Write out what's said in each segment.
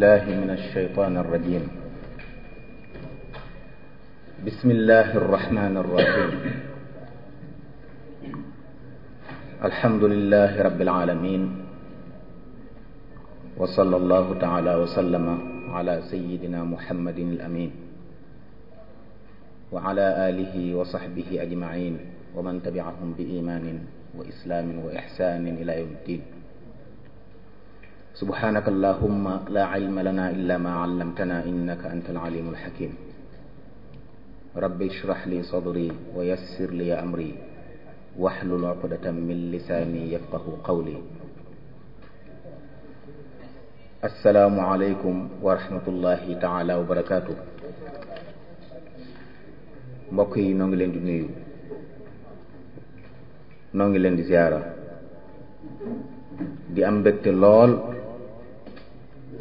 بالله من الشيطان الرجيم بسم الله الرحمن الرحيم الحمد لله رب العالمين وصلى الله تعالى وسلم على سيدنا محمد الأمين وعلى آله وصحبه أجمعين ومن تبعهم بإيمان وإسلام وإحسان إلى يوم الدين subhanaka allahumma la ilma lana illa ma allamtana innaka anta alalimul hakim rabbi ishrah li sadri wa yassir li amri wahlul uqdatan min lisani yafqahu qawli assalaamu aleykum wa rahmatullahi taala wa barakatuh mbokk yi noo ngi leen di nuyu noo ngi leen di ziyaara di am mbégte lool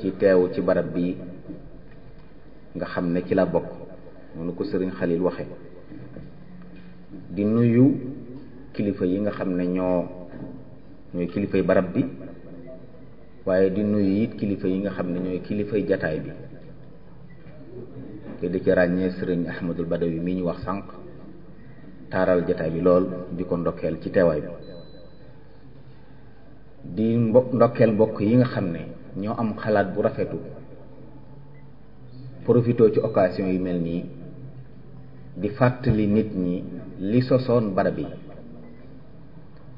ci teew ci barab bi nga xam ne ci la bokk noonu ko sëriñ Xalil waxe di nuyu kilifa yi nga xam ne ñoo ñooy kilifay barab bi waaye di nuyu it kilifa yi nga xam ne ñooy kilifay jataay bi te di ci ràññee sëriñ Ahmadul Badawi mi ñu wax sànq taaral jataay bi lool di ko ndokkeel ci teewaay bi di mbokk ndokkeel mbokk yi nga xam ne ñoo am xalaat bu rafetu profité ci occasion yu mel nii di fàttali nit ñi li sosoon barab yi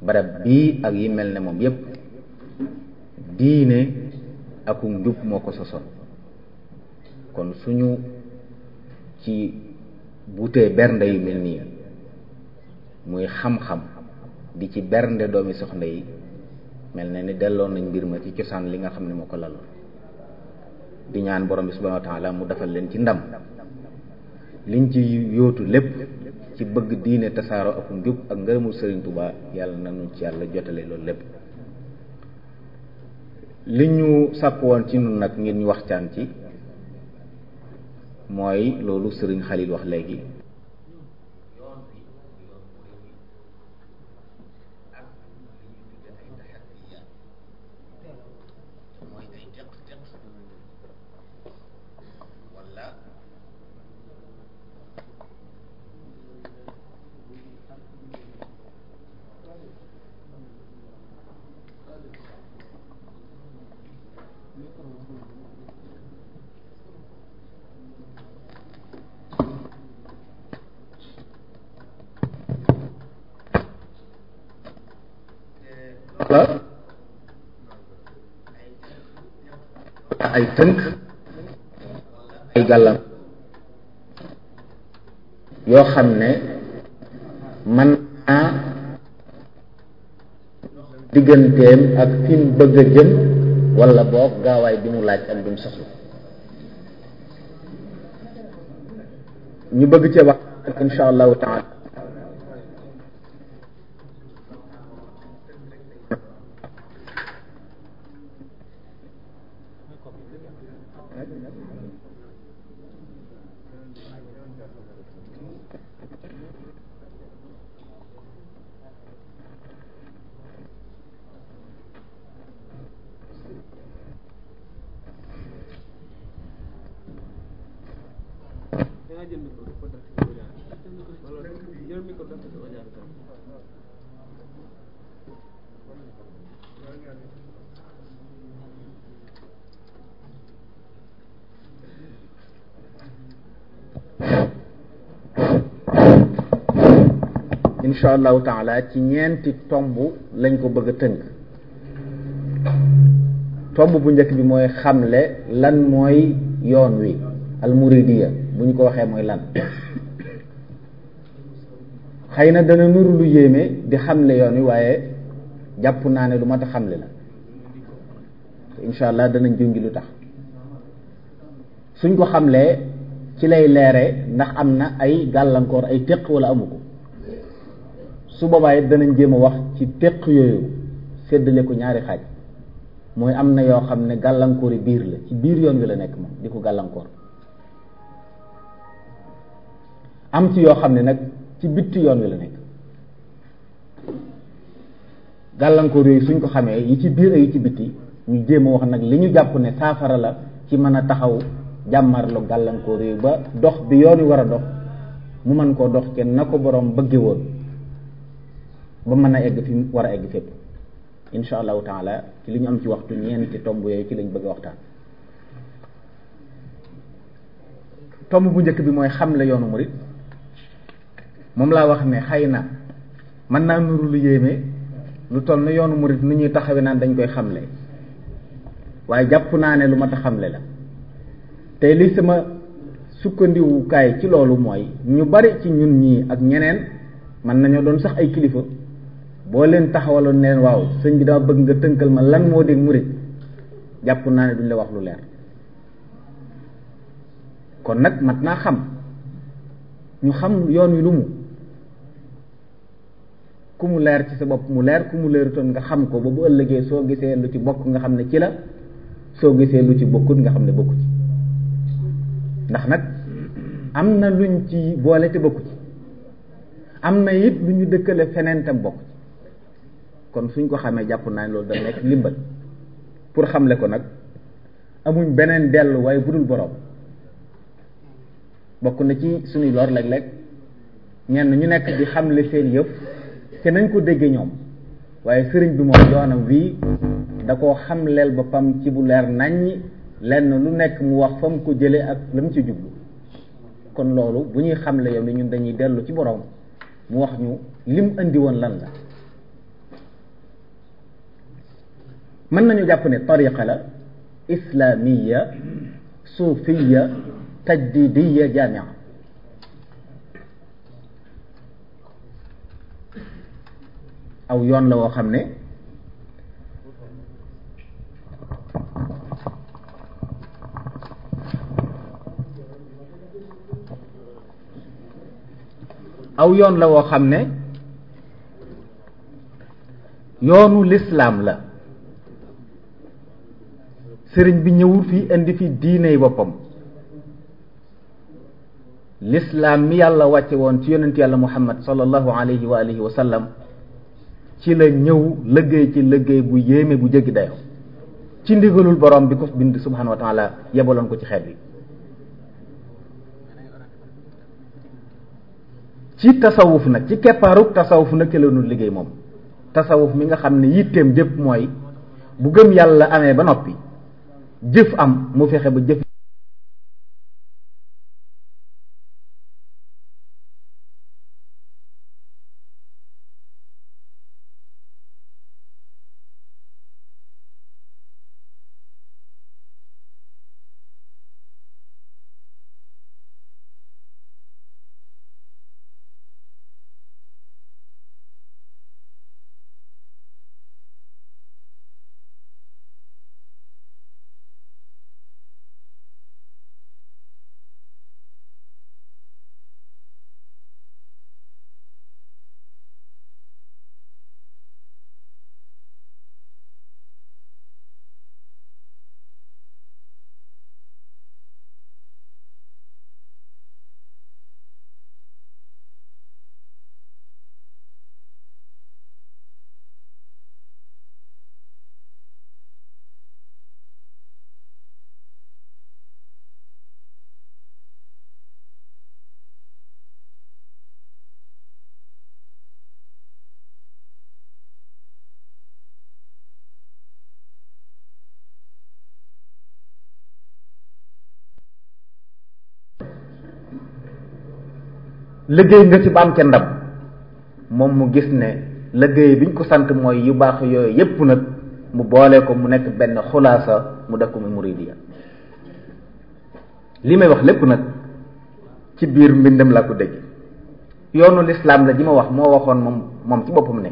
barab bii ak yi mel ne moom yépp diine aku njub moo ko sosoon kon suñu ci buutee bernde yu mel nii muy xam-xam di ci bernde doomi soxna yi mel na ni delloon nañ mbir ma ci cosaan li nga xam ne moo ko lal di ñaan borom bi subhanahu wa mu defal leen ci ndam liñ ci yootu lépp ci bëgg diine tasaaroo ak njub ak ngërëmul Serigne tubaa yàlla nañu ci yàlla jotale loolu lépp li ñu sàpp woon ci nun nag ngeen ñu wax waxtaan ci mooy loolu Serigne Khalil wax léegi ay tënk ay gàllam yoo xam ne man naa digganteem ak fi mu bëgg a jëm wala boog gaawaay bi mu laaj ak bi mu soxla ñu bëgg cee wax insha allahu taala incha allahu taala ci ñeenti tomb lañ ko bëgg a tënk tomb bu njëkk bi mooy xamle lan mooy yoon wi al bu ñu ko waxee mooy lan xëy na dana nuru lu yéeme di xamle yoon wi waaye jàpp naa ne lu mat a xamle la incha allah danañ jungi lu tax suñ ko xamlee ci lay leere ndax am na ay gàllankoor ay téq wala amu ko su boobaa it danañ jéem a wax ci téq yooyu séddale ko ñaari xaaj mooy am na yoo xam ne gàllankoori biir la ci biir yoon wi la nekk ma di ko gàllankoor am ci yoo xam ne nag ci bitti yoon wi la nekk gàllankoor yooyu suñ ko xamee yi ci biir yi ci bitti ñu jéem a wax nag li ñu jàpp ne saafara la ci mën a taxaw jàmmarloo gàllankoor yooyu ba dox bi yoon wi war a dox mu mën koo dox kenn na ko boroom bëgge woon ba mën a egg fi war a egg fépp insha allahu taala ci li ñu am ci waxtu ñeenti tomb yooyu ci lañ bëgg a waxtaan tomb bu njëkk bi mooy xam la yoonu murit moom laa wax ne xëy na mën naa nuru lu yéeme lu toll na yoonu murit ni ñuy taxawe naan dañ koy xamle waaye jàpp naa ne lu ma ta xamle la tey li sama sukkandiwukaay ci loolu mooy ñu bari ci ñun ñii ak ñeneen mën nañoo doon sax ay kilifa boo leen taxawaloon neen waaw sëñ bi daa bëgg nga tënkal ma lan moo di murit jàpp naa ne duñ la wax lu leer kon nag mat naa xam ñu xam yoon wi lu mu ku mu leer ci sa bopp mu leer ku mu leerutoon nga xam ko ba bu ëllëgee soo gisee lu ci bokk nga xam ne ci la soo gisee lu ci bokkut nga xam ne bokku ci ndax nag am na luñ ci boole te bokku ci am na it lu ñu dëkkale feneen tam kon suñ ko xamee jàpp naa ne loolu limbal pour xamle ko nag amuñ beneen dellu waaye dul boroom bokk na ci suñuy lor léeg-léeg ñenn ñu nekk di xamle seen yëpp te nañ ko déggee ñoom waaye sëriñ bi moom yoonam wii da koo xam leel boppam ci bu leer naññ lenn lu nekk mu wax fa mu ko jëlee ak la mu ci jublu kon loolu bu ñuy xam le yow ni ñun dañuy dellu ci boroom mu wax ñu lim indi woon lan la mën nañu jàpp ne tariqa la islamiya suufiya tajdidiya jaamia aw yoon la woo xam ne aw yoon la woo xam ne yoonu lislaam la sëriñ bi ñëwul fii indi fi diiney boppam lislaam mi yàlla wàcce woon ci yonent yàlla muhammad sallallahu alayhi wa alihi ci la ñëw liggéey ci liggéey bu yéeme bu jéggi dayoo ci ndigalul borom bi ko bind subhanahu wa yebaloon ko ci xeet bi ci tasawuf nag ci keppaaruk tasawuf nag ci la liggéey moom tasawuf mi nga xam ne yitteem jëpp mooy bu gëm yàlla amee ba noppi jëf am mu fexe ba jëf liggéey nga ci ba am ca moom mu gis ne liggéey bi ñu ko sant mooy yu baax yooyu yépp nag mu boole ko mu nekk benn xulaasa mu def ko mu muridiya li may wax lépp nag ci biir mbindam laa ko dégg yoonu lislaam la ji ma wax moo waxoon moom moom ci boppam ne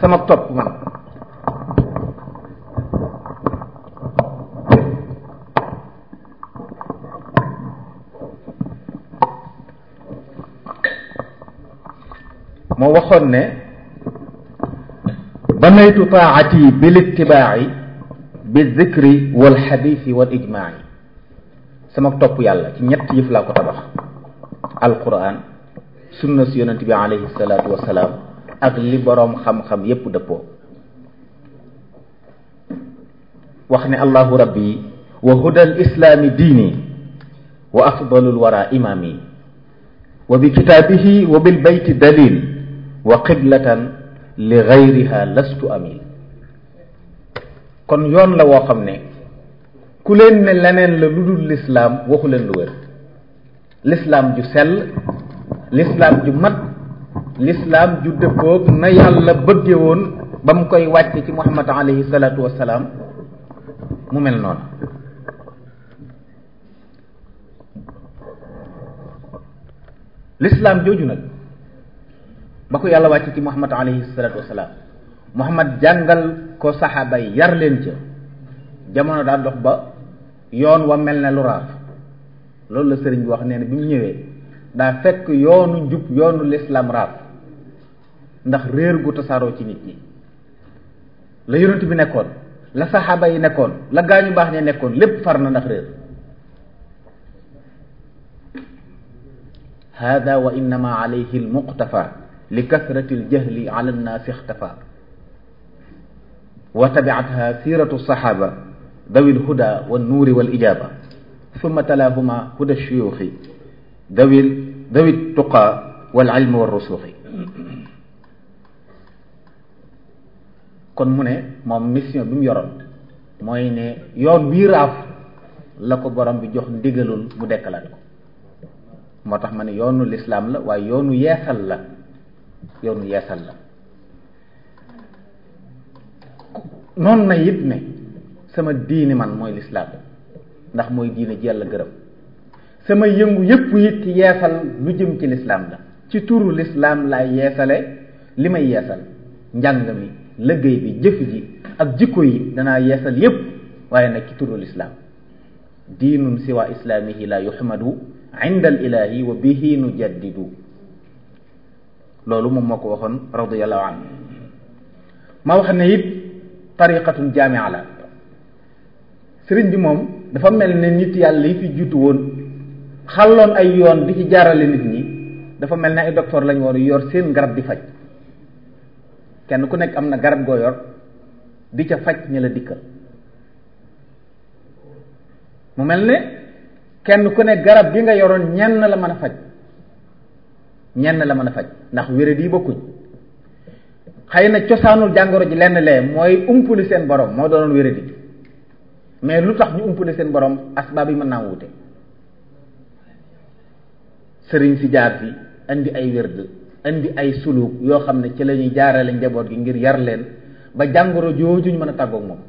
sama topp man moo waxoon ne banaytu taati bil ittibaai bi zikri wal xadiisi wal ijmaai sama topp yàlla ci ñett yëf laa ko tabax alquran sunna si yonent bi alayhi salaatu wasalaam ak li boroom xam-xam yépp dëppoo wax ne allahu rabbi wa huda al islaami diini wa afdalu lwara imaami wa bi kitaabihi wa bil bayti dalil wa qiblatan li gayriha lastu amil kon yoon la woo xam ne ku leen ne leneen la lu dul lislaam waxu leen lu wér lislaam ju sell lislaam ju mag lislaam ju dëppoog na yàlla bëgge woon ba mu koy wàcce ci muhammad alayhi mu mel noonu lislaam jooju nag ba ko yàlla wàcc ci muhammad alayhi salatu wasalaam muhammad jàngal ko saxaaba yi yar leen ca jamono daa dox ba yoon wa mel ne lu raaf loolu la sëriñ bi wax nee na bi mu ñëwee daa fekk yoonu njub yoonu lislaam raaf ndax réer gu tasaaroo ci nit ñi la yonent bi nekkoon la saxaaba yi nekkoon la gaañu baax ña nekkoon lépp far na ndax réer hada wa innama alayhi almuqtafa li kasratil jahli ala nnaasi ixtafa wa tabiatha siiratu saxaaba dawi lhuda wa nuuri wal ijaaba summa talaahuma huda shuyuuxi dawi dawi tuqa wal ilmi wa rusuuxi kon mu ne moom mission bi mu yoroon mooy ne yoon wii raaf la ko borom bi jox ndigalul mu dekkalaat ko moo tax ma ne yoonu lislaam la waaye yoonu yeexal la yoonu yeesal la noonu na it ne sama diini man mooy lislaam ndax mooy diine ji yàlla gërëm sama yëngu yëpp it yeesal lu jëm ci lislaam la ci turu lislaam laay yeesale li may yeesal njàng mi liggéey bi jëf ji ak jikko yi danaa yeesal yépp waaye nag ci turu lislaam diinun siwa islaamihi la yuhmadu inda al ilahi wa bihi loolu moom moo ko waxoon radiyallahu anhu ma wax ne it tariqatul jaamia la sëriñ bi moom dafa mel ne nit yàlla yi fi juutu woon xàlloon ay yoon di ci jaarale nit ñi dafa mel ne ay docteur lañ war yor seen garab di faj kenn ku nekk am na garab goo yor di ca faj ña la dikkal mu mel ne kenn ku nekk garab gi nga yoroon ñenn la mën a faj ñenn la mën a faj ndax wéradi yi bokkuñ xëy na cosaanul jàngoro ji lenn lee mooy umpali seen borom moo doonoon wéradi mais lu tax ñu umpali seen borom asbaab yi mën naa wuute sëriñ si jaar fi indi ay wérd indi ay suluk yoo xam ne ci lañuy ñuy jaarale njaboot gi ngir yar leen ba jàngoro jooju ñu mën a tàggoog moom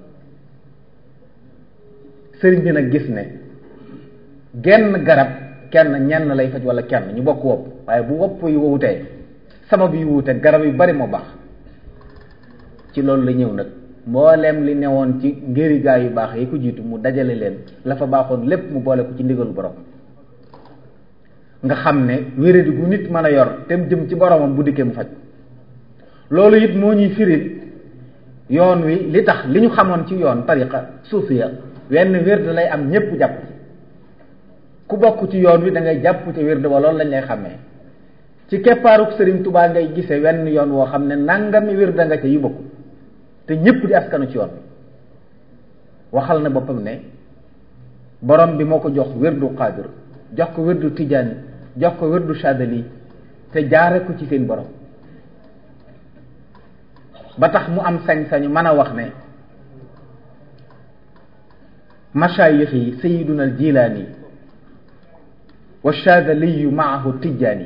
sëriñ bi nag gis ne genn garab kenn ñenn lay faj wala kenn ñu bokk wopp waaye bu wopp yu wutee sama yu wute garab yu bari moo baax ci loolu la ñëw nag mbooleem li ne woon ci ngëri gaa yu baax yi ko jiitu mu dajale leen la fa baaxoon lépp mu boole ko ci ndigalu borom nga xam ne wéradi gu nit mën a yor te jëm ci boromam bu dikkee mu faj loolu it moo ñuy firil yoon wi li tax li ñu xamoon ci yoon tariqa suufiya wenn wérd lay am ñépp jàpp ku bokk ci yoon wi da ngay jàpp ci wérd ba loolu lañ lay xàmmee ci keppaaruk sëriñ tubaa ngay gise wenn yoon woo xam ne nangami wér danga nga ca yu bokk te ñëpp di askanu ci yoon waxal na boppam ne boroom bi moo ko jox wérdu xaadir jox ko wérdu tijaani jox ko wérdu chadali te jaare ko ci seen borom ba tax mu am sañ-sañu mën a wax ne mashayix yi sayiduna al jilaani wa chaadaliyu maahu tijjaani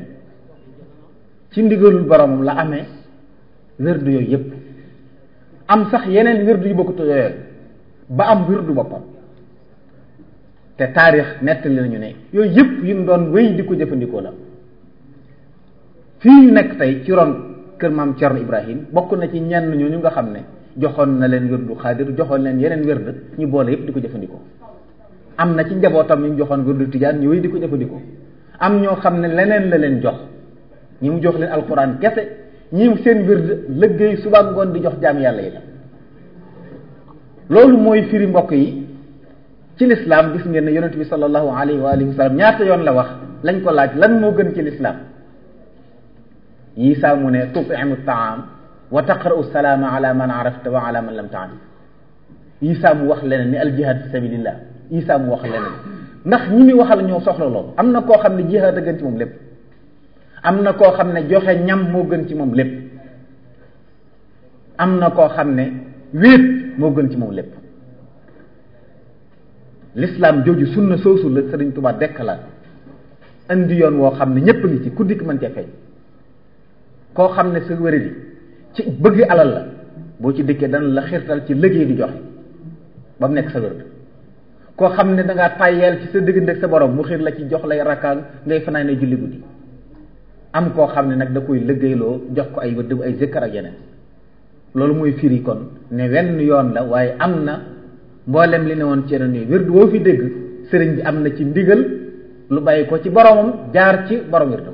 ci ndigalul boromam la amee werd yooyu yépp am sax yeneen wérdu yu bokkut yooyu ba am wérdu boppam te taarix nettali nañu ne yooyu yépp yu mu doon wéy di ko jëfandikoo la fii ñu nekk tey ci ron kër maam Cerno Ibrahim bokk na ci ñenn ñu nga xam ne joxoon na leen wérdu xaadir joxoon leen yeneen wérdu ñu boole yépp di ko jëfandikoo am na ci njabootam ñu mu joxoon wirdu tijaan ñu wéy di ko jëfandikoo am ñoo xam ne leneen la leen jox ñi mu jox leen alxuraan kese ñi seen wird lëggéey suba ngoon di jox jaam yàlla yi la loolu mooy firi mbokk yi ci lislaam gis ngeen ne yonent bi sallallahu alayhi wa alihi wa sallam ñaata yoon la wax lañ ko laaj lan moo gën ci lislaam Yiisa mu ne tutimu taam wa taqra'u salaama ala man arafta wa ala man lam taarif mu wax leneen ni al jihaad fi sabilillah Isa mu wax leneen ndax ñi muy waxal ñoo soxla am na koo xam ne jihaad a gën moom lépp am na koo xam ne joxe ñam moo gën ci moom lépp am na koo xam ne wéet moo gën ci moom lépp l'islam jooju sunna soosu la Sëriñ Tuubaa dekkalaat indi yoon woo xam ne ñépp ngi ci ku dikk mën cee feeñ koo xam ne sa wéradi ci bëgg alal la boo ci dëkkee dana la xirtal ci liggéey di joxe ba mu nekk sa wéradi koo xam ne danga ngaa ci sa diggante ak sa borom mu xiir la ci jox lay rakkaan ngay fanaan ne julli guddi am koo xam ne nag da koy liggéeyloo jox ko ay wëdd ay zikkar ak yeneen loolu mooy firi kon ne wenn yoon la waaye am na mboolem li ne woon ci yeneen yi wird woo fi dégg sëriñ bi am na ci ndigal lu bàyyi ko ci boromam jaar ci borom wird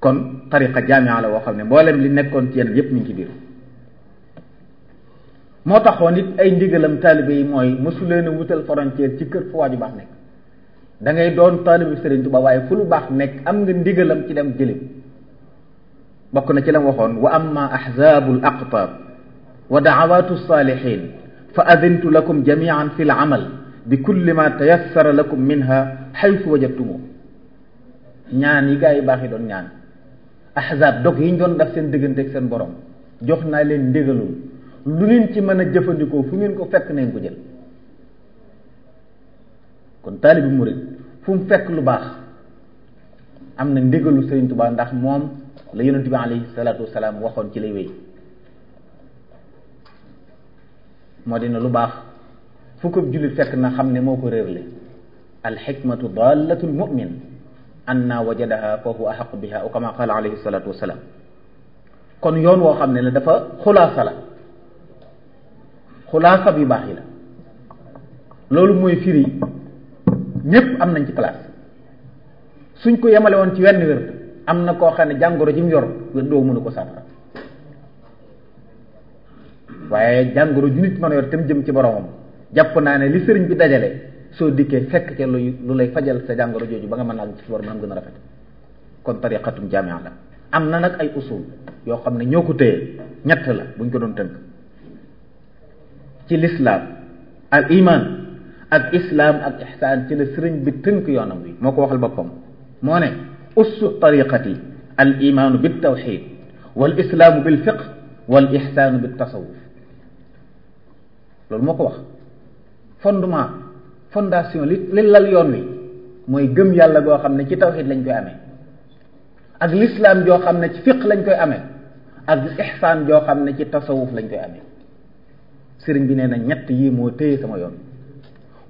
kon tariqa jaamia la woo xam ne mboolem li nekkoon ci yeneen yépp mi ngi moo taxoon it ay ndigalam taalibe yi mooy mosu leen a wutal frontière ci kër fu waaju baax nekk da ngay doon taalibe Sëriñ Tuubaa waaye fu lu baax nekk am nga ndigalam ci dem jëlim bokk na ci lam waxoon wa amma ahzaabu l aqtaab wa daawaatu saalihin fa adintu lakum jamian fi l amal bi kulli ma tayassara lakum minha xaytu wajadtumu ñaan yi gaa yi baax yi doon ñaan ahzaab dog yi ñu doon daf seen diggante ak seen borom jox naa leen ndigalul lu ngeen ci mën a jëfandikoo fu ngeen ko fekk nañ ko jël kon taalibi murid fu mu fekk lu baax am na ndigalu Sëriñ Tuubaa ndax moom la yonent bi alayhi salaatu wasalaam waxoon ci lay wéy moo dina lu baax fu ko jullit fekk na xam ne moo ko réerle alxikmatu dallatu lmumin anna wajadaha fa huwa axaqu biha aw kama qaala alayhi salaatu wasalaam kon yoon woo xam ne la dafa xulaasa la xulaasa bi baax yi la loolu mooy firi ñépp am nañ ci place suñ ko yemale woon ci wenn wér am na koo xam ne jàngoro ji mu yor wér doo mënu ko saafara waaye jàngoro ju nit yor te mu jëm ci boromam jàpp naa ne li sëriñ bi dajale soo dikkee fekk ca lu lu lay fajal sa jàngoro jooju ba nga mën a àgg ci borom am gën a rafet kon tariqatum jaamia la am na nag ay usul yoo xam ne ñoo ko téye ñett la buñ ko doon tënk ci lislaam al iman ak islaam ak ihsaan ci la sëriñ bi tënk yoonam wi moo ko waxal boppam moo ne ussu tariqati al imaanu bit tawxid wal islaamu bil fiq wal ihsaanu bit tasawuf loolu moo ko wax fondement fondation li li lal yoon wi mooy gëm yàlla goo xam ne ci tawxid lañ koy ame ak lislaam joo xam ne ci fiq lañ koy ame ak ihsaan joo xam ne ci tasawuf lañ koy amee sëriñ bi nee na ñett yii moo téye sama yoon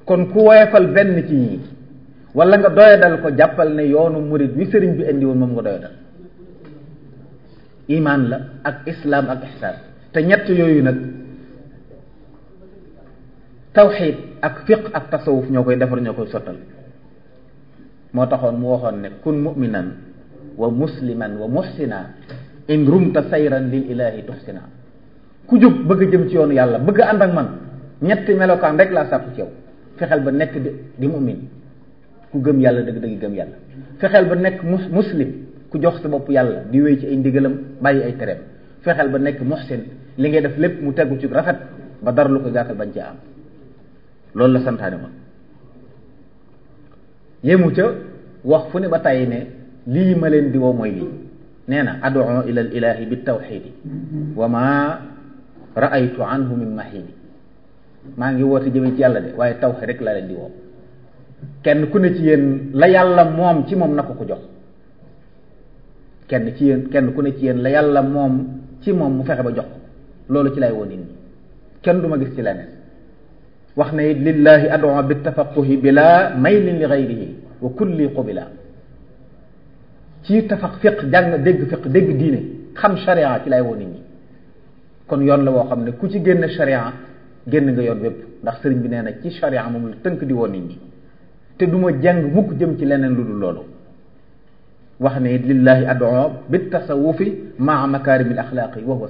kon ku woyefal benn ci yii wala nga doyadal ko jàppal ne yoonu murid wi sëriñ bi indi woon moom nga doyadal iman la ak islaam ak ihsan te ñett yooyu nag tawxid ak fiq ak tasawuf ñoo koy defar ñoo koy sottal moo taxoon mu waxoon ne kun mu'minan wa musliman wa muhsina in rumta sayran lil ilahi tuhsina ku jóg bëgg jëm ci yoonu yàlla bëgg ànd ak man ñetti melokaan rek laa sàkku ci yow fexeel ba nekk di di mumin ku gëm yàlla dëgg dëgg gëm yàlla fexeel ba nekk mus muslim ku jox sa bopp yàlla di wéy ci ay ndigalam bàyyi ay tereem fexeel ba nekk muhsin li ngay def lépp mu tegu ci rafet ba dara lu ko gàttal bañ ci am loolu la santaane woon yéemu ca wax fu ne ba tàyyi ne lii ma leen di woo mooy lii nee na adu ila al ilahi bi tawxidi wa ma raaytu anhu min mahini maa ngi woote jëme ci yàlla de waaye tawxi rek la leen di woo kenn ku ne ci yéen la yàlla moom ci moom na ko ko jox kenn ci yéen kenn ku ne ci yéen la yàlla moom ci moom mu fexe ba jox loolu ci lay woo nit ñi kenn du ma gis ci leneen wax na it lillahi ad'u bi tafaquhi bila maylin li ghayrihi wa kulli qubila ci tafaq fiq jàng dégg fiq dégg diine xam sharia ci lay woo nit ñi kon yoon la woo xam ne ku ci génn charia génn nga yoon wépp ndax sëriñ bi nee na ci charia moom la tënk di woon nit ñi te duma jàng mukk jëm ci leneen lu dul loolu wax ne it lillahi adu bit tasawufi maa makaarimil axlaaqi wa huwa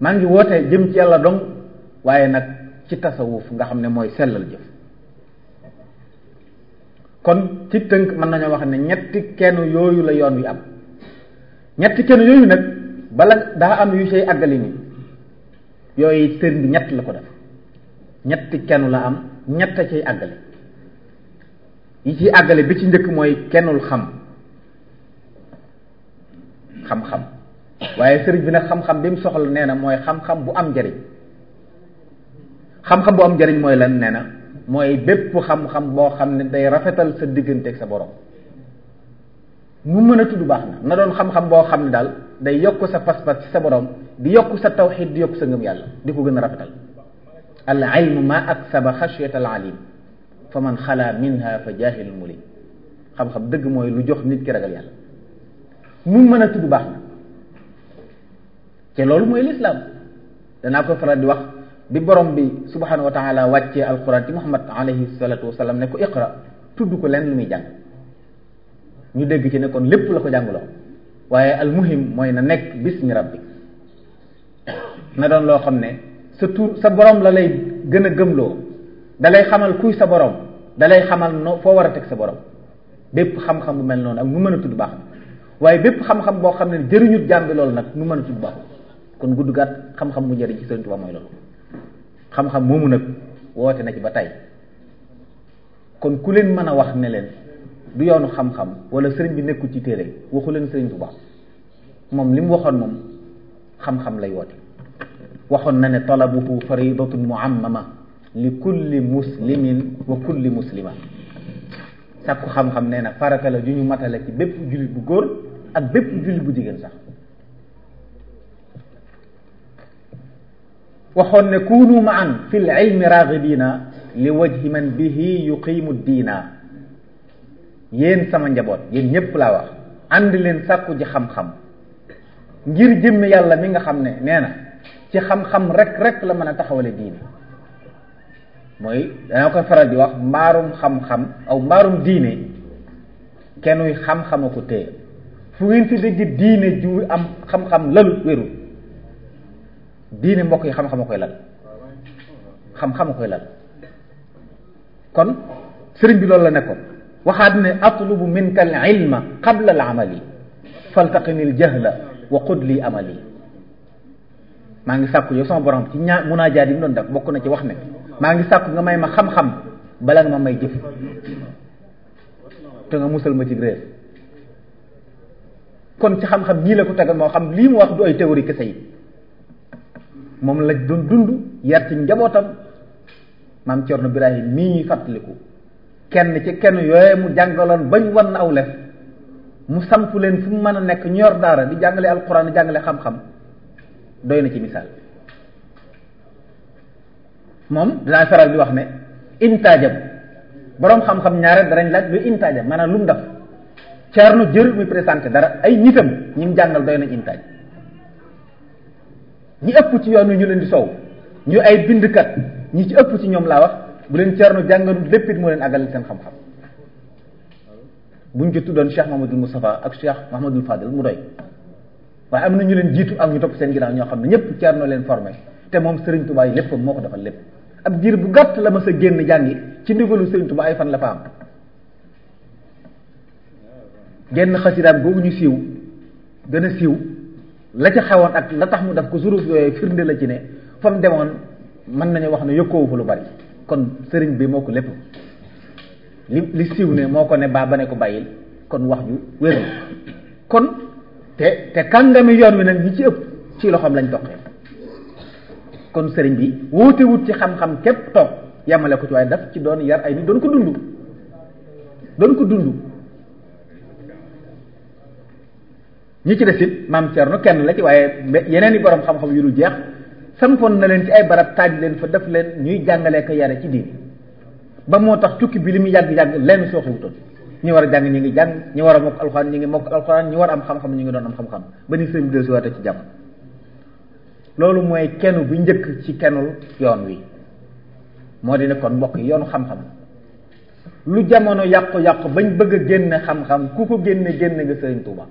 maa ngi woote jëm ci yàlla dong waaye nag ci tasawuf nga xam ne mooy sellal jëf kon ci tënk mën nañoo wax ne ñetti kenn yooyu la yoon wi am ñetti kenn yooyu nag bala daa am yu say àggali ni yooyu sëriñ bi ñett la ko def ñetti kenn la am ñett a ciy àggale yi ciy àggale bi ci njëkk mooy kennul xam xam-xam waaye sëriñ bi nag xam-xam bi mu soxla nee na mooy xam-xam bu am njariñ xam-xam bu am njariñ mooy lan nee na mooy bépp xam-xam boo xam ne day rafetal sa diggante ak sa borom mu mën a tudd baax na na doon xam-xam boo xam ne daal day yokk sa pas-pas ci sa borom di yokk sa tawxid di yokk sa ngëm yàlla di ko gën a rafetal al ilmu ma aksaba xashyat al fa man xala minha fa jahil mulim xam-xam dëgg mooy lu jox nit ki ragal yàlla mu mën a tudd baax na te loolu mooy lislaam danaa ko faral di wax bi borom bi subhanahu wa taala wàccee alquran ci muhammad alayhi salatu wasalam ne ko iqra tudd ko leen lu muy jàng ñu dégg ci ne kon lépp la ko jàngloo waaye almuhim mooy na nekk bis bismi bi na doon loo xam ne sa tur sa borom la lay gën a gëmloo dalay lay xamal kuy sa borom dalay xamal no foo war a teg sa borom bépp xam-xam bu mel noonu ak nu mën a tudd baax waaye bépp xam-xam boo xam ne jëriñut jàmbi loolu nag nu mën a tudd baax kon gudd gàtt xam-xam bu jëriñ ci Sëriñ Tuubaa mooy loolu xam-xam moomu nag woote na ci ba tey kon ku leen mën a wax ne leen du yoonu xam-xam wala sëriñ bi nekkul ci téere waxu leen sëriñ Tuubaa moom li mu waxoon moom xam-xam lay woote waxoon na ne talabuhu faridatun muammama li kulli muslimin wa kulli muslima sàkku xam-xam nee na farata la ju ñu matale ci bépp jullit bu góor ak bépp jullit bu jigéen sax waxoon ne kunu maan fi l ilmi raghibina li wajhi man bihi yuqimu diina yéen sama njaboot yéen ñépp laa wax ànd leen sàkku ji xam-xam ngir jëmm yàlla mi nga xam ne nee na ci xam-xam rek rek la mën a taxawale diine mooy dana ko faral di wax mbaarum xam-xam aw mbaarum diine kennuy xam-xama ko téye fu ngeen fi dégg diine ju am xam-xam lalu wérul diine mbokk yi xam-xama koy lal xam-xama koy lal kon sëriñ bi loolu la nekkoon waxaat ne atlubu minka al ilma qabla al amali faltaqini al jahla wa qud li amali maa ngi sàkku yow sama borom ci ñaa munaajaat yi mu doon def bokk na ci wax ne maa ngi sàkku nga may ma xam-xam bala nga may jëf te nga musal ma ci réer kon ci xam-xam nii la ko tegal moo xam lii mu wax du ay théorie kese yi moom la doon dund yar ci njabootam maam Cerno Birahim mii ñuy fàttaliku kenn ci kenn yooye mu jàngaloon bañ wan na aw lef mu samp leen fu mu mën a nekk ñu yor daara di jàngale alquran di jàngale xam-xam doy na ci misaal moom dinaa faral bi wax ne intaajam boroom xam-xam ñaare darañ laaj lu intaajam maanaam lu mu def ceernu jër muy présenté dara ay ñitam ñi mu jàngal doy na intaaj ñi ëpp ci yoon wi ñu leen di sow ñu ay bindkat ñi ci ëpp ci ñoom laa wax bu leen Ceerno jàngal lépp it moo leen àggal seen xam-xam buñ ci tuddoon Cheikh Mahamadul Moustapha ak Cheikh Mahamadul Fadil mu doy waaye am na ñu leen jiitu ak ñu topp seen ginnaaw ñoo xam ne ñëpp Ceerno leen formé te moom Serigne Touba yi lépp moo ko defal lépp ak diir bu gàtt la ma sa génn jàngi ci ndigalu lu Touba ay fan la fa am genn xasidaam googu ñu siiw gën a siiw la ca xewoon ak la tax mu def ko suruf yooyu firnde la ci ne fa mu demoon mën nañu wax ne yëkkoowu fa lu bari kon sëriñ bi moo ko lépp li li siiw ne moo ko ne baa ba ne ko bàyyil kon wax ju wér kon te te kàngami yoon wi nag ñi ci ëpp ci loxoom lañ toqee kon sëriñ bi wóote ci xam-xam képp toog yemale ko ci waaye daf ci doon yar ay nit doon ko dund doon ko dund ñi ci des it maam Cerno kenn la ci waaye yeneen i borom xam-xam yu lu jeex sampoon na leen ci ay barab taaj leen fa def leen ñuy jàngalee ko yare ci diini ba moo tax tukki bi li mu yàgg-yàgg lenn sooxewutoon ñi war a jàng ñi ngi jàng ñi war a mokk alxuraan ñi ngi mokk alxuraan ñi war a am xam-xam ñi ngi doon am xam-xam ba ni sëriñ bi dellusiwaate ci jàmm loolu mooy kenn bu njëkk ci kennul yoon wi moo di ne kon mbokk yi yoonu xam-xam lu jamono yàqu-yàqu bañ bëgg a génne xam-xam ku ko génne génne nga sëriñ Tuuba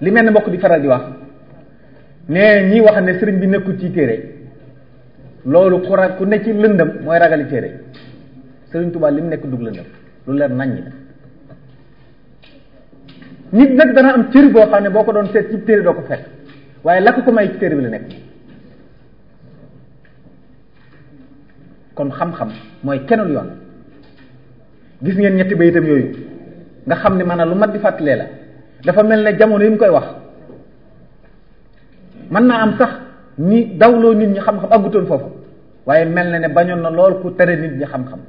li mel ne mbokk di faral di wax nee ñi wax ne sëriñ bi nekkul ci téere loolu ku ra ku ne ci lëndam mooy ragali téere sëriñ Tuubaa li mu nekk dug lëndam lu leer naññ la nit nag dana am cër boo xam ne boo ko doon seet ci téere doo ko fekk waaye lakk ko may ci téere bi la nekk kon xam-xam mooy kenul yoon gis ngeen ñetti bayitam yooyu nga xam ne maanaam lu mat di fàttalee la dafa mel ne jamono yi mu koy wax mën naa am sax ni dawloo nit ñi xam-xam àggutoon foofu waaye mel na ne bañoon na lool ku tere nit ñi xam-xam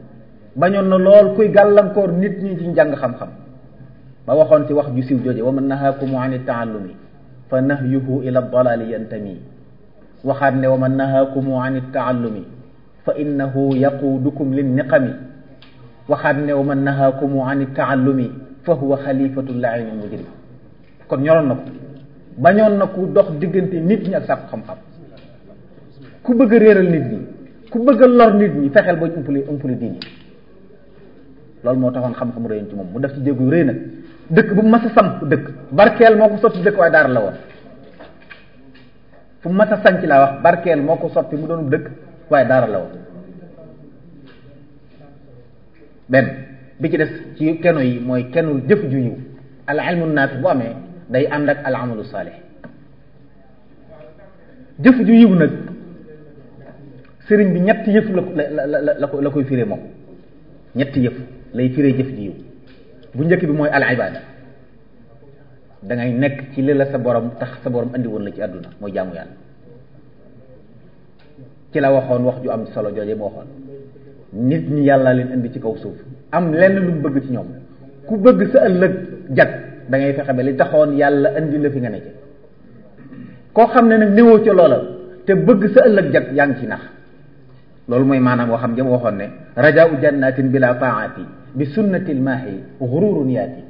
bañoon na lool kuy gàllankoor nit ñi ci njàng ba waxoon ci wax ju siw jooje wa man nahaakumu an taallumi fa nahyuhu ila dalali yantami waxaat ne wa man nahaakumu an taallumi fa innahu yaquudukum lin niqami waxaat ne wa man nahaakumu an taallumi fa huwa xalifatu laini mujrim kon ñoroon na ko bañoon na ku dox diggante nit ñi ak sàkku xam-xam ku bëgg a réeral nit ñi ku bëgg a lor nit ñi fexeel booy umpale umpale diini loolu moo taxoon xam-xam réyoon ci moom mu def ci jéego rëy na dëkk bu mas a samp dëkk barkeel moo ko sotti dëkk waaye daara la woon fu a sanc laa wax barkeel moo ko sotti mu doonu dëkk waaye daara la woon benn bi ci des ci keno yi mooy kenul jëf ju yiw al ilmu naafi bu amee day ànd ak al amalu saalih jëf ju yiw nag sëriñ bi ñetti yëf la la la koy firee moom ñetti yëf lay firee jëf ji yiw bu njëkk bi mooy al ibada dangay nekk ci li la sa borom tax sa borom indi woon la ci àdduna mooy jaamu yàlla ci la waxoon wax ju am solo jooje mu waxoon nit ñi yàlla leen indi ci kaw suuf am lenn lu mu bëgg ci ñoom ku bëgg sa ëllëg jag dangay fexe ba li taxoon yàlla andi la fi nga ne ci koo xam ne nag newoo ca loola te bëgg sa ëllëg jag yaa ngi ci nax loolu mooy maanaam waxam jëm waxoon ne rajau jannatin bila taati bi sunnati lmaahi gururun yaati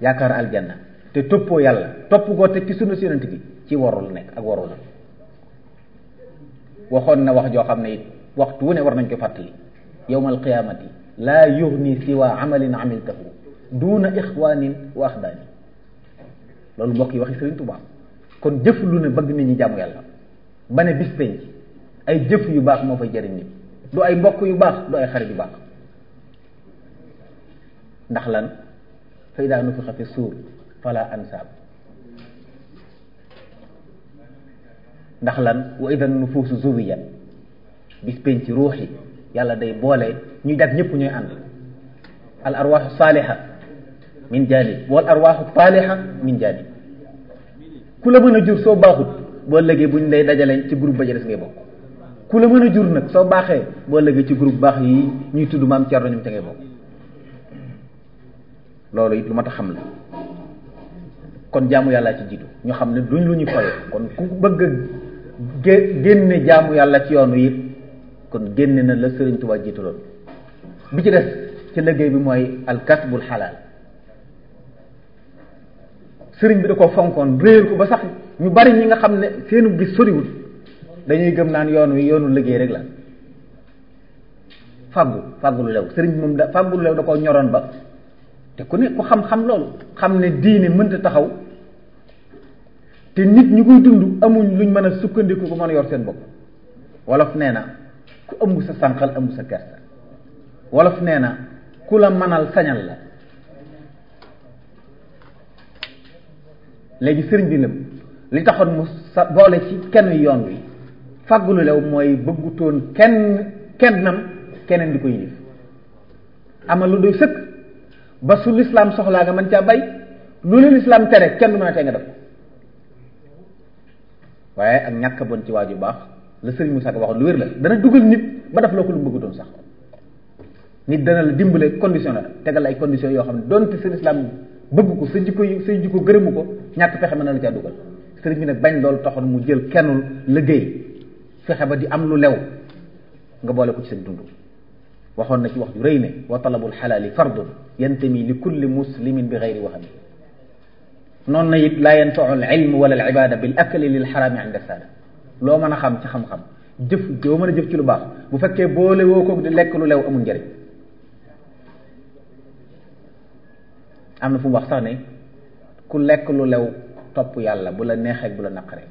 yaakaar aljanna te toppoo yàlla topp goo teg ci sunna si bi ci warul nekk ak warul waxoon na wax joo xam ne it waxtu wu ne war nañ ko fàttali yowma alqiyamati la yughni siwa amalin amiltahu duuna ixwaanin wa axdaani loolu mbokk yi waxi Sëriñ Tuubaa kon jëf lu ne bëgg nit ñi jaamu yàlla ba ne bis penc ay jëf yu baax moo fay jëriñ nit du ay mbokk yu baax du ay xarit yu baax ndax lan fa idaa nufixa fi suur fala ansaab ndax lan wa idan nufuusu zuwiyat bis penc ruux yi yàlla day boole ñuy daat ñëpp ñuy ànd al arwaaxu saaliha min jaanib wal arwaaxu saaliha min ku la mën a jur soo baaxut boo lëgee buñ lay dajalee ci groupe ba ca des ngay bokk ku la mën a jur nag soo baaxee boo lëgee ci groupe baax yi ñuy tudd maam Thierno ñoom ca ngay bokk loolu it lu mat a xam la kon jaamu yàlla ci jiitu ñu xam ne duñ lu ñu foye kon ku bëgg génne jaamu yàlla ci yoonu it kon génne na la Sëriñ Tuubaa jiituloon bi ci des ci liggéey bi mooy alkasbul xalaal sëriñ bi da ko fonkoon réer ko ba sax ñu bari ñi nga xam ne seenu gis soriwul dañuy gëm naan yoon wi yoonu liggéey rek la faggu faggu lew sëriñ moom da faggu lew da koo ñoroon ba te ku ne ku xam-xam loolu xam ne diine mënta taxaw te nit ñi koy dund amuñ luñ mën a sukkandiku bu mën a yor seen bopp wolof nee na ku ëmb sa sànqal ëmb sa kersa wolof nee na ku la manal sañal la léegi sëriñ bi nag li taxoon mu sa boole ci kenn yoon wi fàggulu lew mooy bëggutoon kenn kennam keneen di ko yilif amal lu doy sëkk ba su lislaam soxlaa nga mën caa bay lu lu lislaam tere kenn du mën a tee nga def waaye ak ñàkk bon ci waaju baax la sëriñ mu ko waxoon lu wér la dana dugal nit ba def loo ko lu bëggutoon sax nit dana la dimbale condition la tegal ay condition yoo xam ne donte sa lislaam bëgg ko sa jikko yi sa jikko gërëmu ko ñàkk pexe mën na la caa dugal sëriñ bi bañ loolu toxoon mu jël kennul liggéey fexe ba di am lu lew nga boole ko ci seen dund waxoon na ci wax ju rëy ne wa talabul xalaali fardun yantami li kulli muslimin bi gayri waxami noonu na it laa yanfau l ilm wala al ibada bil akli lil xaraami loo mën a xam ci xam-xam jëf doo mën a jëf ci lu baax bu fekkee boole woo ko di lekk lu lew amul njëriñ am na fu mu wax sax ku lekk lu lew topp yàlla bu la neexee bu la naqaree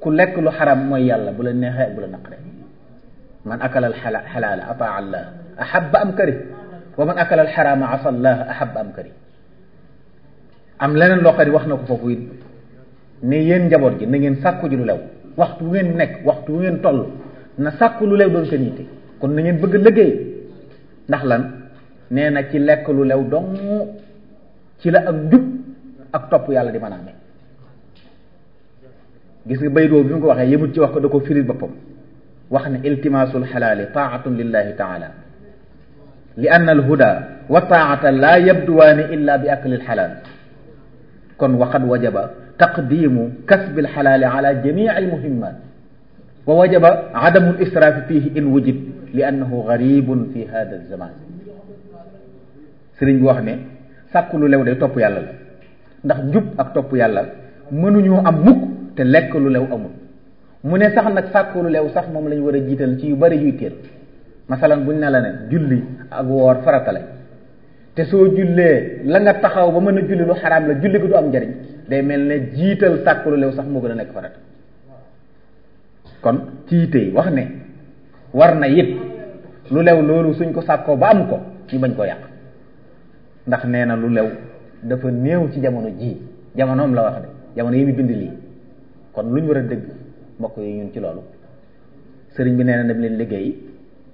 ku lekk lu xaram mooy yàlla bu la neexee ak bu la naqaree man akala al xalaala ataa allah am kari wa man akala al xaraama asa allah ahab am kari am leneen loo xam ne wax na ko foofu it ne yéen njaboot ji na ngeen sàkku ji lu lew waxtu wu ngeen nekk waxtu wu ngeen toll na sàkku lu lew doon kon na bëgg liggéey lan nee na ci lekk lew dong la ak njub ak topp yàlla di mën a amee gis nga bayit boobu bi mu ko waxee yëmut ci wax ko da ko firil boppam wax ne iltimaasul xalaali taatun lillahi taala li anna alhuda wa taata laa yabduwaani illa bi akli alxalaal kon waqad wajaba taqdimu kasbi alxalaali ala jamici almuhimmat wa wajaba adamu lisraafi fiihi in wujid li annahu garibun fi hada alzaman sëriñ bi wax ne sàkku lu lew day topp yàlla la ndax njub ak topp yàlla mënuñoo am mukk te lekk lu lew amul mu ne sax nag sàkku lu lew sax moom lañu war a jiital ci yu bari yuy teel masalan buñ ne la ne julli ak woor faratale te soo jullee la nga taxaw ba mën a julli lu xaraam la julli ko du am njariñ day mel ne jiital sàkku lu lew sax moo gën a nekk farata kon ci yitte wax ne war na it lu lew loolu suñ ko sàkkoo ba am ko ñu bañ ko yàq ndax nee na lu lew dafa néew ci jamono jii jamono am la wax de jamono yi mu bind lii kon lu ñu war a dëgg mbokk yi ñun ci loolu sëriñ bi nee na dem leen liggéey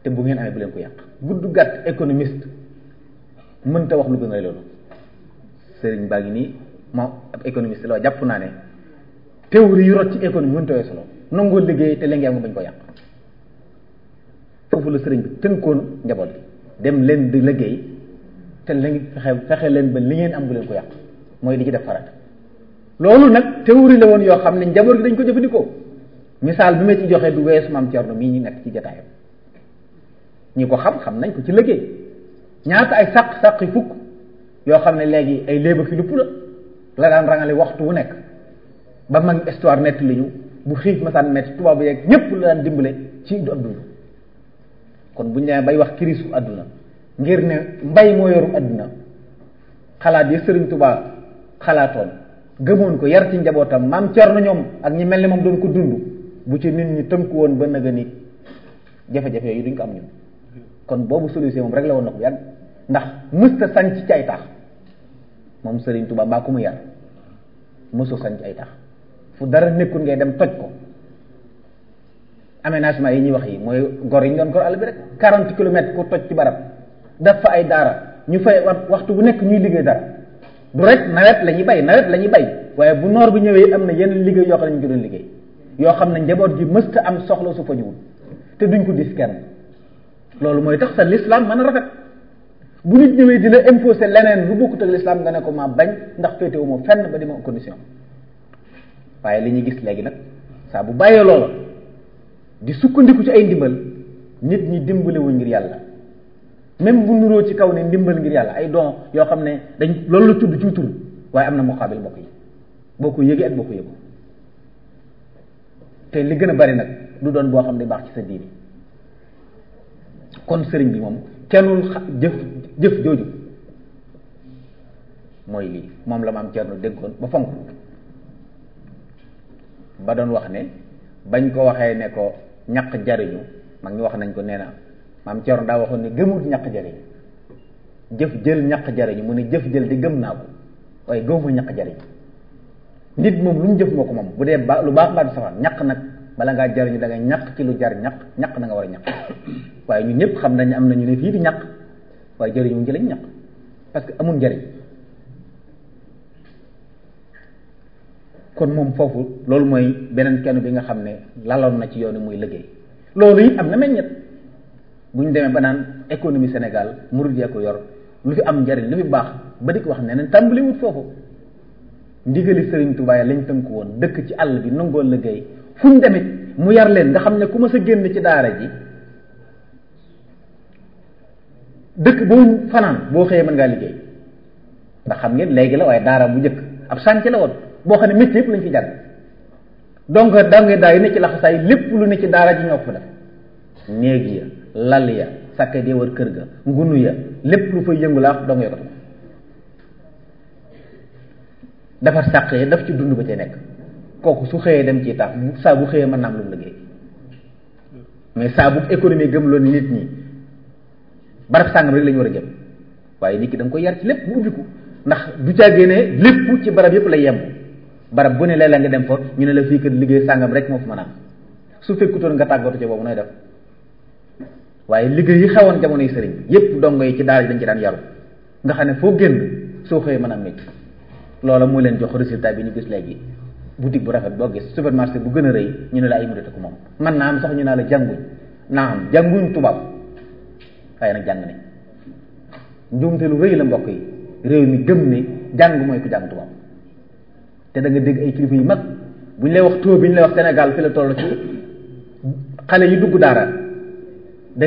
te bu ngeen amee bu leen ko yàq gudd gàtt économiste mënta wax lu gën a loolu sëriñ baa ngi nii moom ab économiste la jàpp naa ne théorie yu rot ci économie mënta weesu loolu nangoo liggéey te léegi am nga bañ ko yàq foofu la sëriñ bi tënkoon njaboot bi dem leen di liggéey te lañ fexe fexe leen ba li ngeen am bu leen ko yàq mooy di ci def farata loolu nag théorie la woon yoo xam ne njaboot gi dañ ko jëfandikoo misaal bu ma ci joxe du weesu maam Thierno mii ñu nekk ci jataayam ñi ko xam xam nañ ko ci liggéey ñaata ay sàq sàq yu fukk yoo xam ne léegi ay léeba ki lupp la la daan rangale waxtu wu nekk ba mag histoire nett li ñu bu xiif masaan metti tubaab yeeg ñëpp la daan dimbale ci du ab kon bu ñu bay wax kirisu su àdduna ngir ne mbay moo yorum àdduna xalaat yi sëriñ Tuubaa xalaatoon gëmoon ko yar ci njabootam maam Cerno ñoom ak ñi mel ni moom doon ko dund bu ci nit ñi tënku woon ba naga ni jafe-jafe yooyu duñ ko am ñun kon boobu solution moom rek la woon na ko yàgg ndax mësta sanc ci ay tax moom sëriñ Tuubaa mbaa ku mu yar mësu sanc ay tax fu dara nekkul ngay dem toj ko aménagement yi ñuy wax yi mooy gor yi ñu doon gor àll bi rek 40 kilomètres ku toj ci barab def ay daara ñu fay waxtu bu nekk ñuy liggéey dara du rek nawet la ñuy bay nawet la ñuy bay waaye bu noor bi ñëwee am na yenn liggéey yoo xam ne ñu ngi liggéey yoo xam ne njaboot ji mësta am soxla su fa ñëwul te duñ ko dis kenn loolu mooy tax sa l'islam mën a rafet bu nit ñëwee dina la leneen lu bokkut ak l'islam nga ne ko ma bañ ndax féetewu ma fenn ba di ma condition waaye li ñuy gis léegi nag saa bu bàyyee loola di sukkandiku ci ay ndimbal nit ñi dimbaliwu ngir yàlla même bu nuróo ci kaw ne ndimbal ngir yàlla ay don yoo xam ne dañ loolu la tudd ci tur waaye am na muqaabil bokk yi boo ko yëgee ak boo ko yëgu te li gën a bari nag du doon boo xam ne baax ci sa diini kon sëriñ bi moom kennul jëf mooy moom la maam Cerno déggoon ba doon wax ne bañ ko waxee ne ko ñaq jariñu mag ñu wax nañ ko nee na maam Thierno daa waxoon ne gëmut ñàkk jariñ jëf jël ñàkk jariñ mu ne jëf jël di gëm naa ko waaye gëmuma ñaq jariñ nit moom lu mu jëf moo ko moom bu dee ba lu baax mbaa du safaan nag bala ngaa jariñu da nga ñàkk ci lu jar ñàkk ñàkk na nga war a ñàkk waaye ñu ñëpp xam nañ am na ñu ne fii di ñàkk waaye jariñ mu ngi ñaq ñàkk parce que amul njariñ kon moom foofu loolu mooy beneen kenn bi nga xam ne laloon na ci yoon muy liggéey loolu it am na meññet bu ñu demee ba naan économie Sénégal murid yee ko yor lu fi am njariñ lu fi baax ba di ko wax ne neen tàmbali wut foofu ndigali Sëriñ Tuubaa lañ tënk woon dëkk ci àll bi nangoo liggéey fu ñu mu yar leen nga ne ku ma sa génn ci daara ji dëkk boo fanaan boo xëyee mën ngaa liggéey ndax xam ngeen léegi la waaye daara bu njëkk ab sànc la woon boo xam ne métier yëpp lañ fi jàng donc da nga daa yi ne ci laxasaay lépp lu ne ci daara ji ñoo ko fa def néeg ya lal ya sàkket ya war kër ga ngunu ya lépp lu fa yëngu laa dong yokkati ko defar sàq ya daf ci dund ba ci nekk kooku su xëyee dem ci tax saa bu xëyee mën naa am lu liggéey mais saa bu économie gëm loon nit ñi barab sàngam rek la war a jëm waaye nit ki da nga koy yar ci lépp mu ubbiku ndax du càggee ne lépp ci barab yépp la yem barab bu ne léeg-léeg nga dem fa ñu ne la fii kat liggéey sàngam rek moo fi mën a am su fekkutoon nga tàggatu ci boobu nooy def waaye liggéey yi xewoon jamono yi sëriñ bi yépp dongo yi ci daara yi dañ ci daan yaru nga xam ne foo génn soo xëyee mën a métti loola moo leen jox résultat bi ñu gis léegi boutique bu rafet boo gis supermarché bu gën a rëy ñu ne la ay murit ko moom man naa am sax ñu naa la jànguñ naa am jànguñ tubaab waaye nag jàng nañ njuumte lu rëy la mbokk yi réew mi gëm ne jàng mooy ku jàng tubaab te da nga dégg ay kilifa yu mag bu ñu lay wax taux bi ñu lay wax Sénégal fi toll ci xale yi dugg daara da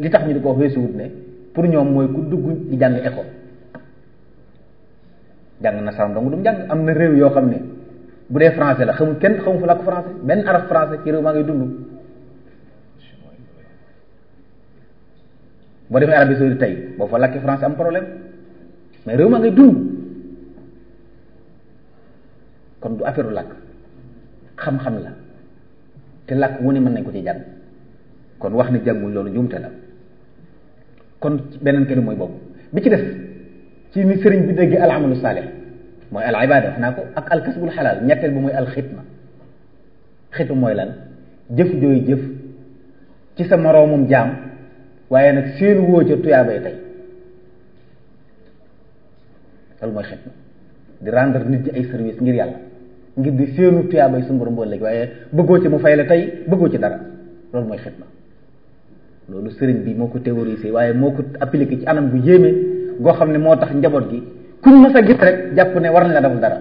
li tax ñi di ko wax weesuwut ne pour ñoom mooy ku dugg di jàng école jàng na saam doom du jàng am na réew yoo xam ne bu dee français la xamul kenn xamul fu làkk français benn arab français ci réew maa ngay dund boo demee Arabie Saoudite tey boo fa làkki français am problème mais réew maa ngay dund kon du affaire làkk xam-xam la te làkk wu ne mën nañ ko ci jàng kon wax ne jànguñ loolu njuumte la kon beneen kër mooy boobu bi ci def ci ni sëriñ bi dégg al amalu saalih mooy al ibada naa ko ak al kasbul xalaal ñetteel bi mooy al xitma xitma mooy lan jëf jooy jëf ci sa moroomum jaam waaye nag seen woo ca tey loolu mooy xitma di rendre nit ñi ay service ngir yàlla ngir di seenu tuyaabay suñu borom boo léegi waaye bëggoo ci mu fay la tey bëggoo ci dara loolu mooy xitma loolu sëriñ bi moo ko théorisé waaye moo ko appliqué ci anam bu yéeme goo xam ne moo tax njaboot gi kuñ mës a gis rek jàpp ne war nañ la defal dara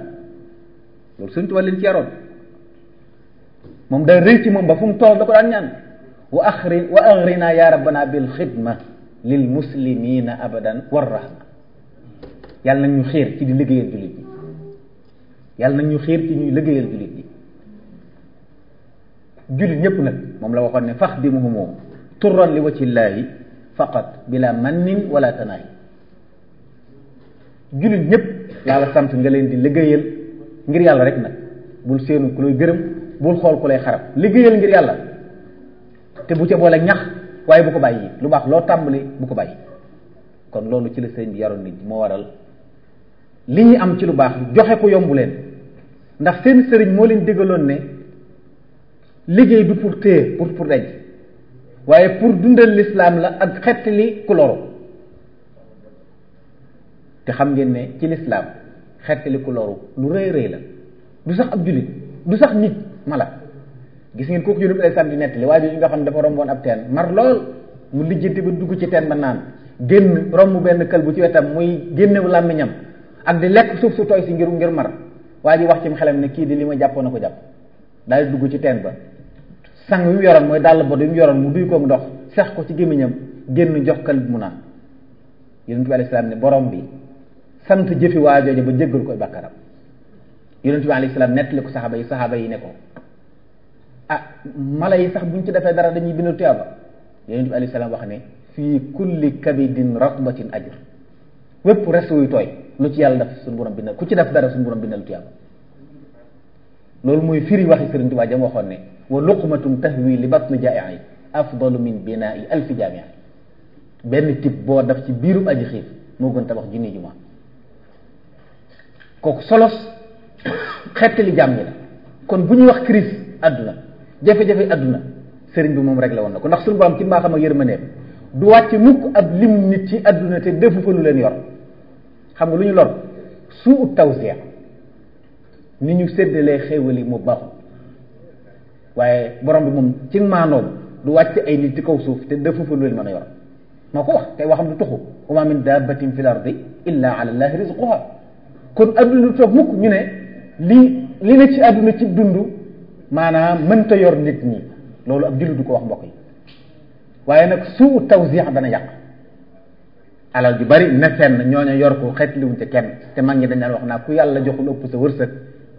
loolu sëriñ Tuubaa leen ci yaroon moom day rëy ci moom ba fu mu toll da ko daan ñaan wa axri wa agrina ya rabbana bil xidma lil muslimina abadan war rahma yàlla nañ ñu xiir ci di liggéeyal jullit bi yàlla nañ ñu xiir ci ñuy liggéeyal jullit bi jullit ñëpp nag moom la waxoon ne fax di muhumoo turran li wajhillaahi faqat bila mannin wala tanaahi jullit ñëpp laa la sant nga leen di liggéeyal ngir yàlla rek nag bul seenu ku lay gërëm bul xool ku lay xarab liggéeyal ngir yàlla te bu ca boole ñax waaye bu ko bàyyi lu baax loo tàmbali bu ko bàyyi kon loolu ci la sëñ yaru yaroon nit moo waral li ñu am ci lu baax joxe ko yombu leen ndax seen sëriñ moo leen déggaloon ne liggéey du pour téye pour pour denc waaye pour dundal l'islam la ak xett li ku te xam ngeen ne ci lislaam xett li lu rëy rëy la du sax ak jullit du sax nit mala gis ngeen kooku yonub alei salam di nettali waaye yi nga xam ne dafa romboon ab teen mar lool mu lijjanti ba dugg ci teen ba naan génn romb benn kël bu ci wetam muy génnew làmmiñam ak di lekk suuf su tooy si ngir ngir mar waa ji wax ci mu xelam ne kii di li ma jàppoon na ko jàpp daal di dugg ci teen ba sang wi mu yoroon mooy dàll bod yu mu yoroon mu duy koog ndox sex ko ci gémmiñam génn jox kalib mu naan yonent bi alayhi salaam ne borom bi sant jëfi waa jooje ba jéggal koy bàkkaram yonent bi alayhi salaam nettali ko saxaaba yi saxaaba yi ne ko ah mala yi sax buñ ci defee dara dañuy bindu tuyaaba yonent bi alayhi salaam wax ne fii kulli kabidin ratbatin ajr wépp res wuy tooy lu ci yàlla def suñu borom bindal ku ci def dara suñu borom bindal tuyaaba loolu mooy firi waxi Sëriñ Tuubaa jam waxoon ne wa luqmatun wii li batni jaa'i afdalu min binaa'i alfi jaami'a benn tib boo daf ci biirub aji xiif moo gën tabax junni juma kooku solos xettali jaam ñi la kon bu ñuy wax crise àdduna jafe-jafe àdduna sëriñ bi moom rek la woon na ko ndax suñu borom ci mbaaxam ak yërmandeem du wàcc mukk ab lim nit ci àdduna te defu fa lu leen yor xam nga lu ñu lor suu tawsiya ni ñu séddalee xéewal yi mu baaxul waaye borom bi moom ci maanoom du wàcc ay nit ci kaw suuf te dafa fa lu leen mën a yor moo ko wax tey waxam du tuxu wa ma min dabbatin fil ardi illa ala llahi rizquha kon adduna du toog mukk ñu ne li ne ci adduna ci dund maanaam mënta yor nit ñi loolu ab jullit du ko wax mbokk yi waaye nag suu tawsix dana yàq alal ju bari ne fenn ñooñu yor ko xeetliwuñ ca kenn te mag ñi dañ daan wax naa ku yàlla joxul ëpp sa wërsëg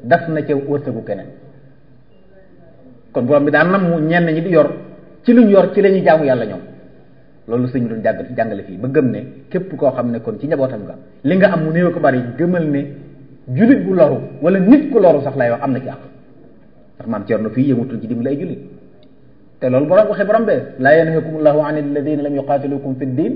daf na ca wërsëgu keneen kon borom bi daan nam mu ñenn ñi di yor ci luñ yor ci la ñuy jaamu yàlla ñoom loolu sëñ doon jàng jàngale fii ba gëm ne képp koo xam ne kon ci njabootam nga li nga am mu néew ko bari gëmal ne jullit bu loru wala nit ku loru sax lay wax am na ci àq ndax maam Thierno fii yëngutul ci dimbali lay jullit te loolu borom waxee borom be laa yanhaakum allahu an alladina lam yuqatilukum fi ddin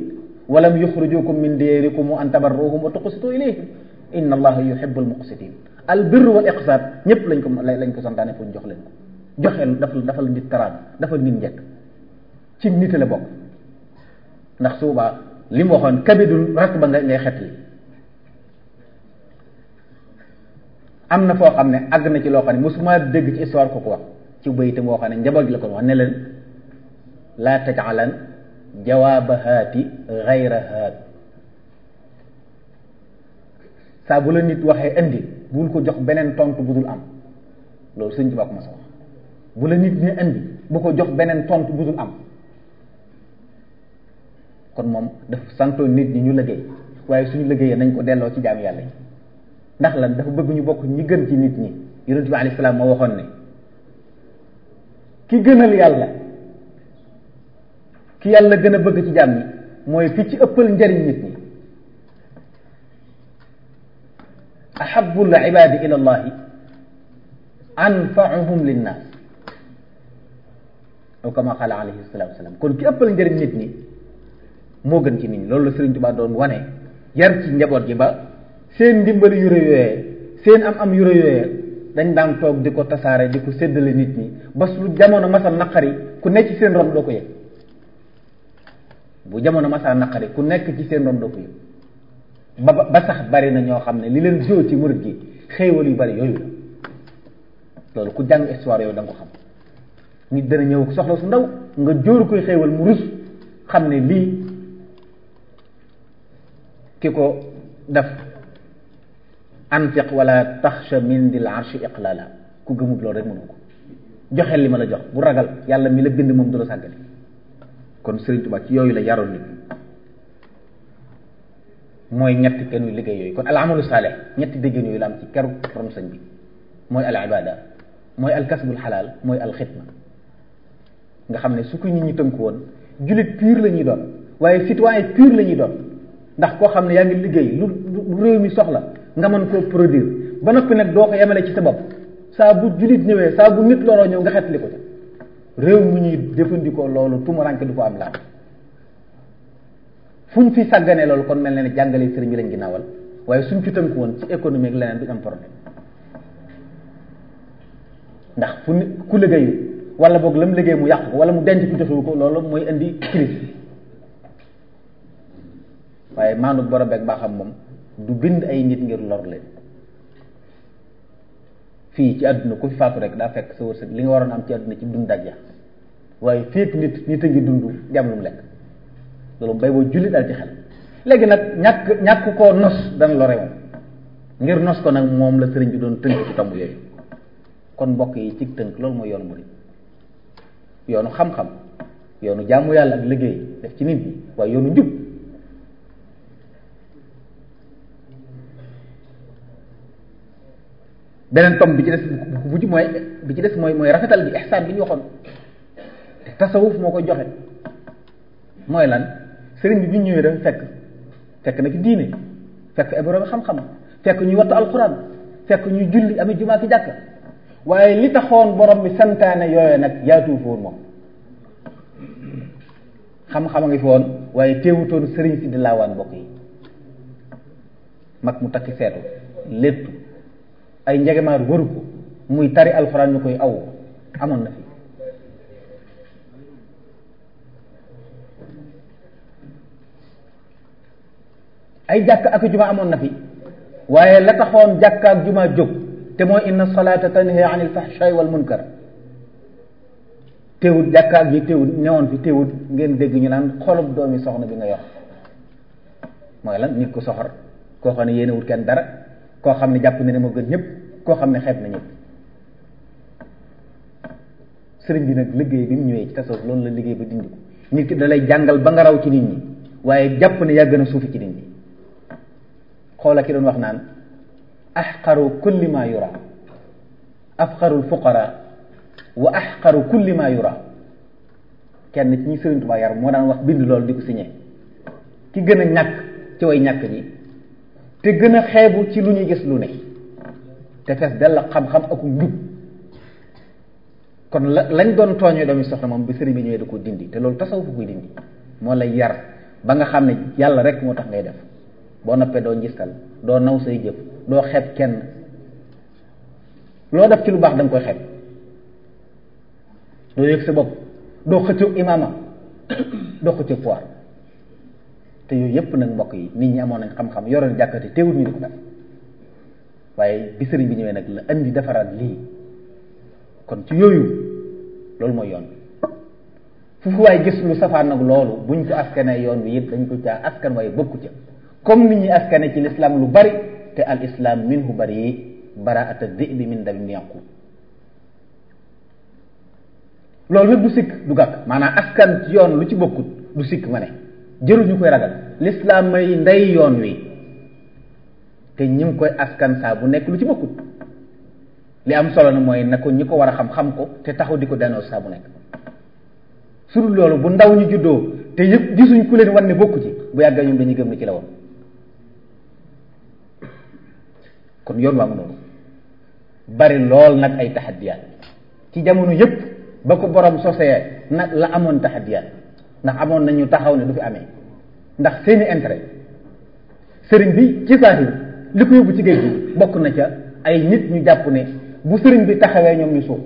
wa lam yuxrijukum min diyarikum an tabarruhum wa tuqsitu ilayhim inna allaha yuhibbu almuqsitin al birru wal iqsaad ñëpp lañ ko lañ ko santaane pour jox leen ko joxeel dafa dafa la nit taraab dafa nit njëkk ci nit la bokk ndax suubaa li mu waxoon kabidul rak ba nga ngay xet am na foo xam ne àgg na ci loo xam ne mosuma dégg ci histoire ko ko wax ci bayte boo xam ne njaboot la ko wax ne leen laa tajcalan jawaabahaati gayrahaat saa bu la nit waxee indi bul ko jox beneen tontu bu dul am loolu sëñ bokk ko mas bu la nit ñi indi bu ko jox beneen tontu bu dul am kon moom daf santoon nit ñi ñu liggéey waaye suñu liggéeyee nañ ko delloo ci jaam yàlla yi ndax lan dafa bëgg ñu bokk ñi gën ci nit ñi yonent bi alayhi salaam moo waxoon ne ki gënal yàlla ki yàlla gën a bëgg ci jaam ñi mooy ki ci ëppal njariñ nit ñi ahabul ibadi ila allahi anfauhum linnas aw kama qaala alayhi salatu kon ki njëriñ nit ñi moo gën ci nit loolu la Sëriñ Tuubaa doon wane yar ci njaboot gi ba seen ndimbal yu rëy seen am am yu rëy dañ daan toog di ko tasaare di ko séddale nit ñi ba su jamono masa naqari ku nekk ci seen ron doo jamono masa naqari ku nekk ci seen doo ko yëg ba ba sax bari na ñoo xam ne li leen jóo ci murid gi xéewal yu bari yooyu la loolu ku jàng histoire yow da ko xam nit dana ñëw soxla su ndaw nga jóoru koy xéewal mu rus xam ne lii ki ko def anfiq tax taxsha min dil laa iqlala ku gëmut loolu rek mënu ko joxeel li ma la jox bu ragal yàlla mi la bind moom du la sàggale kon Sëriñ Tuubaa ci yooyu la yaroon nit mooy ñetti kenu liggéey yooyu kon al amalu saalih ñetti déggéen yooyu la am ci keru borom sëñ bi mooy al ibada mooy al kasbul xalaal mooy al xidma nga xam ne su ko nit ñi tënku woon julit pur la ñuy doon waaye citoyen piir la ñuy doon ndax koo xam ne yaa ngi liggéey lu réew mi soxla nga mën koo produire ba noppi nag doo ko yemale ci sa bopp saa bu jullit ñëwee saa bu nit loroo ñëw nga xetli ko ca réew mu ñuy jëfandikoo loolu tumuranke du ko am laa fu ñu fi sàgganee loolu kon mel na ne jàngale sëriñ bi lañ ginnaawal waaye suñ ci ko woon ci économie ak leneen duñ am problème ndax fu ni ku liggéeyu wala boog la mu liggéey mu yàqu ko wala mu denc ku joxewu ko loolu mooy indi crise waaye maanu borom beeg xam moom du bind ay nit ngir lor leen fii ci àdduna ku fi faatu rek daa fekk sa wërsëg li nga waroon am ci àdduna ci dund daj ya nit dund jàmm mu lekk loolu bay boo julli ci xel léegi nag ñàkk ñàkk koo nos dana lore ngir nos ko nag moom la sëriñ bi doon tënk ci tomb yooyu kon mbokk yi ci tënk loolu moo yoonu murid yoonu xam-xam yoonu jaamu yàlla ak liggéey def ci nit ñi waaye yoonu njub beneen tomb bi ci des bu mujj ci des mooy mooy rafetal bi ihsaan bi ñu waxoon te tasawuf moo koy joxe mooy lan sëriñ bi bi ñu ñëwee fekk fekk na fi diine fekk ay borom xam-xam fekk ñuy wattu alquran fekk ñuy julli amit jumaa ki jàkk waaye li taxoon boroom bi santaane yooyu nag yaatuwu foon moom xam-xam a ngi fi woon waaye teewutoon sëriñ si di laawaan bokk yi mag mu takki seetu léttu ay njegemaaru waru ko muy tari alxuraan ñu koy aw amoon na fi ay jàkka ak juma amoon na fi waaye la taxoon jàkka ak juma jóg te moo inna salata tanhi anil fahsha'i wal munkar teewut jàkka ak yi teewut newoon fi teewut ngeen dégg ñu naan xolub doomi soxna bi nga yor mooy lan nit ko soxor koo xam ne yéenewut kenn dara koo xam ne jàpp na ne moo gën ñëpp koo xam ne xeeb na ñëpp sëriñ bi nag liggéey bi mu ñëwee ci tasawuf loolu la liggéey ba dindi ko nit ki da lay jàngal ba nga raw ci nit ñi waaye jàpp ne yaa gën a suufi ci nit ñi xoola ki doon wax naan axqaru kulli ma yura afqarul fuqara wa axqaru kulli ma yura kenn ci ñu Sëriñ Tuubaa yar moo daan wax bind loolu di ko signé ki gën a ñàkk ci way ñàkk ñi te gën a xeebu ci lu ñuy gis lu ne te fees dell xam-xam ak njub kon la lañ doon tooñee doomi soxna moom bi sëriñ bi ñëwee da ko dindi te loolu tasawuf koy dindi moo lay yar ba nga xam ne yàlla rek moo tax ngay def boo nappee doo njistal doo naw say jëf doo xeeb kenn loo def ci lu baax da koy xeeb doo yëg sa bopp doo xëccoo imaama doo xëccoo pouvoir te yooyu yëpp nag mbokk yi nit ñi amoon nañ xam-xam yoroon jàkkati teewul ñu di ko def waaye bi bi ñëwee nag la andi defaraat lii kon ci yooyu loolu mooy yoon bi gis lu safaan nag loolu buñ ko askanee yoon bi yëpp dañ ko caa askan waaye bëgg ko ca comme ni ñuy askane ci l'islam lu bari te al islam minhu bari baraata dhi'bi min damin yaqub loolu nag du sikk du gàkk maanaam askan ci yoon lu ci bokkut du sikk ma ne jëru ñu koy may ndey yoon wi te ñi koy askan saa bu nekk lu ci bokkut li am solo na mooy na ko ñi ko war a xam xam ko te taxaw di ko denoo saa bu nekk surul loolu bu ndaw ñu juddoo te yëpp gisuñ ku leen wan ne bokku ci bu yàgga ñoom dañuy gëm ne ci la woon kon yoon waa nga bari lool nag ay taxadiyaat ci jamono yëpp ba ko borom sosee nag la amoon taxadiyaat ndax amoon nañu taxaw ne du fi amee ndax seeni intérêt sëriñ bi ci saasi li ko yóbbu ci géej gi bokk na ca ay nit ñu jàpp ne bu sëriñ bi taxawee ñoom ñu suuf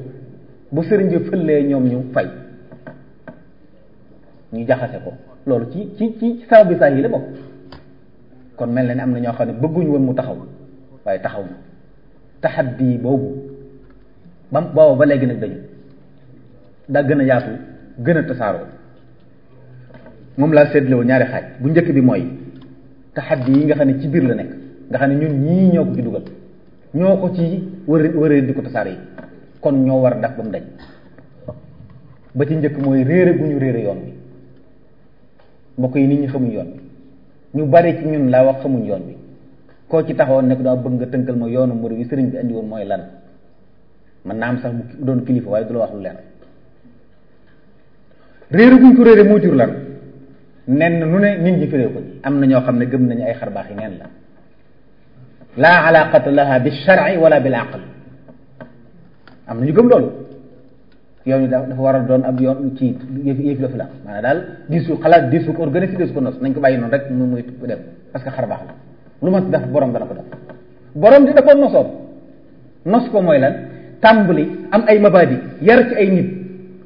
bu sëriñ bi fëllee ñoom ñu fay ñu jaxase ko loolu ci ci ci sababu saa yi la bokk kon mel na ne am na ñoo xam ne bëgguñu woon mu taxaw waaye taxaw na taxaddi boobu ba booba ba léegi nag dañu daa gën a yaatu gën a tasaaroo moom laa seetle woon ñaari xaaj bu njëkk bi mooy taxaddi yi nga xam ne ci biir la nekk nga xam ne ñun ñi ñëw ko ci dugal ñoo ko ci wër wëree di ko tasaar yi kon ñoo war a daf ba mu dañ ba ci njëkk mooy réer bu ñu réere yoon bi mbokk yi nit ñi xamuñ yoon bi ñu bari ci ñun laa wax xamuñ yoon bi koo ci taxawoon ne daa bëgg nga tënkal ma yoonu murid bi sëriñ bi andi woon mooy lan man naa am sax doon kilifa waaye du la wax lu leer réeru buñ ko réere moo jur lan nen nu ne nit ñi firee ko am na ñoo xam ne gëm nañu ay xarbaax yi neen la laa alaqata laha bi shar'i wala bi aql am na ñu gëm loolu yoon dafa war a doon ab yoon ci yëf yëf daal diisu xalaat diisu ko organisé diisu ko nos nañ ko bàyyi noonu rek mu muy dem parce que xarbaax la lu ma def boroom dana ko def borom di da koo nosoon nos ko mooy lan tàmbuli am ay mabadi yar ci ay nit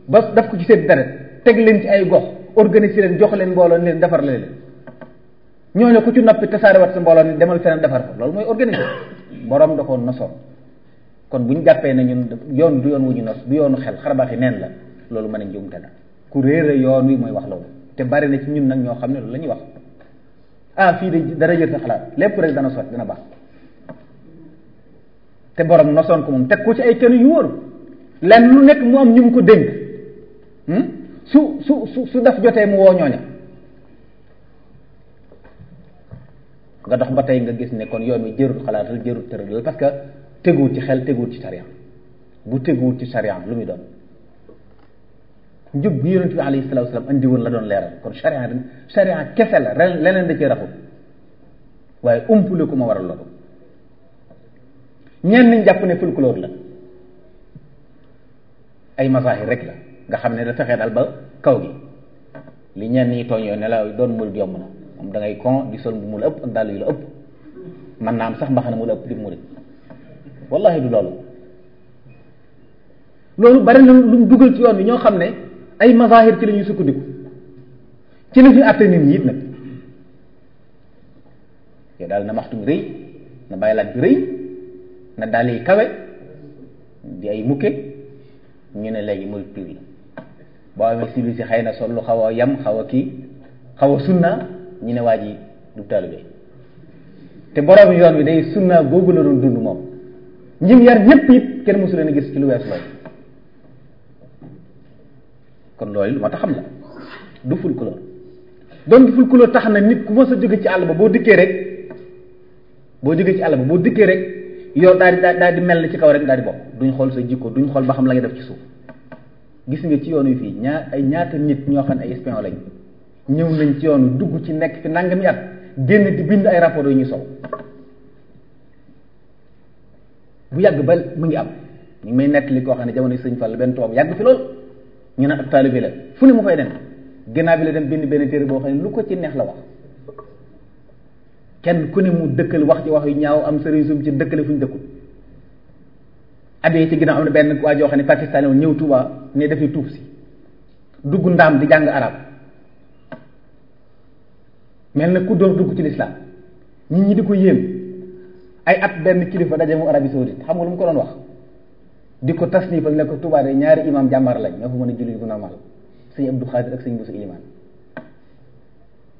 ba daf ko ci seen deret teg leen ci ay gox organiser leen jox leen mbooloo leen defar leen ñooñu ku ci noppi tasaare wat sa mbooloo ni demal feneen defar ko loolu mooy organiser borom da koo nosoon kon bu ñu jàppee ne ñun yoon du yoon wu ñu nos du yoonu xel xarbaax yi neen la loolu mën a njuumte la ku réer yoon wi mooy wax loolu te bari na ci ñun nag ñoo xam ne loolu la ñuy wax ah fii de dara jël sa xalaat lépp rek dana sot dana baax te borom nosoon ko moom teg ko ci ay kenn yu wóor lenn lu nekk mu am ñu mu ko dénk hmm? su su su su daf jotee mu woo ñooña nga dox ba tey nga gis nekkoon kon yoon wi jërul xalaatal jërul tëralal parce que teguwul ci xel teguwul ci sariya bu teguwul ci sariya lu muy doon njub bi yonent bi alayhi salaatu salaam la doon leeral kon charia charia kese la ren leneen da cee raxul waaye umpule ko ma waral loolu ñenn ñi jàpp ne folklore la ay masaahir rek la nga xam ne da fexee daal ba kaw gi li ñenn ñi tooñ yooyu ne la doon murid yomb na moom da ngay kon di sol mu la ëpp ak dàll yu la ëpp man naa am sax mbaxana mu la ëpp di murid wallahi du loolu loolu bari na lu mu yoon wi ñoo xam ne ay mazahir ci la ñuy sukkandiku ci la ñuy àtte nit ñi it nag yooyu daal na maxtu rëy na bàyyi laaj bi rëy na daal yi kawe di ay mukke ñu ne léegi muy piir yi boo amee sibi si xëy na sol lu xaw a yam xaw a kii xaw a sunna ñu ne waa ji du taalibe te borom yoon wi day sunna googu la doon dund moom ñim yar ñépp it kenn mosu leen a gis ci lu weesu loolu kon loolu lu ma tax xam la du ful couleur donc ful couleur tax na nit ku mës a jóge ci àll ba boo dikkee rek boo jógee ci àll ba boo dikkee rek yow daal di daal di mel ci kaw rek daal di bopp duñ xool sa jikko duñ xool ba xam la nga def ci suuf gis nga ci yoon wi fii ñaar ay ñaata nit ñoo xam ne ay espion lañ ñëw nañ ci yoonu dugg ci nekk fi nangami at génn di bind ay rapport yu ñuy sow yàgg ba mu ngi am ñu ngi may nettali koo xam ne jamono sëñ Fall benn tubaab yàgg fi lool. ñu ne ak taalibe la fu ne mu bi la dem bind benn téere boo xam ne lu ko ci neex la wax ku ne mu dëkkal wax ci wax yu ñaaw am sëriñ ci dëkkale fu ñu dëkkul ci ginnaaw am na benn waa joo xam ne pakistan ñëw Tuuba ne dafay tuub si dugg ndaam di jàng arab mel na ku doon dugg ci lislaam nit ñi di ko yéem ay at benn kilifa daje mu Arabie saoudite xam nga lu mu ko doon wax di ko tasnif ak ne ko Touba de ñaari imam jàmbaar lañ ñoo ko mën a julli bu normal sëñ Abdou Khadir ak sëñ Boussa Iliman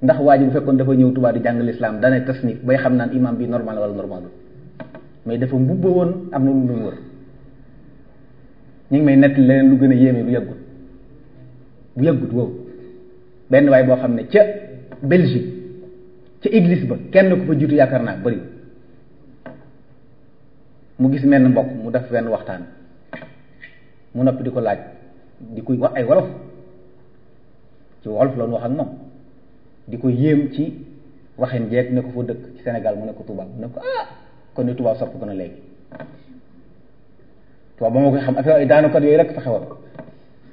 ndax waa ji bu fekkoon dafa ñëw Touba di jàng lislaam dana tasnif bay xam naan imam bi normal wala normalul mais dafa mbubba woon am na lu mu wër ñu ngi may nett leneen lu gën a yéeme bu yàggut bu yàggut wow benn waay boo xam ne ca Belgique ca église ba kenn ko fa jiitu yaakaar naa bëriwul mu gis menn mbokk mu def benn waxtaan mu nopp di ko laaj di koy wax ay wolof ci wolof loolu wax ak moom di ko yéem ci waxin jeeg ne ko foo dëkk ci Sénégal mu ne ko Touba mu ne ko ah kon ni Touba sopp ko na léegi Touba ba xam affaire ay daanaka yooyu rek fa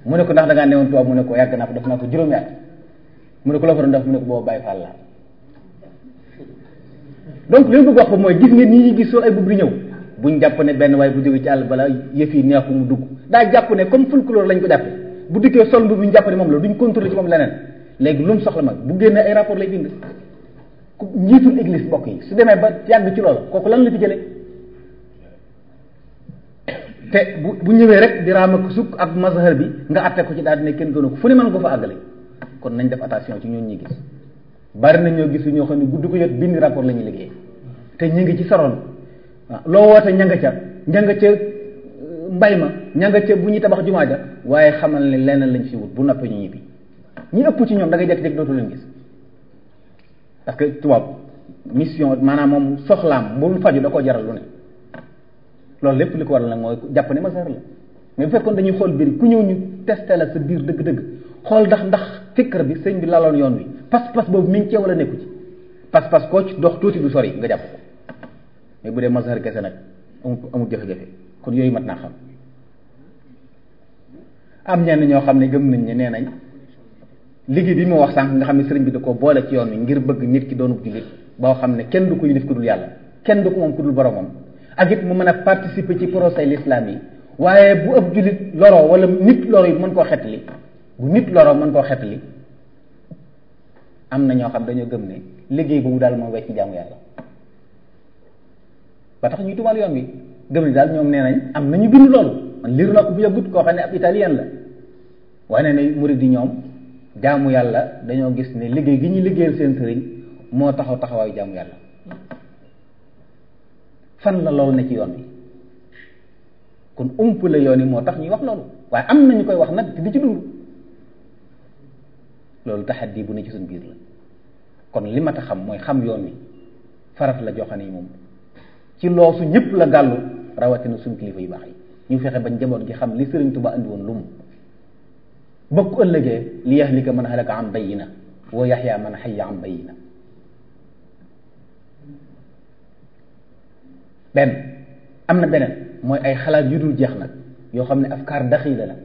mu ne ko ndax da ngaa newoon mu ne ko yàgg naa fa def naa ko juróom at mu ne ko la fa doon mu ne ko boobu bàyyi fa donc li ñu wax ko mooy gis ngeen ñi ñuy gis sol ay bub di ñëw buñ jàpp ne benn waaye bu jóge ci àll balaa yëf yi neexu mu dugg daa jàpp ne comme folklore lañ ko jàppe bu dikkee sol mbubb ñu jàpp moom la duñ contrôler ci moom leneen léegi lu mu soxla mag bu génnee ay rapport lay bind ku njiitul église mbokk yi su demee ba yàgg ci lool kooku lan la ci jëlee te bu bu ñëwee rek di raam ak sukk ak mazhar bi nga atte ko ci daal ne kenn gënu ko fu ne mën ko fa àggale kon nañ def attention ci ñoon ñi gis bari na ñoo gis ñoo xam ne gudd ko yot bind rapport la ñuy liggéey te ñu ngi ci saroon waaw loo woote ña mbay ma ña nga ca bu ñu tabax jumaa ja waaye xamal ne leneen lañ ci wut bu noppee ñu ñibbi ñi ëpp ci ñoom da ngay jékki-jékki dootu leen gis parce que tubaab mission maanaam moom soxlaam bu mu faju da ko jaral lu ne loolu lépp li ko waral nag mooy jàpp ne masar la mais bu fekkoon dañuy xool biir ku ñëw ñu testé la sa biir dëgg-dëgg xool ndax ndax fikr bi sëñ bi laloon yoon wi pas-pas boobu mi ngi cee wala nekku ci pas-pas koo ci dox tuuti du sori nga jàpp ko mais bu dee masar kese nag amul amul jafe-jafe kon yooyu mat naa xam am ñenn ñoo xam ne gëm nañ ne nee nañ liggéey bi mu wax sànq nga xam ne sëriñ bi da koo boole ci yoon wi ngir bëgg nit ki doonub jullit boo xam ne kenn du ko yilif ku dul yàlla kenn du ko moom ku dul boromam ak it mu mën a participer ci procès l'islam yi waaye bu ëpp jullit loroo wala nit loro yi mën koo xetli bu nit loroo mën koo xetli am na ñoo xam dañoo gëm ne liggéey boobu daal moom wecc ci jaamu yàlla ba tax ñuy tumal gëm ni daal ñoom nee nañ am nañu bind loolu man liir naa ko bu yàggut koo xam ne ab italien la waaye ne murid yi ñoom jaamu yàlla dañoo gis ne liggéey gi ñu liggéeyal seen sëriñ moo taxaw taxawaayu jaamu yàlla fan la loolu ne ci yoon bi kon ump la yoon yi moo tax ñuy wax loolu waaye am nañu koy wax nag te di ci dund loolu taxaddi bu ne ci suñ biir la kon li mat a xam mooy xam yoon wi farat la joxane yi moom ci loosu ñëpp la gàllu rawatina suñ kilifa yu baax yi ñu fexe ba njaboot gi xam li Sëriñ ba andi woon lu mu bokk ëllëgee li yahlika man halaka an bayina wa yaxya man xayya an bayina benn am na beneen mooy ay xalaat yu dul jeex nag yoo xam ne afkaar daxiila la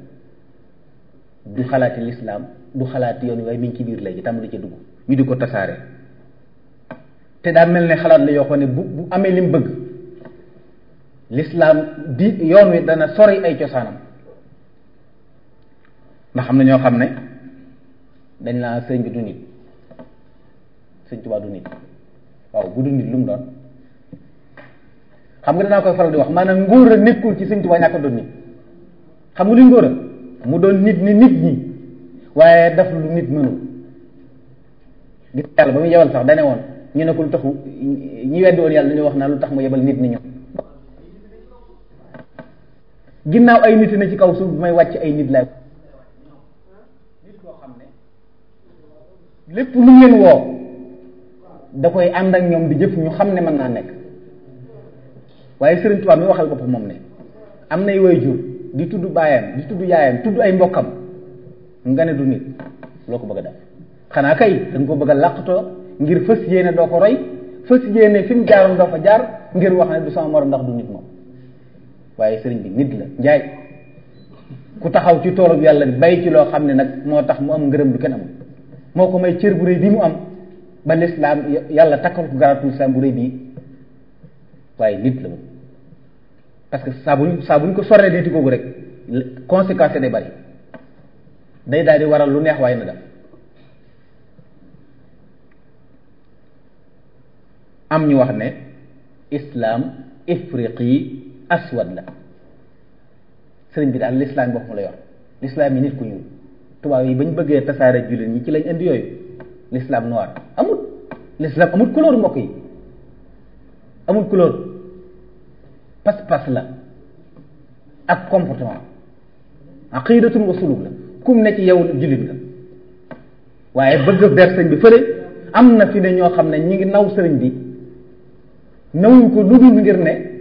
du xalaati lislaam du xalaat yoon waaye mi ci biir léegi tam di ca dugg ñu di ko tasaare te daa mel ne xalaat la yoo xam ne bu amee lim bëgg l'islam di yoon wi dana sori ay cosaanam ndax xam na ñoo xam ne dañ naa sëñ bi du nit sëñ Tuubaa du nit waaw bu du nit lu mu doon xam nga danaa koy faral di wax maanaam ngóor a nekkul ci sëñ Tuubaa ñàkk doon nit xam nga luñ ngóor mu doon nit ni nit ñi waaye daf lu nit mënul gis yàlla ba muy yebal sax dane woon ñu ne ko lu taxu ñi weddi woon yàlla dañu wax naa lu tax mu yebal nit ni ñoom ginnaaw ay nit na ci kaw suuf bi may wàcc ay nit lay nit lépp lu ngeen woo da koy ànd ak ñoom di jëf ñu xam ne mën naa nekk waaye Sëriñ Tuubaa mi waxal bopp moom ne am na nay waajur di tudd baayam di tudd yaayam tudd ay mbokkam nga ne du nit loo ko bëgg a def xanaa kay da nga ko bëgg a làqtoo ngir fës yéene doo ko roy fës yéene fi mu jaaroon doo ko jaar ngir wax ne du sama morom ndax du nit moom waaye sëriñ bi nit la njaay ku taxaw ci toolub yàlla bay ci loo xam ne nag moo tax mu am ngërëm du kenn amul moo ko may cër bu rëy bii mu am ba lislaam yàlla takkal ko garaatul lislaam bu rëy bii waaye nit la moom parce que saa buñ ko soree niti googu rek conséquence day bari day daal di waral lu neex waaye na def am ñu wax ne islaam ifriqi aswad la sëriñ bi daal lislaam boppam la yor lislaam yi nit ku ñuul tubaab yi bañ bëggee tasaare jullit ñi ci lañ indi yooyu lislaam noir amut lislaam amut couleur mbokk yi amut couleur pas-pas la ak comportement aqidatun wa suluk la kum ne ci yow jullit nga waaye bëgg ber sëñ bi fële am na fi ne ñoo xam ne ñi ngi naw sëriñ bi nawuñ ko lu dul ngir ne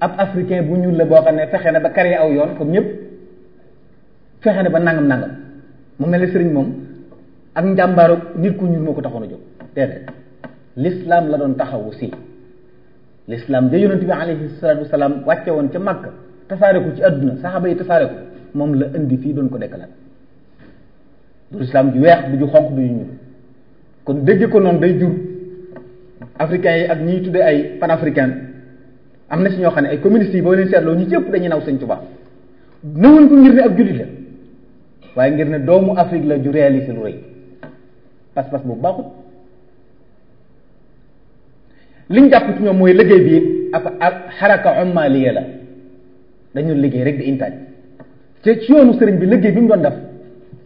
ab africain bu ñuul la boo xam ne fexe na ba créé aw yoon comme ñëpp fexe na ba nangam nangam mu mel ne sëriñ moom ak njàmbaaru nit ku ñuul moo ko taxoon a jóg déedéet l'islam la doon taxawu si l'islam da yonent bi alayhi salatu wasalaam wàcce woon ca Makka tasaare ko ci àdduna saxaaba yi tasaare ko moom la indi fii doon ko dekkalaat du l'islam ju weex du ju xonq du ju ñuul kon dégg ko noonu day jur africains yi ak ñiy tudde ay panafricain am na si ñoo xam ne ay communiste yi boo leen seetloo ñu cëpp dañuy naw sëñ Tuubaa nawuñ ko ngir ne ab jullit waaye ngir ne doomu Afrique la ju réalisé lu rëy pas-pas boobu baaxut liñ jàpp ci ñoom mooy liggéey bi ab ak xaraka ummaliya la dañu liggéey rek di intaaj te ci yoonu sëriñ bi liggéey bi mu doon def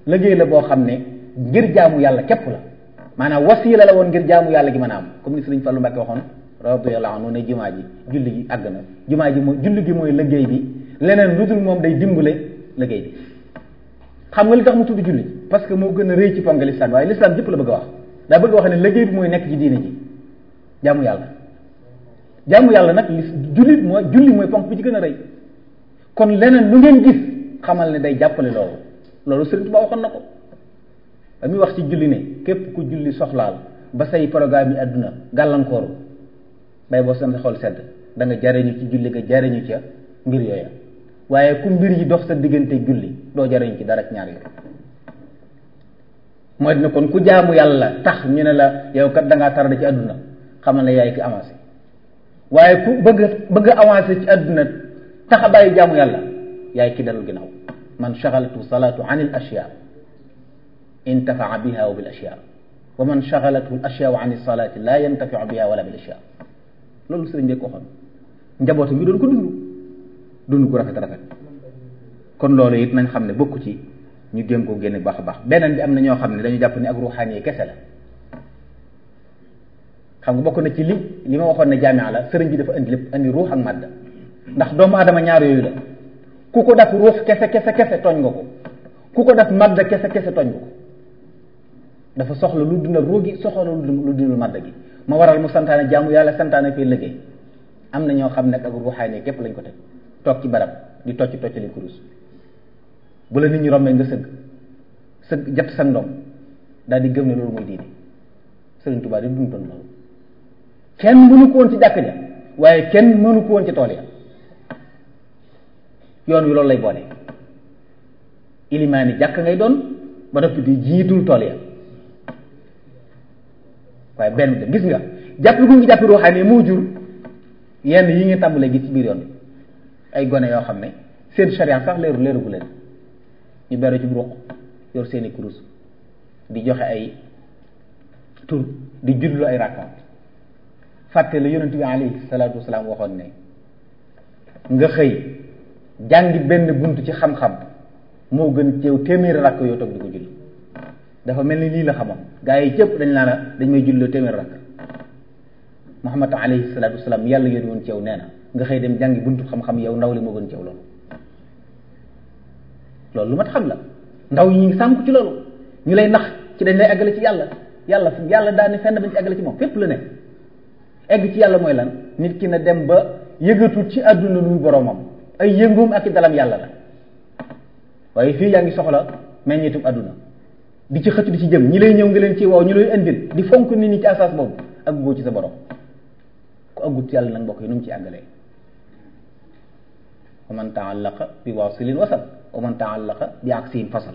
liggéey la boo xam ne ngir jaamu yàlla képp la maanaam wasiila la woon ngir jaamu yàlla gi mën a am comme ni sëriñ waxoon radiyallahu anhu ne jumaa ji julli ji àgg na jumaa ji mooy julli gi mooy liggéey bi leneen lu dul moom day dimbale liggéey bi xam nga li tax mu tudd julli parce que moo gën a rëy ci ponk lislaam waaye lislaam jëpp la bëgg a wax daa bëgg a wax ne liggéey bi mooy nekk ci diine yàlla jaamu li julli mooy julli mooy ponk bi ci gën a rëy kon leneen lu ngeen gis xamal ne day jàppale loolu loolu Sëriñ Tuubaa waxoon na ko damuy wax ci julli ne képp ku julli soxlaal ba say programme yi àdduna gàllankooru bay boo xol sedd da nga jariñu ci julli nga jariñu ca waaye ku mbir yi dox sa diggante julli doo jariñu ci dara ci ñaar yooyu mooy kon ku jaamu yàlla tax ñu ne la yow kat danga tara tarde ci àdduna xamal ne yaay ki avancé waaye ku bëgg bëgg avancé ci àdduna tax a jaamu yàlla yaay ki dellu ginnaaw man shagalatu salaatu an il ashyaa intafaa biha wa bil ashyaa wa man shagalatu al an il la yantafiu biha wala bil ashyaa loolu sëriñ bi ko waxoon njabootam yi doon ko dund dund ko rafet rafet kon loolu it nañ xam ne bokku ci ñu jéem ko génne baax a baax beneen bi am na ñoo xam ne dañu jàpp ni ak ruuxaan yi kese la xam nga bokk na ci li li ma waxoon ne jaamia la sëriñ bi dafa indi lépp indi ruux ak màdd ndax doomu aadama ñaar yooyu la ku ko def ruux kese kese kese tooñ nga ko ku ko def màdd kese kese tooñ nga ko dafa soxla lu dundal ruux gi soxla lu dundal màdd gi ma waral mu santaane jaamu yàlla santaane fii liggéey am na ñoo xam ne ak ruuxaane képp lañ ko teg toog ci barab di tocc tocc li kurus bu la nit ñi rombee nga sëgg sëgg jat sa ndoom daal di gëm ne loolu mooy diine Sëriñ Tuubaa di dundoon loolu kenn mënu ci jàkk waaye kenn mënu ko ci tool ya yoon wi loolu lay boole ilimaani jàkk ngay doon ba noppi di jiitul tool ya waaye benn nga gis nga jàpp gu ngi jàpp ruuxaani moo jur yenn yi ngi tàmbalee gis ci biir yoon ay gone yoo xam ne seen charia sax leeru leerugu leen ñu beru ci ruq yor seeni kurus di joxe ay tur di jullu ay rakkaat fàtte la yonent bi alayhi salaatu wasalaam waxoon ne nga xëy jàngi benn bunt ci xam-xam moo gën ceew téeméeri rakk yoo toog di ko julli dafa mel ni lii la xamoon gaa yi cëpp dañ laa la dañ may julloo téeméer rakk Muhammad alayhi salaatu wasalaam yàlla yónni woon ci yow nee na nga xëy dem jàngi buntu xam-xam yow ndaw li moo gën ci yow loolu xam la ndaw yi ñu ngi ñu lay nax ci dañ lay eggale ci yàlla yàlla yàlla daal ne fenn bañ ci ci moom fépp la nekk ci yàlla mooy lan nit ki na dem ba yëgatul ci àdduna luy boromam ay yëngum ak i dalam yàlla la waaye fii yaa ngi soxla meññitum àdduna di ci xët di ci jëm ñi lay ñëw nga leen ci waaw ñu lay indil di fonk nit ñi ci asaas boobu ak góor ci sa borom ku aggut yàlla nag mbokk yi nu mu ci àggalee wa man taallaqa bi waasilin wasal wa man taallaqa bi aksiin fasal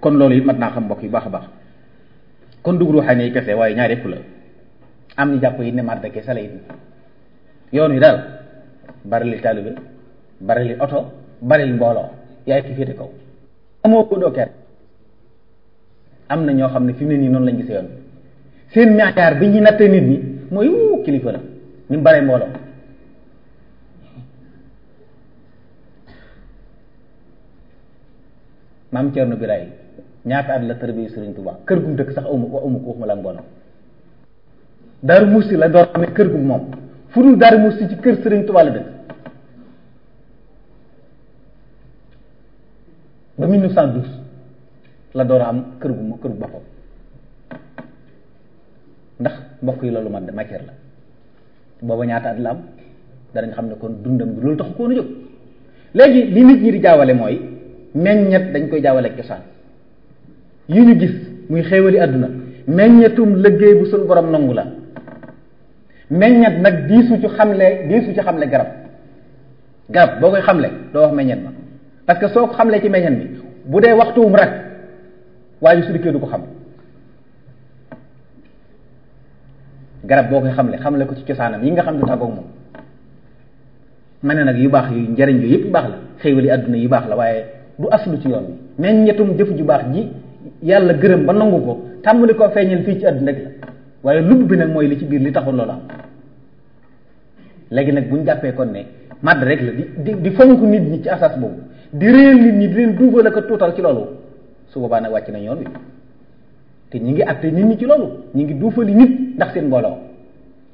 kon loolu it mat naa xam mbokk yi baax a baax kon dugg ruuxaane yi kese waaye ñaari yëpp la am ñu jàpp yi ne marde kese la it yoon wi daal bari li taalibe bari li oto bari li mbooloo yaay ki féete kaw amoo ko doo kër am na ñoo xam ne fi mu ne nii noonu lañ gisee yoon seen meyaar bi ñuy nattee nit ñi mooy wuu kilifa ñu ni mu baree mbooloo maam Cerno Biraay ñaata at la tërbiyu Sëriñ Tuubaa kër gum dëkk sax amu amu ko waxuma la mbooloo Daaru Musti la door amee kër gum moom fu dul Daaru Musti ci kër Sëriñ Tuubaa la dëkk la door a am kër gu kër gu boppam ndax mbokk yi loolu ma de matière la booba ñaata at la am danañ xam ne kon dundam bi loolu tax koon a jóg léegi li nit ñi di jaawale mooy meññet dañ koy jaawale ak cosaan yi ñu gis muy xéewali àdduna meññetum liggéey bu suñ borom nangu la meññet nag diisu ci xamle diisu ci xamle garab garab boo koy xamle doo wax meññet ma parce soo xamlee ci meññet bi bu dee waxtuwum rek waaye su dikkee du ko xam garab boo koy xam xamle xamle ko ci cosaanam yi nga xam du tàggoog moom ma ne nag yu baax yu njariñ yooyu yëpp baax la xéewali àdduna yu baax la waaye du aslu ci yoon bi ñettum jëf ju baax ji yàlla gërëm ba nangu ko tàmbali koo feeñal fii ci àdduna rek la waaye lubb bi nag mooy li ci biir li taxul loola am léegi nag bu ñu jàppee kon ne màdd rek la di di di fonk nit ñi ci asas boobu di réer nit ñi di leen duufal ak tuutal ci loolu su boobaa nag wàcc na yoon wi te ñi ngi atte nit ñi ci loolu ñi ngi duufali nit ndax seen mbooloo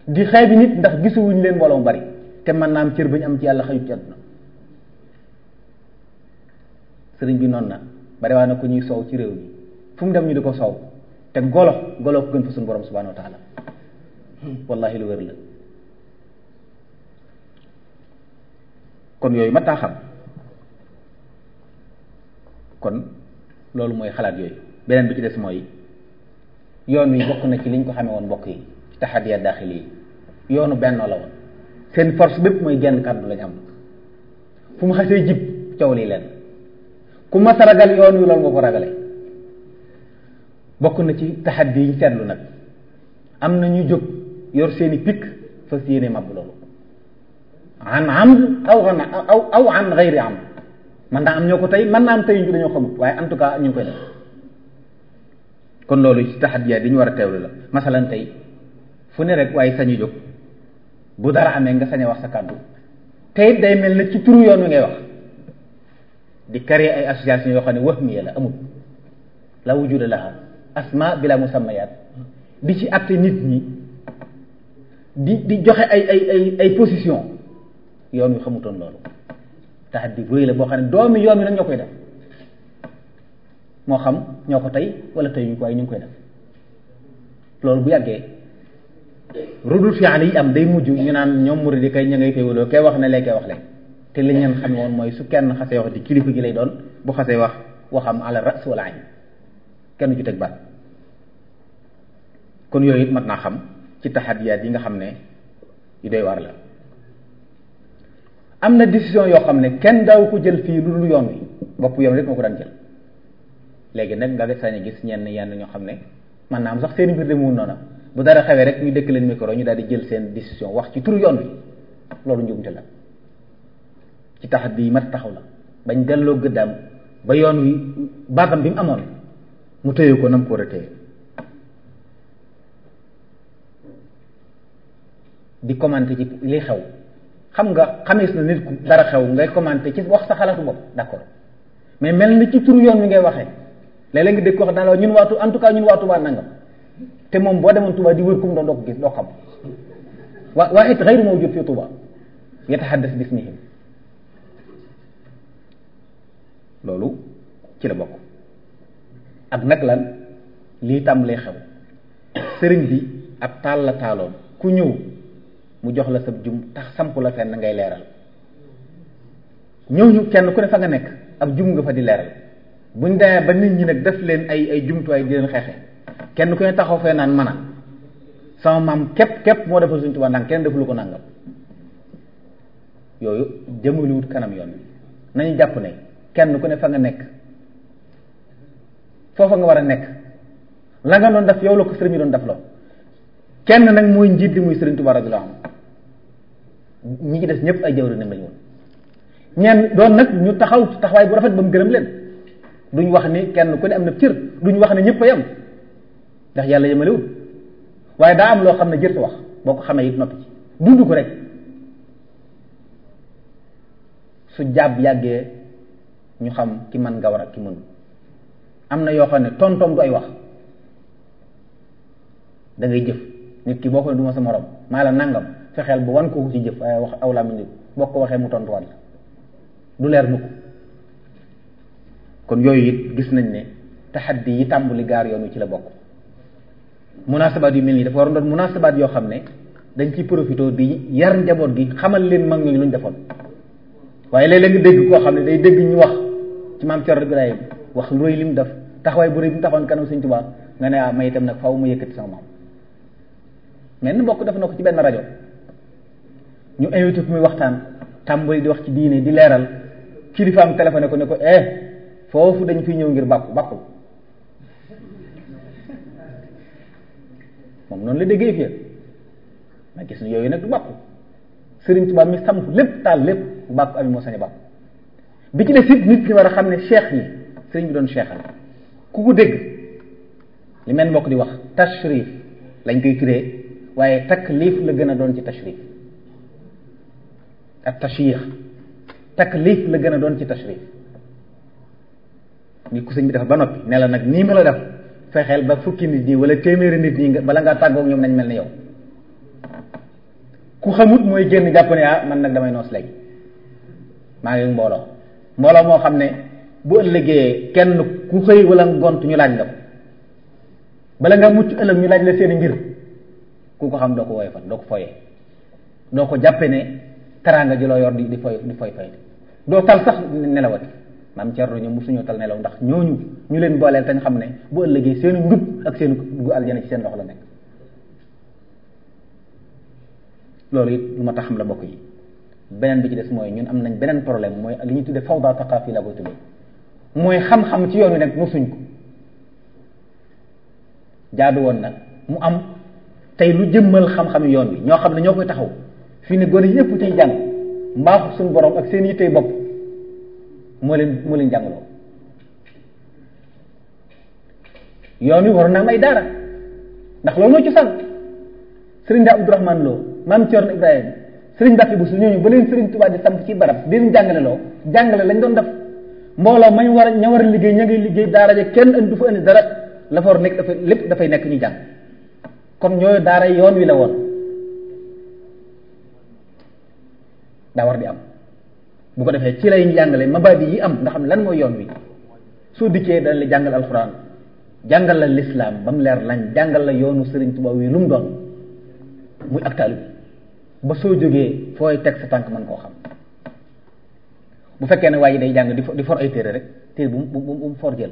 di xee bi nit ndax gisuwuñ leen mbooloo bari te mën naa am cër bañ am ci yàlla xëyut ci àdduna sëriñ bi noon na bari waa na ko ñuy soow ci réew mi fu mu dem ñu di ko soow te golo golo ko gën fa suñu borom subhanahu wa taala wallahi lu wér la kon yooyu mat xam kon loolu mooy xalaat yooyu beneen bi ci des mooy yoon wi bokk na ci liñ ko xamee woon mbokk yi taxadiya daaxil yi yoonu benn la woon seen force bépp mooy genn kàddu lañu am fu mu xasee jib coow lii leen ku mas a ragal yoon wi loolu nga ko ragale bokk na ci taxaddi yi seetlu nag am na ñu jóg yor seeni pikk fas yéene mab loolu an amd aw an aw aw an gayri amd man naa am ñoo ko tey man naa am tey ñu dañoo xamut waaye en tout cas ñu ngi koy def kon loolu ci taxadiyaat yi ñu war a teew la masalan tey fu ne rek waaye sañu jóg bu dara amee nga sañ wax sa kàddu tey day mel na ci turu yoon wi ngay wax di créer ay association yoo xam ne wahmiya la amul la wujuda laha mu sama yaat bi ci atte nit ñi di di joxe ay ay ay ay position yoon wi xamutoon loolu taxaddi bu rëy la boo xam ne doomi yoon wi nag ñoo koy def moo xam ñoo ko tey wala tey ñu ko waaye ñu ngi koy def loolu bu yàggee rudul fi'al yi am day mujj ñu naan ñoom murid yi kay ña ngay féewaloo kay wax ne lay kay wax lay te li ngeen xam woon mooy su kenn xasee wax di kilifa gi lay doon bu xasee wax waxam ala ras wala añ kenn ju teg baat kon yooyu it mat naa xam ci taxadiyaat yi nga xam ne yu doy waar la am na décision yoo xam ne kenn daaw ko jël fii lu dul yoon wi bopp yoon rek moo ko daan jël léegi nag nga sañ a gis ñenn yenn ñoo xam ne man naa am sax seen mbir de mu noona bu dara xewee rek ñu dëkk leen micro ñu daal di jël seen décision wax ci turu yoon wi loolu njuumte la ci tax bii ma taxaw la bañ delloo gëddaam ba yoon wi baatam bi mu amoon mu téye ko nam ko war a téye di commenté ci li xew xam nga xamis na nit ku dara xew ngay commenter ci wax sa xalaatu bopp d'accord mais mel na ci tur yoon wi ngay waxee léeg-léeg nga dégg ko wax daal ñun waatu en tout cas ñun waatu waa nangam te moom boo demoon Touba di wër kum doon doo ko gis doo xam wa waa it xayru mawjud fi Touba yataxaddas bismihim loolu ci la bokk ak nag lan lii tàmbalee xew sëriñ bi ab taal la taaloon ku ñëw mu jox la sa jum tax samp la fenn ngay leeral ñëw ñu kenn ku ne fa nga nekk ab jum nga fa di leeral buñ demee ba nit ñi nag def leen ay ay jumtuwaay di leen xeexe kenn ku ne taxaw fee naan man a sama maam képp képp moo defal suñ tubaab kenn defulu ko nàngam yooyu kanam yoon bi nañu jàpp ne kenn ku ne fa nga nekk foofa nga war a nekk la nga doon def yow la ko sëriñ doon def loo kenn nag mooy njiit li muy sëriñ tubaab radiyallahu ñi ci des ñëpp ay jawrinam lañu woon ñeen doon nag ñu taxaw taxawaay bu rafet ba mu gërëm leen duñ wax ni kenn ku ne am na cër duñ wax ne ñëpp a yem ndax yàlla yemalewul waaye daa am loo xam ne jërta wax boo ko xamee it noppi ci dund ko rek su jàpp yàggee ñu xam ki man nga war ak ki mënul am na yoo xam ne tontoom du ay wax dangay ngay jëf nit ki boo ko ne du ma sa morom maa la nàngam fexeel ba wan ko ci jëf waaye wax aw làmmiñ boo ko waxee mu tontuwaat la du leer mukk kon yooyu it gis nañ ne taxaddi yi tàmbali gaar yoonu ci la bokk munaasabaat yu mel nii dafa waroon doon munaasabaat yoo xam ne dañ ciy profité di yar njaboot gi xamal leen mag ñooñu luñ defoon waaye léeg-léeg nga dégg koo xam ne day dégg ñu wax ci maam Cerno Ibrahim wax lu rëy li mu def taxawaay bu rëy bi mu taxoon kanam Sëñ Tuubaa nga ne ah may itam nag faaw mu yëkkati sama maam mais nu mbokk def na ko ci benn rajo ñu invité ko muy waxtaan yi di wax ci diine di leeral kilifaam téléphoné ko ne ko eh foofu dañu fiy ñëw ngir bàkku bàkku moom noonu la déggee fii ma gis ne yooyu nag du bàkku Sëriñ Tuubaa mi samp lépp taal lépp bu bàkku amee moo sañ bàkku bi ci des it nit ñi war a xam ne cheikh yi sëriñ bi doon cheikhal ku ko dégg li mel mbokk di wax tashrif lañ koy créé waaye taklif la gën a doon ci tashrif ak tashriix taklif la gën a doon ci tashrif ni ku sëñ bi dafa ba noppi ne la nag nii ma la def fexeel ba fukki nit ñi wala téeméeri nit ñi bala ngaa tàggoog ñoom nañ mel ne yow ku xamut mooy génn jàpp ne ah, man nag damay noos léegi maa ngi mbooloo mbooloo moo xam ne bu ëllëgee kenn ku xëy wala ngont ñu laaj la nga mucc ñu laaj la seeni mbir ku ko xam doo ko woyofal doo ko foyee doo ko jàppe ne teraanga ji loo yor di di foy di foy foy doo tal sax nelawati maam Thierno ñoom mosuñoo tal nelaw ndax ñooñu ñu leen booleel te xam ne bu seen njub ak seen dugg aljana ci seen la nekk loolu it lu tax xam la bokk yi beneen bi ci des mooy ñun am nañ beneen problème mooy li ñuy tuddee fawda taqaafi la ko tuddee mooy xam ci yoon wi nag mosuñ ko jaadu woon nag mu am tey lu jëmmal xam-xam yoon wi ñoo xam ne ñoo koy taxaw. fii ne gone yëpp tey jàng mbaaxu suñu boroom ak seen yittey bopp moo leen moo leen jàngaloo yoon wi war na am daara ndax loolu moo ci sànq sëriñ daa Abdourahmane loo maam Thierno Ibrahima sëriñ Mbacke Bousso ñooñu ba leen sëriñ Touba di samp ci barab di leen jàngale loo jàngale lañ doon def mbooloo mañ war a ña war liggéey ña ngay liggéey daara ja kenn andi du fa andi dara la fa war nekk dafay lépp dafay nekk ñu jàng comme ñoo daara yoon wi la woon. daa war di am bu ko defee ci lay jàngale mabaadi yi am nga xam lan mooy yoon wi soo dikkee dana la jàngal alxuraan jàngal la lislaam ba leer lañ jàngal la yoonu Sëriñ Tuubaa wi lu mu doon muy ak taalibe ba soo jógee fooy teg sa tànk mën koo xam bu fekkee ne waa ji day jàng di di for ay téere rek téere bu bu bu mu for jël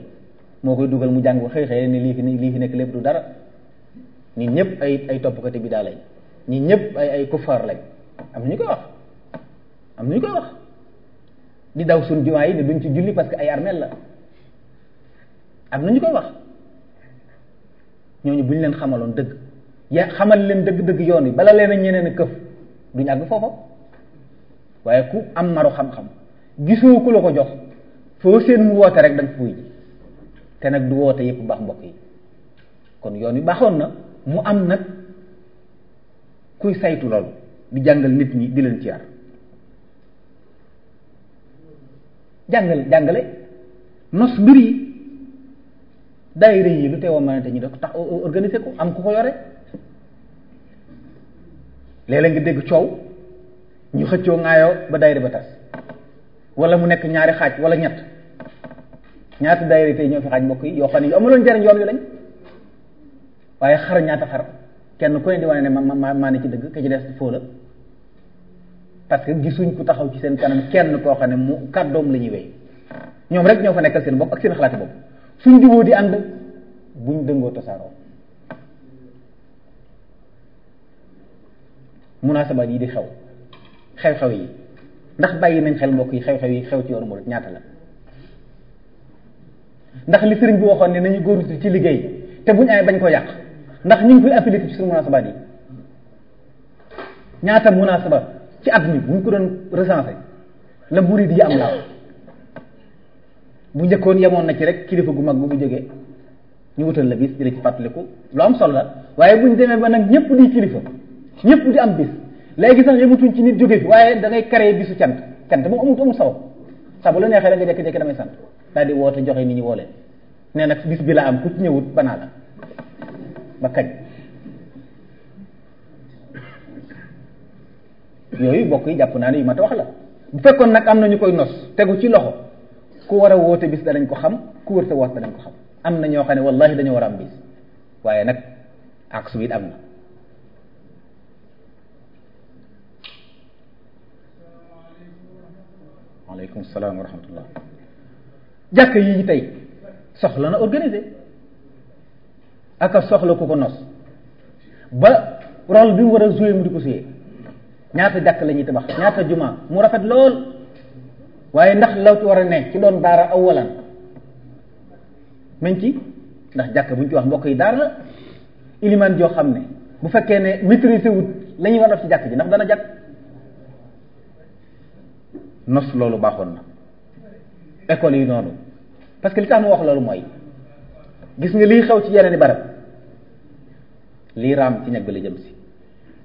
moo koy dugal mu jàng ba xëy xëy ne lii fi lii fi nekk lépp du dara nii ñëpp ay ay toppkati bi daa lañ ñi ñëpp ay ay kufaar lañ am ñu koy wax am na ñu koy wax di daw suñ jumaa yi ne duñ ci julli parce que ay armel la am na ñu koy wax ñooñu bu ñu leen xamaloon dëgg ya xamal leen dëgg-dëgg yoon yi bala leen ñeneen a këf duñ àgg foofa waaye ku am maru xam-xam gisoo ku la ko jox foo seen mu woote rek danga fuuy ji te nag du woote yépp baax mbokk yi kon yoon wi baaxoon na mu am nag kuy saytu loolu di jàngal nit ñi di leen ci yar jàngale jàngale nos mbir yi daayira yi lu teewoon ma ne te ñu def tax organiser ko am ku ko yore léeg-léeg nga dégg coow ñu xëccoo ŋaayoo ba daayira ba tas wala mu nekk ñaari xaaj wala ñett ñaata daayira tey ñoo fi xaaj mbokk yi yoo xam ne yu amuloon jariñ yoon yu lañ waaye xar ñaata xar kenn ku ne ne ma ma maa ci dëgg ka ci des foo la parce que gisuñ ku taxaw ci seen kanam kenn koo xam ne mu kàddoom la ñuy wéy ñoom rek ñoo fa nekkal seen bopp ak seen xalaati bopp suñ juboo di ànd buñ dëngoo tasaaroo munaasabaat yi di xew xew-xew yi ndax bàyyi nañ xel mbokk yi xew-xew yi xew ci yoonu murid ñaata la ndax li sëriñ bi waxoon ne nañu góorlu ci liggéey te buñ amee bañ ko yàq ndax ñu ngi koy appliquer ci suñu munaasabaat yi ñaata munaasaba ci at mi bu ñu ko doon recensé la murid yi am la bu njëkkoon yemoon na ci rek kilifa gu mag bu mu jógee ñu wutal la bis bi la ci fàttaliku lu am solo la waaye bu ñu demee ba nag ñëpp di kilifa ñëpp di am bis léegi sax yemutuñ ci nit jóge fi waaye da ngay créé bisu cant cant moom amut amul saw sa bu la neexee da nga jekk-jekk damay sant daal di woote joxe nit ñi woo leen nee nag bis bi la am ku ci ñëwut banaa la ba kañ yooyu bokk yi jàpp naa ne yu mat a wax la bu fekkoon nag am na ñu koy nos tegu ci loxo ku war a woote bis danañ ko xam ku wër sa woote danañ ko xam am na ñoo xam ne wallahi dañoo war a am bis waaye nag ak su it yi tey soxla na organiser aka soxla ku ko nos ba rôle bi war a jouer mu di ko ñaata jàkk la ñuy tabax ñaata juma mu rafet lool waaye ndax law war a ne ci doon daara aw awalan mañ ci ndax jàkk bu ñu ci wax mbokk yi daara la ilimaan joo xam ne bu fekkee ne maîtrise wut lañuy war a def ci jàkk ji ndax dana jàkk nos loolu baaxoon na ecole yi noonu parce que li tax mu wax loolu mooy gis nga liy xew ci yeneen i barab lii raam ci ñag bi la jëm si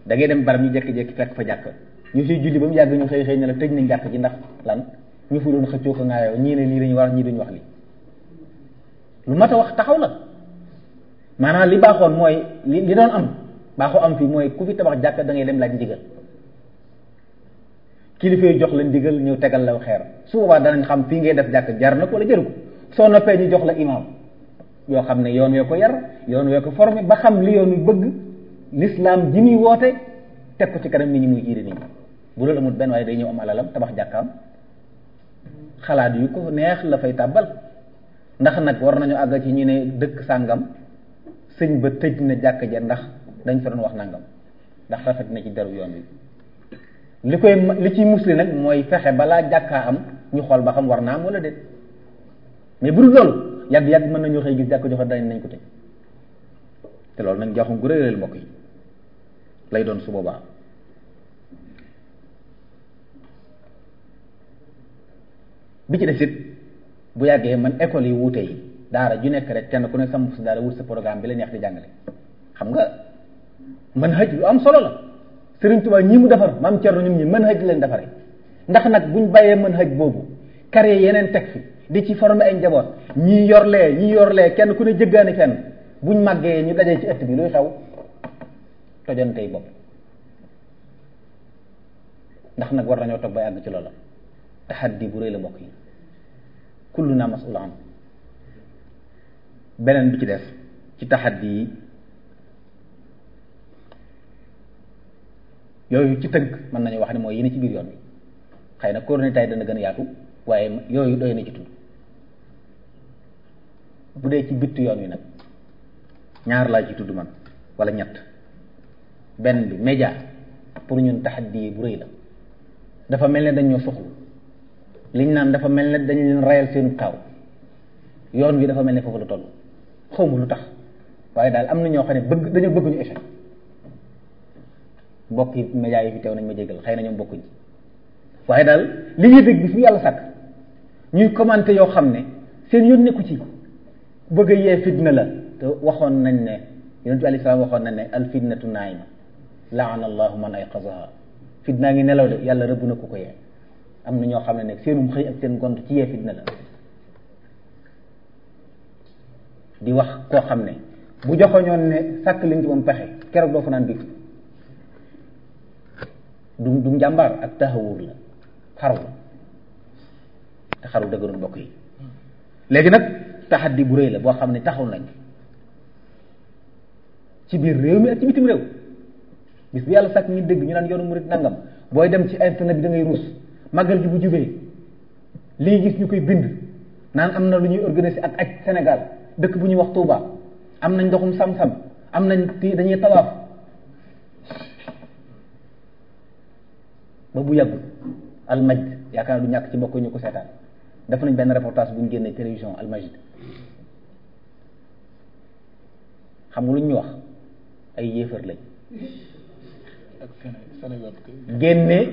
da ngay dem barab ñu jékki-jékki fekk fa jàkk ñu siy julli ba mu yàgg ñu xëy xëy ne la tëj nañ jàkk ji ndax lan ñu fu doon xëccoo ko ngaayoo ñii ne lii lañu war ñii duñu wax lii lu mat a wax taxaw la maanaam li baaxoon mooy li li doon am baaxu am fii mooy ku fi tabax jàkk dangay ngay dem laaj ndigal kilifa yi jox la ndigal ñëw tegal la xeer su boobaa danañ xam fii ngay def jàkk jar na ko wala jaru ko soo noppee ñu jox la imam yoo xam ne yoon wee ko yar yoon wee ko formé l'islam ji muy woote teg ko ci kanam nit ñi muy jiite nit ñi bu loolu amul benn waaye day ñëw am alalam tabax jàkkaam xalaat yu ko neex la fay tàbbal ndax nag war nañu àgg ci ñu ne dëkk sàngam sëñ ba tëj na jàkk ja ndax dañ fa doon wax nangam ndax rafet na ci deru yoon wi li koy li ciy musli nag mooy fexe balaa jàkkaa am ñu xool ba xam war naa am wala de mais bu dul loolu yàgg-yàgg mën nañoo xëy gis jàkk joxe dañ nañ ko tëj te loolu nag joxum gu mbokk yi lay doon su boobaa bi ci des it bu yàggee man école yi wuute yi daara ju nekk rek kenn ku ne sam si daara wut sa programme bi la neex di jàngale xam nga mën haj lu am solo la Sëriñ Tuubaa ñi mu defar maam Cerno ñun ñi mën haj leen defaree ndax nag buñ bàyyee mën haj boobu kare yeneen teg fi di ci former ay njaboot ñii yorlee ñii yorlee kenn ku ne jëggaani kenn buñ màggee ñu dajee ci ëtt bi luy xew tojantey bopp ndax nag war nañoo toog bay àgg ci loola taxaddi bu rëy la mbokk yi kullu naa masula am beneen bi ci des ci taxaddi yi yooyu ci tënk mën nañu wax ne mooy yi ci biir yoon bi xëy na koroni tay dana gën a yaatu waaye yooyu doy na ci tudd bu dee ci bitt yoon wi nag ñaar laa ci tudd man walla ñett benn bi média pour ñun taxaddi bu rëy la dafa mel ne dañoo soxlu liñ naan dafa mel ne dañ leen rayal seen kaaw yoon wi dafa mel ne foofu la toll xaw ma lu tax waaye daal am na ñoo xam ne bëgg dañoo bëgg ñu échec mbokk yi média yi fi teew nañ ma jégal xëy na ñoom bokkuñ waaye daal li ñuy dégg bis yàlla sàkk ñuy commenté yoo xam ne seen yoon nekku ci bëgg a yee fitna la te waxoon nañ ne yoon bi alayhi salaam waxoon nañ ne al fitnatu naayma laana allahu man ay qazaha fitnaa ngi nelaw de yàlla rëbb na ku ko yee am na ñoo xam ne nag seenum xëy ak seen gont ci yee fitna la di wax koo xam ne bu joxoñoon ne sàkk lañ ci moom pexe keroog doo fanaan biig du du njàmbaar ak taxawur la xaru la te xaru dëgërul mbokk yi léegi nag taxaddi bu rëy la boo xam ne taxaw nañ ci biir réew mi ak ci bitim réew bis bu yàlla sàkk ñu dégg ñu naan yoonu murit nangam booy dem ci internet bi da ngay ruus màggal bi bu jubee lii gis ñu koy bind naan am na lu ñuy organiser ak ak Sénégal dëkk bu ñuy wax Touba am nañ ndoxum sam-sam am nañ ti dañuy tawaaf ba bu yàgg almajd yaakaar naa du ñàkk ci bokk ñu ko seetaan def nañ benn reportage bu ñu génnee télévision almajd xam nga lu ñu wax ay yéefar lañ génne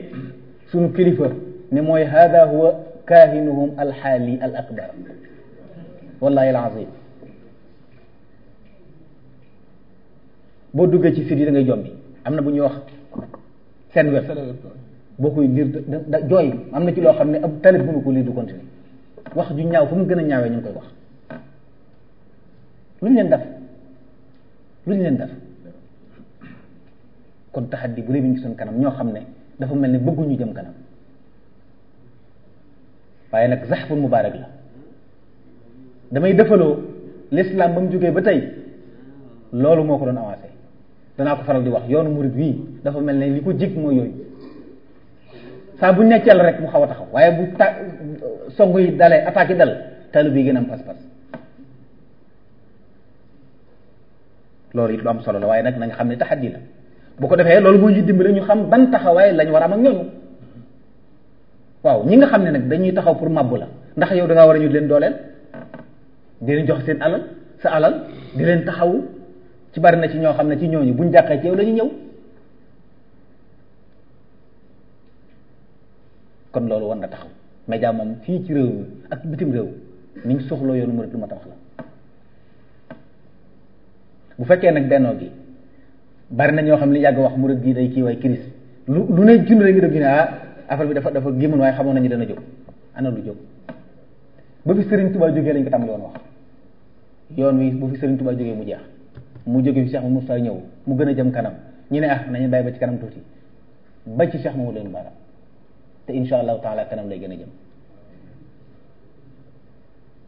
suñu kilifa ne mooy hada huwa kaahinuhum alxaali al wallahi alazim boo duggee ci site yi da jombi am na bu ñuy wax seen web boo koy liir da jooy am na ci loo xam ne ab talib mënu ko lii du continuer wax ju ñaaw fu mu gën a ñaawee ñu ngi koy wax lu ñu leen def lu ñu leen def kon taxaddi bu rëy bi ñu gisoon kanam ñoo xam ne dafa mel ne bëgguñu jëm kanam waaye nag zaxful mubaarak la damay defaloo l'islam ba mu jógee ba tey loolu moo ko doon avancé danaa ko faral di wax yoonu murid wii dafa mel ne li ko jig mooy yooyu saa bu la rek mu xaw a taxaw waaye bu ta song yi dalee attaque dal taalibe bi gën a am pas-pas loolu it lu am solo la waaye nag na xam ne taxaddi la bu ko defee loolu moo ñu dimbali ñu xam ban taxawaay lañ war a am ak waaw ñi nga xam ne nag dañuy taxaw pour màbbu la ndax yow da war a ñu leen dooleel di leen jox seen alal sa alal di leen taxawu ci bari na ci ñoo xam ne ci ñooñu buñ jàqee ci yow dañuy ñëw kon loolu war na taxaw média moom fii ci réew mi ak bitim réew ni ñu soxloo yoonu murid lu ma tax la bu fekkee nag bennoo gi bari na ñoo xam li yàgg wax mu rëb gii day kii waay kiris lu lu ne junne rek nga def ah, affaire bi dafa dafa gémman waaye xamoon nañu dana jóg ana lu jóg ba fi Serigne Touba jógee lañ ko woon wax yoon wi bu fi Serigne Touba jógee mu jeex mu jógee fi Cheikh Moussa ñëw mu gën a jëm kanam ñu ne ah nañu bàyyi ci kanam tuuti ba ci Cheikh Mamadou leen baara te insha allahu kanam lay gën a jëm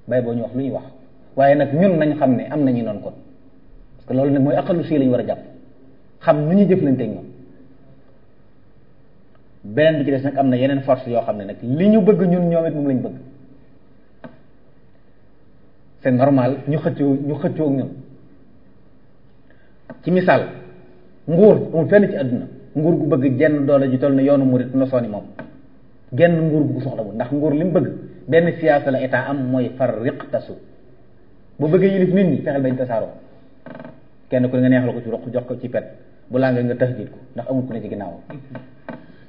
bàyyi boo ñu wax lu ñuy wax waaye nag ñun nañ xam ne am nañu noonu kon parce que loolu nag mooy aqalu si lañu war a jàpp xam nu ñuy jëflante ak ñoom beneen bi ci des nag am na yeneen force yoo xam ne nag li ñu bëgg ñun ñoom moom lañu bëgg c'est normal ñu xëccoo ñu xëccoo ak ñun ci misaal nguur amul fenn ci àdduna nguur gu bëgg genn doole ju toll na yoonu mu murit yi moom genn nguur gu soxla bu ndax nguur li mu bëgg benn siyaasa la état am mooy farriq tasu bu bëggee yilif nit ñi fexeel bañ tasaaroo kenn ku ne nga neexal ko ci roq jox ko ci pet bu làngee nga tahajjud ko ndax amul ku ne ci ginnaaw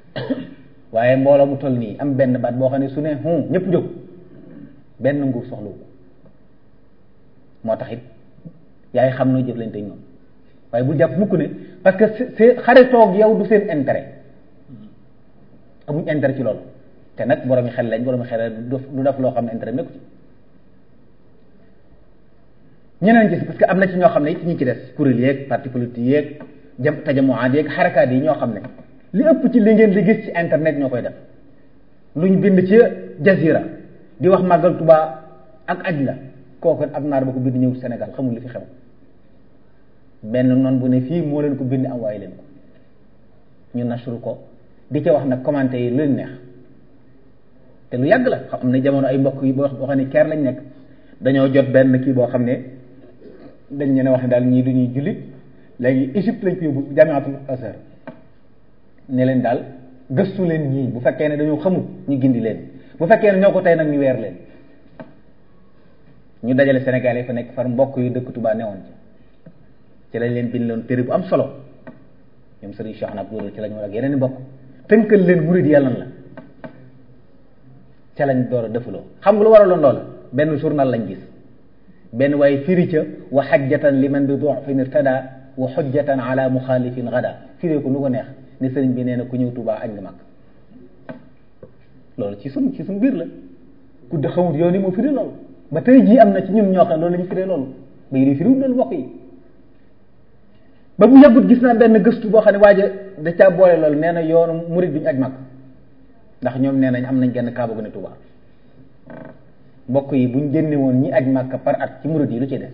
waaye mbooloo mu toll nii am benn baat boo xam ne su ne hum ñëpp jóg benn nguur soxlawu ko moo tax it yaay xam noo jëflante ñoom waaye bu jàpp mukk ne parce que c'est xaritoog yow du seen intérêt amuñ intérêt ci loolu te nag borom xel lañ borom xel du def loo xam ne intérêt nekku ci ñeneen gis que am na ci ñoo xam ne it ñi ci des kuréel yeeg parti politique yeeg jam tajamuwaat yeeg xarakaat yi ñoo xam ne li ëpp ci li ngeen di gis ci internet ñoo koy def ñu bind ci jazira di wax màggal tubaa ak aj la kooku ak naar ba ko bind ñëw Sénégal xamul li fi xew benn noon bu ne fii moo leen ko bind am waaye leen ko ñu nasru ko di ca wax nag commenté yi lu neex te lu yàgg la xam ne jamono ay mbokk yi boo xam ne ker lañ nekk dañoo jot benn kii boo xam ne dañ ñene wax ne daal ñii du ñuy jullit léegi Égypte lañ ko yóbbu jamiatul Azhar ne leen daal gëstu leen ñii bu fekkee ne dañoo xamul ñu gindi leen bu fekkee ne ñoo ko tey nag ñu weer leen ñu dajale Sénégal yi fa nekk far mbokk yu dëkk Touba newoon ci ci lañ leen bind loon téere bu am solo ñoom Serigne Cheikh Nab Gourou ci lañ war ak yeneen i mbokk tënkal leen murid yàlla la ca lañ door a defuloo xam nga lu waraloon lool benn journal lañ gis benn waaye firi ca wa xajjatan li man bi dox wa xujjatan ala muxaalifin gada firee ko nu ko neex ne sëriñ bi nee na ku ñëw Tuubaa añ nga mag loolu ci suñ ci suñ biir la ku de xamut yoon yi moo firee loolu ba tey jii am na ci ñun ñoo xam loolu la ñu firee loolu ba yéen firiwul loolu mbokk yi ba bu yàggut gis naa benn gëstu boo xam ne waaja da caa boole loolu nee na yoonu murit bi ñu aj mag ndax ñoom nee nañ am nañ genn kaaba gu ne Tuubaa mbokk yi buñ génne woon ñi aj màkk par at ci murit yi lu ci def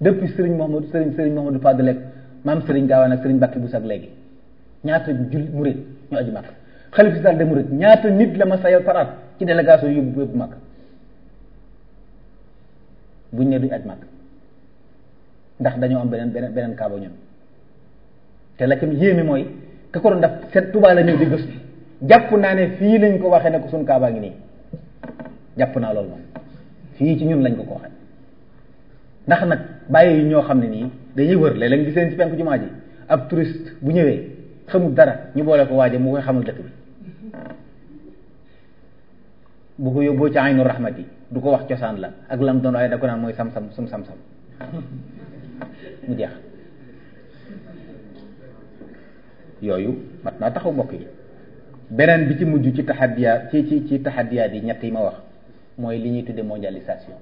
depuis Serigne Mohamadou Serigne Serigne Mohamadou Fadilek maam Serigne Gaawaan ak Serigne Bakki Bousso ak léegi ñaata jullit murid ñu aju Makka xalif si ñaata nit la ma sayal paraat ci délégation yóbbu yóbbu Makka buñ ne duñu aj Makka ndax dañoo am beneen beneen beneen kaaba ñoom te la cam yéeme mooy ka ko doon def seet Tuubaa la ñëw di gëstu jàpp naa ne fii lañ ko waxee ne ko suñ kaabaa ngi nii jàpp naa loolu moom fii ci ñun lañ ko ko waxee ndax nag bàyyi ñoo xam ne nii dañuy wër léeg-léeg gis leen ci penku jumaa yi ab touriste bu ñëwee xamul dara ñu boole ko waaje mu koy xamul dëkk bi bu ko yóbboo ci aynu rahmat yi du ko wax cosaan la ak lam doon waaye da ko naan mooy sam-sam sum sam-sam mu jeex yooyu mat naa taxaw mbokk yi beneen bi ci mujj ci taxadiyaat ci ci ci taxadiyaat yi ñett yi ma wax mooy li ñuy tudde mondialisation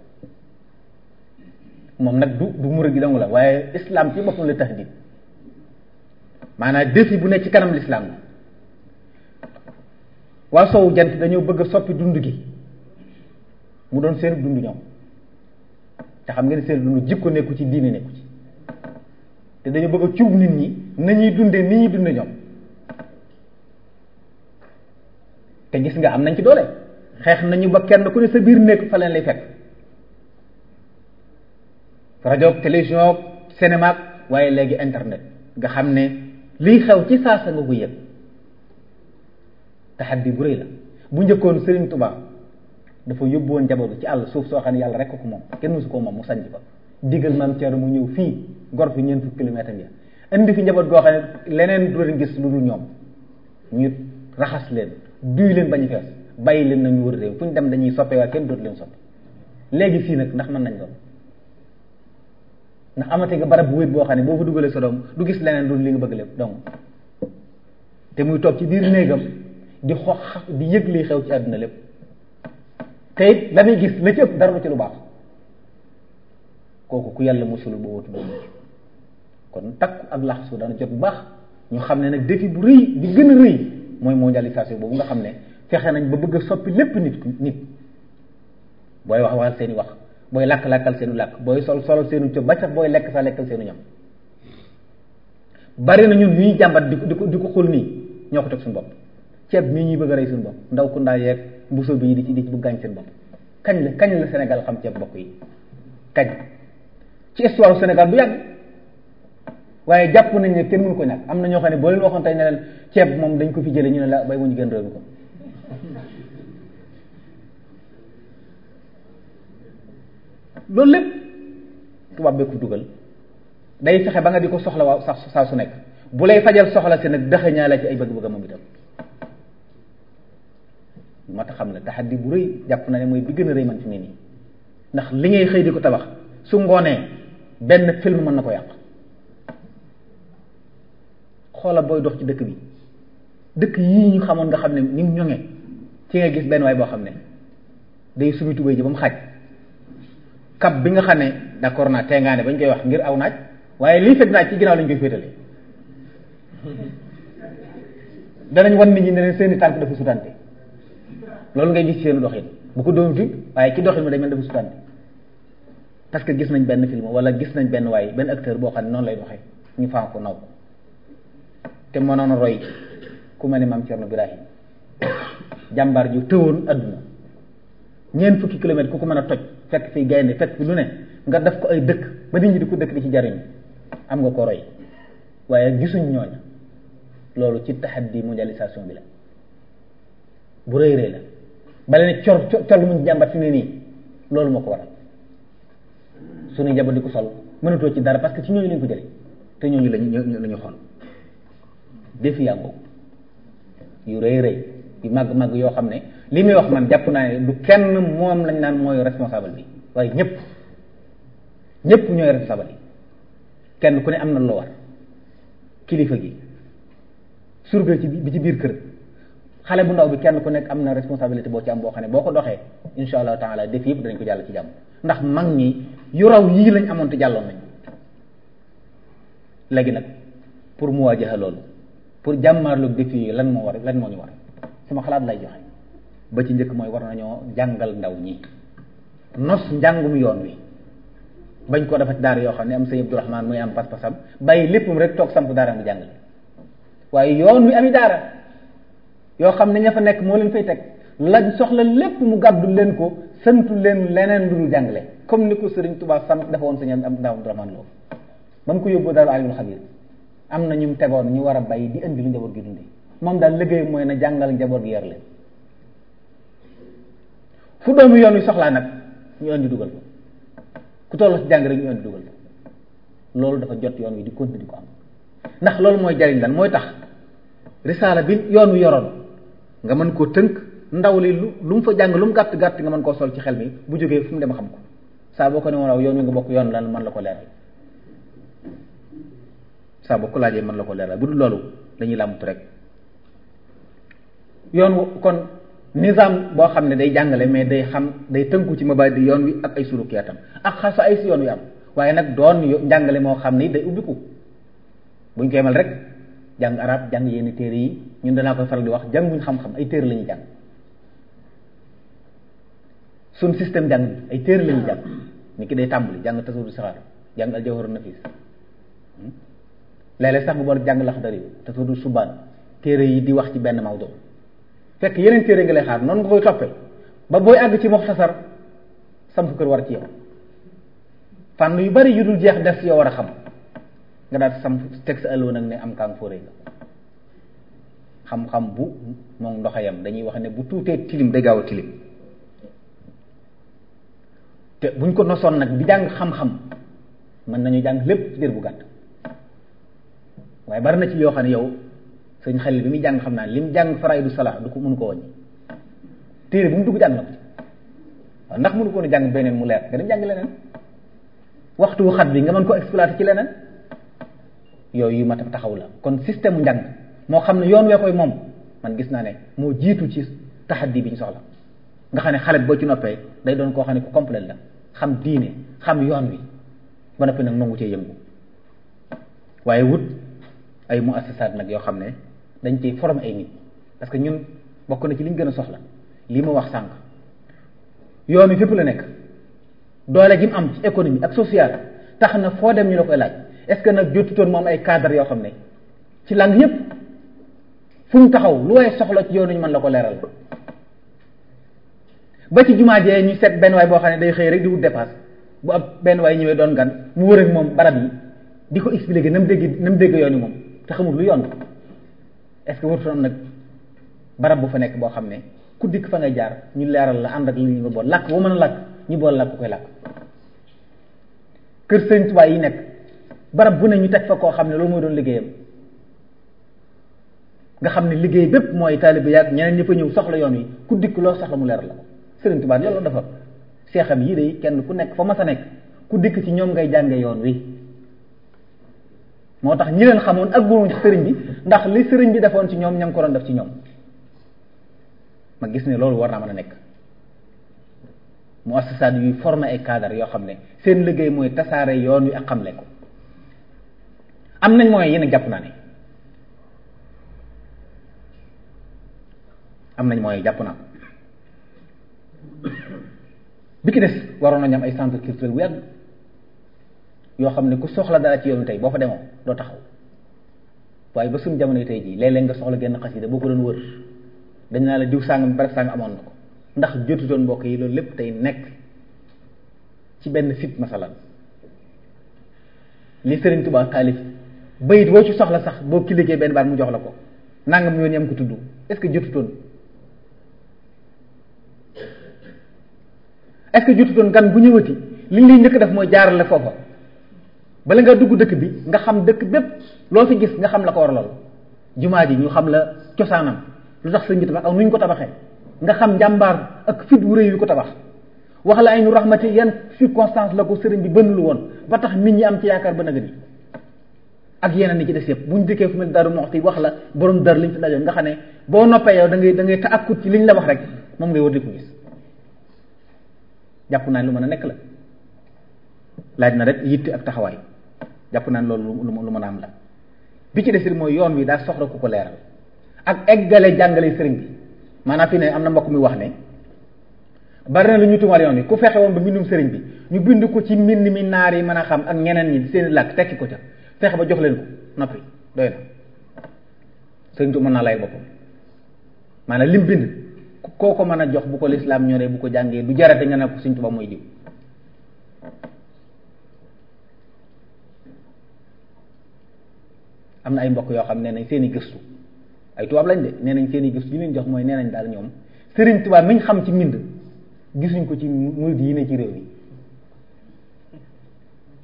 moom nag du du murid gi dong la waaye islam ci boppam la tahdid maanaam défi bu ne ci kanam l'islam la waa sowu jant dañoo bëgg a soppi dund gi mu doon seen dund ñoom te xam ngeen seen dund jikko nekku ci diine nekku ci te dañoo bëgg a cuub nit ñi nañuy dundee ni ñuy dunde ñoom te gis nga am nañ ci doole xeex nañu ba kenn ku ne sa biir nekk fa leen lay fekk rajo télévision cinéma waaye léegi internet nga xam ne liy xew ci saasa nga ko yëg taxaddi bu rëy la bu njëkkoon Serigne Touba dafa yóbbu woon jabaru ci àll suuf soo xam ne yàlla rek ko moom kenn musu ko moom mu sanj ko digal maam Thierno mu ñëw fii gor fi ñeent fukki kilomètre yi indi fi njaboot goo xam ne leneen du leen gis lu dul ñoom ñu raxas leen duy leen bañ fees bàyyi leen nañu wër réew fu ñu dem dañuy soppee waaye kenn dootu leen soppe léegi fii nag ndax mën nañ ndax amate nga barab bu wéet boo xam ne boo fa dugalee sa doom du gis leneen lu li nga bëgg lépp donc te muy toog ci biir néegam di xox di yëg li xew ci àdduna lépp te it la muy gis la ci ëpp dara ci lu baax kooku ku yàlla musulul boo watu doon kon takk ak lax su dana jot bu baax ñu xam ne nag défi bu rëy di gën a rëy mooy mondialisation boobu nga xam ne fexe nañ ba bëgg a soppi lépp nit nit booy wax waxal seeni wax booy làkk lakkal seenu làkk booy sol solal seenu cëb ba sax booy lekk sa lekkal seenu ñam bari na ñun ñu ñuy jàmbat di ko di ko di ko xul nii ñoo ko teg suñu bopp ceeb mii ñuy bëgg a rey suñu bopp ndaw ku ndaa yeeg mbuso bi di ci di ci bu gaañ seen bopp kañ la kañ la Sénégal xam ceeb mbokk yi kañ ci histoire Sénégal bu yàgg waaye jàpp nañ ne kenn mënu ko ñàkk am na ñoo xam ne boo leen waxoon tey ceeb moom dañ ko fi jëlee ñu ne la bay mu ñu gën réew loolu lépp tubaab bee dugal day fexe ba nga di ko soxla waaw sax saa su nekk bu lay fajal soxla si nag daxa ci ay bëgg-bëgg moom itam moo tax xam ne taxaddi bu rëy jàpp na ne mooy bi gën a rëy man fi ne nii ndax li ngay xëy di ko tabax su ngoonee benn film mën na ko yàq xoola booy dox ci dëkk bi dëkk yii ñu xamoon nga xam ne ni mu ñoŋee ci nga gis benn waay boo xam ne day sumi tubéy ji ba mu xaaj kab bi nga xam ne d'accord naa teengaane bañ koy wax ngir aw naaj waaye lii fekk naaj ci ginnaaw lañ koy féetale danañ wan nit ñi ne leen seeni tànk dafa sutante loolu ngay gis seenu doxin bu ko doom fi waaye ci doxin mi day mel dafa sutante parce que gis nañ benn film wala gis nañ benn waay benn acteur boo xam ne noonu lay doxee ñu faan ko naw ko te mënoon a roy ku mel ni maam Cerno Birahim jàmbaar ju tëwoon adduna ñeent fukki kilomètres ku ko mën a toj fekk fi gaynde fekk fi lu ne nga def ko ay dëkk ba nit ñi di ko dëkk di ci jariñ am nga ko roy waaye gisuñ ñooña loolu ci taxaddi mondialisation bi la bu rëy rëy la bale ne cor cor lu mu jàmbat fi ne nii loolu ma ko waral suñu njaboot di ko sol mënatoo ci dara parce que ci ñooñu lañ ko jële te ñooñu lañu lañu xool defi yaa yu rëy rëy yu màgg màgg yoo xam ne li muy wax man jàpp naa ne du kenn moom lañ naan mooy responsable bi waaye ñëpp ñëpp ñooy responsable yi kenn ku ne am na loo war kilifa gi surga ci bi ci biir kër xale bu ndaw bi kenn ku nekk am na responsabilité boo ci am boo xam ne boo ko doxee insha allahu taala def yëpp dañ ko jàll ci jàmm ndax mag ñi yu raw yii lañ amoon te jàlloon nañ léegi nag pour mu waajaxa loolu pour jàmmaarloog def yi lan moo war lan moo ñu war sama xalaat lay joxe ba ci njëkk mooy war nañoo jàngal ndaw ñi nos njàngum yoon wi bañ ko dafa daar yoo xam ne am sëñ Abdourahman muy am pas-pasam bàyyi léppam rek toog samp daara mu jàngale waaye yoon wi ami daara yoo xam ne ña fa nekk moo leen fay teg lañ soxla lépp mu gàddu leen ko santu leen leneen lu dul jàngale comme ni ko Sëriñ Tuubaa samp dafa woon sëñ Abdourahman loolu ba mu ko yóbboo daal alimul xabir am na ñu mu tegoon ñu war a bàyyi di indi lu njaboot daal liggéey mooy na jàngal njaboot gi fu doomu yoon wi soxlaa nag ñu indi dugal ko ku toll ci jàng rek ñu indi dugal ko loolu dafa jot yoon wi di continuer di ko am ndax loolu mooy jariñ lan mooy tax risaala bi yoon wi yoroon nga mën koo tënk ndaw li lu lu mu fa jàng lu mu gàtt gàtt nga mën koo sol ci xel mi bu jógee fu mu dem xam ko saa ko ne woon yoon wi nga bokk yoon lan mën la ko leeral saa boo ko laajee mën la ko leeral bu dul loolu dañuy làmbatu rek yoon kon. nizaam boo xam ne day jàngale mais day xam day tënku ci ma di yoon wi ak ay sulukiyaatam ak xasa ay si yoon wi am waaye nag doon njàngale moo xam ni day ubbiku buñ koy mal rek jàng arab jàng yenn téere yi ñun danaa koy faral di wax jànguñ xam-xam ay téere la ñuy jàng suñ système ay téere la ki day tàmbali jàng tasawudu saxaar jàng al jawharu nafis hmm? léeg sax mu boole jàng laxdari tasawudu subaan téere yi di wax ci benn mawdu fekk yeneen téere nga xaar noonu nga koy toppee ba booy àgg ci muxtasar sam fu kër war a ci yow fànn yu bari yu dul jeex des yoo war a xam nga daal sam teg sa ëllëg nag ne am kàng fóore nga xam-xam bu moom ndoxayam dañuy wax ne bu tuutee tilim day gaaw a tilim te buñ ko nosoon nag bi jàng xam-xam mën nañu jàng lépp ci bu gàtt waaye bari na ci yoo xam ne yow sëñ xalil bi muy jàng xam naa lim jàng faraydu salaa du ko mun ko wàññi téere bi mu dugg jàng na ko ndax mënu ko woon jàng beneen mu leer nga dem jàng leneen waxtu xat bi nga mën ko exploiter ci leneen yooyu mat a taxaw la kon système mu njàng moo xam ne yoon wee koy moom man gis naa ne moo jiitu ci taxaddi bi ñu soxla nga xam ne xale boo ci noppee day doon koo xam ne ku complet la xam diine xam yoon wi ba noppi nag nangu cee yëngu waaye wut ay muassasaat nag yoo xam ne dañ ciy former ay nit parce que ñun bokk na ci liñ gën a soxla lii mu wax sànq yoonu wi fépp la nekk doole ji mu am ci économie ak social tax na foo dem ñu la koy laaj est-ce que nag jotutoon moom ay cadre yoo xam ne ci langue yépp fu mu taxaw lu way soxla ci yoon ñu mën la ko leeral ba ci jumaa jee ñu seet benn waay boo xam ne day xëy rek di wut dépasse bu ab benn waay ñëwee doon gan mu wër moom barab yi di ko expliquer na mu dégg na mu dégg yoon est-ce que warutoon nag barab bu fa nekk boo xam ne ku dikk fa ngay jaar ñu leeral la ànd ak li ñu nga bool làkk boo mën a làkk ñu bool làkk koy làkk kër sëñ Tuubaa yi nekk barab bu ne ñu teg fa koo xam ne loolu mooy doon liggéeyam nga xam ne liggéey bépp mooy taalibe yaag ñeneen ñi fa ñëw soxla yoon wi ku dikk loo soxla mu leeral la ko sëriñ Tuubaa loolu dafa seexam yii day kenn ku nekk fa mas a nekk ku dikk ci ñoom ngay jànge yoon wi moo tax ñi leen xamoon ak góoruñ ci sëriñ bi ndax li sëriñ bi defoon ci ñoom ña ngi ko doon def ci ñoom ma gis ne loolu war naa mën a nekk mu assisaat yuy former ay cadre yoo xam ne seen liggéey mooy tasaare yoon wi ak xamle ko am nañ moyens yi jàpp naa ne am nañ moyens jàpp naa bi ki des waroon nañu am ay centre culturel bu yoo xam ne ku soxla dara ci yoonu tey boo fa demoo doo taxaw waaye ba suñ jamono yi tey jii léeg nga soxla genn xasida boo ko doon wër dañ naa la diw sàngam barab sàng amoon na ko ndax jotu mbokk yi loolu lépp tey nekk ci benn fit masalan li Sëriñ Tuubaa taalif bayit woo ci soxla sax boo ki liggéey benn baat mu jox la ko nangam yoon yam ko tudd est-ce que jotutoon est-ce jotutoon gan bu ñëwati li ñu lay njëkk def mooy jaarale foofa bala nga dugg dëkk bi nga xam dëkk bépp loo ci gis nga xam la ko war lool jumaa ji ñu xam la cosaanam lu tax sëñ bi tabax ak nu ñu ko tabaxee nga xam njàmbaar ak fit wu rëy yu ko tabax wax la ay nu raxmati yan circonstance la ko sëriñ bi bënn lu woon ba tax nit ñi am ci yaakaar ba nag ni ak yeneen ni ci def yëpp bu ñu dëkkee fu mel Daaru Muxti wax la borom dër liñ fi dajoon nga xam ne boo noppee yow da ngay da ngay taakkut ci liñ la wax rek moom ngay war di ko naa lu mën a nekk la laaj na rek yitte taxawaay jàpp naan loolu lu mën a am la bi ci des mooy yoon wi daa soxra ku ko leeral ak eggale jàngale sëriñ bi maanaam fi ne am na mbokk muy wax ne bari na lu ñu tumal yoon wi ku fexe woon ba mbindum sëriñ bi ñu bind ko ci mbind mi naar yi mën a xam ak ñeneen ñi seen làkk tekki ko ca fexe ba jox leen ko noppi doy na sëriñ tu mën naa lay boppam lim bind koo ko mën a jox bu ko lislaam ñoree bu ko jàngee du jarate nga ne ko mooy diw am na ay mbokk yoo xam ne nañ seeni i gëstu ay tubaab lañ de nee nañ seeni i gëstu yi leen jox mooy nee nañ daal ñoom Serigne Touba miñ xam ci mbind gisuñ ko ci murid yi ci réew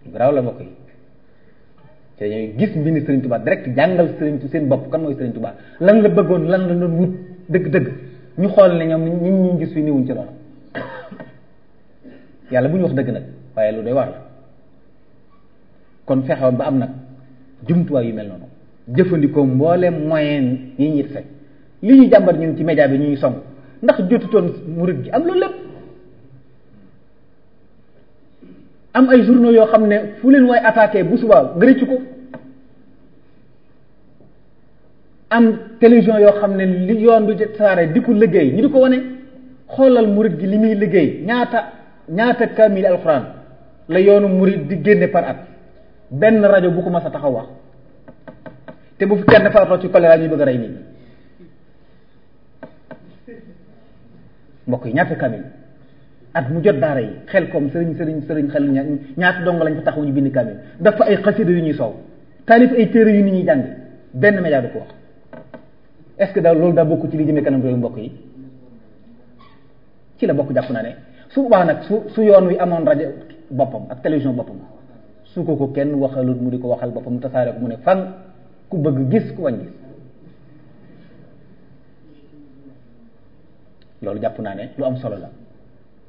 mi raw la mbokk yi te ñooy gis mbind Serigne Touba seen bopp kan mooy Serigne Touba lan la bëggoon lan la doon wut dëgg-dëgg ñu xool ne gis fi niwuñ ci loolu yàlla bu ñu wax dëgg nag waaye lu doy war la kon fexewoon ba am nag jumtuwaay yu mel noonu jëfandikoo mboolem moyen yi ñuy fekk li ñuy jàmbar ñun ci média bi ñu ngi song ndax jotutoon murid gi am loolu lépp am ay journaux yoo xam ne fu leen waay attaqué bu subaa nga rëccu ko am télévision yoo xam ne li yoon du saare di ko liggéey ñu di ko wane xoolal murid gi li muy liggéey ñaata ñaata kamil alxuraan la yoonu murid di génne par at benn rajo bu ko mas a taxaw te bu fi kenn faatoo ci choléra ñuy bëgg a rey nit mbokk yi ñaata kamil at mu jot daara yi xel koom sëriñ sëriñ sëriñ xel ñaata dong lañ fa taxaw ñu bind kamil dafa ay xasida yu ñuy soow taalif ay téere yu nit ñuy jàng benn média du ko wax est-ce que daal loolu daa bokk ci li jëmee kanam réew mbokk yi ci la bokk jàpp na ne su baax nag su su yoon wi amoon rajo boppam ak télévision boppam su ko ko kenn waxalut mu di ko waxal boppam tasaare ko mu ne fan ku bëgg gis ku bañ gis loolu jàpp naa ne lu am solo la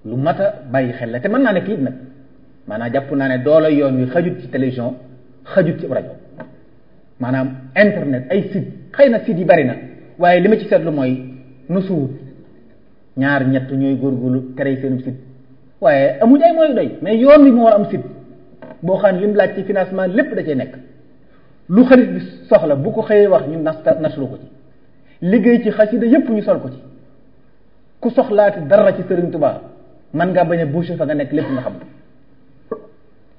lu mat a bàyyi xel la te mën naa ne kii nag maanaam jàpp naa ne doole yoon wi xajut ci télévision xajut ci rajo maanaam internet ay site xëy na site yi bari na waaye li ma ci seetlu mooy nu suwut ñaar ñett ñooy góorgóorlu créé seen site waaye amuñ ay mooy doy mais yoon wi moo war am site boo xam ne lim laaj ci financement lépp da cee nekk lu xarit bi soxla bu ko xëyee wax ñu nas naslu ko ci liggéey ci xasida yépp ñu sol ko ci ku soxlaati dara ci Serigne Touba man ngaa bañ a boucher fa nga nekk lépp nga xam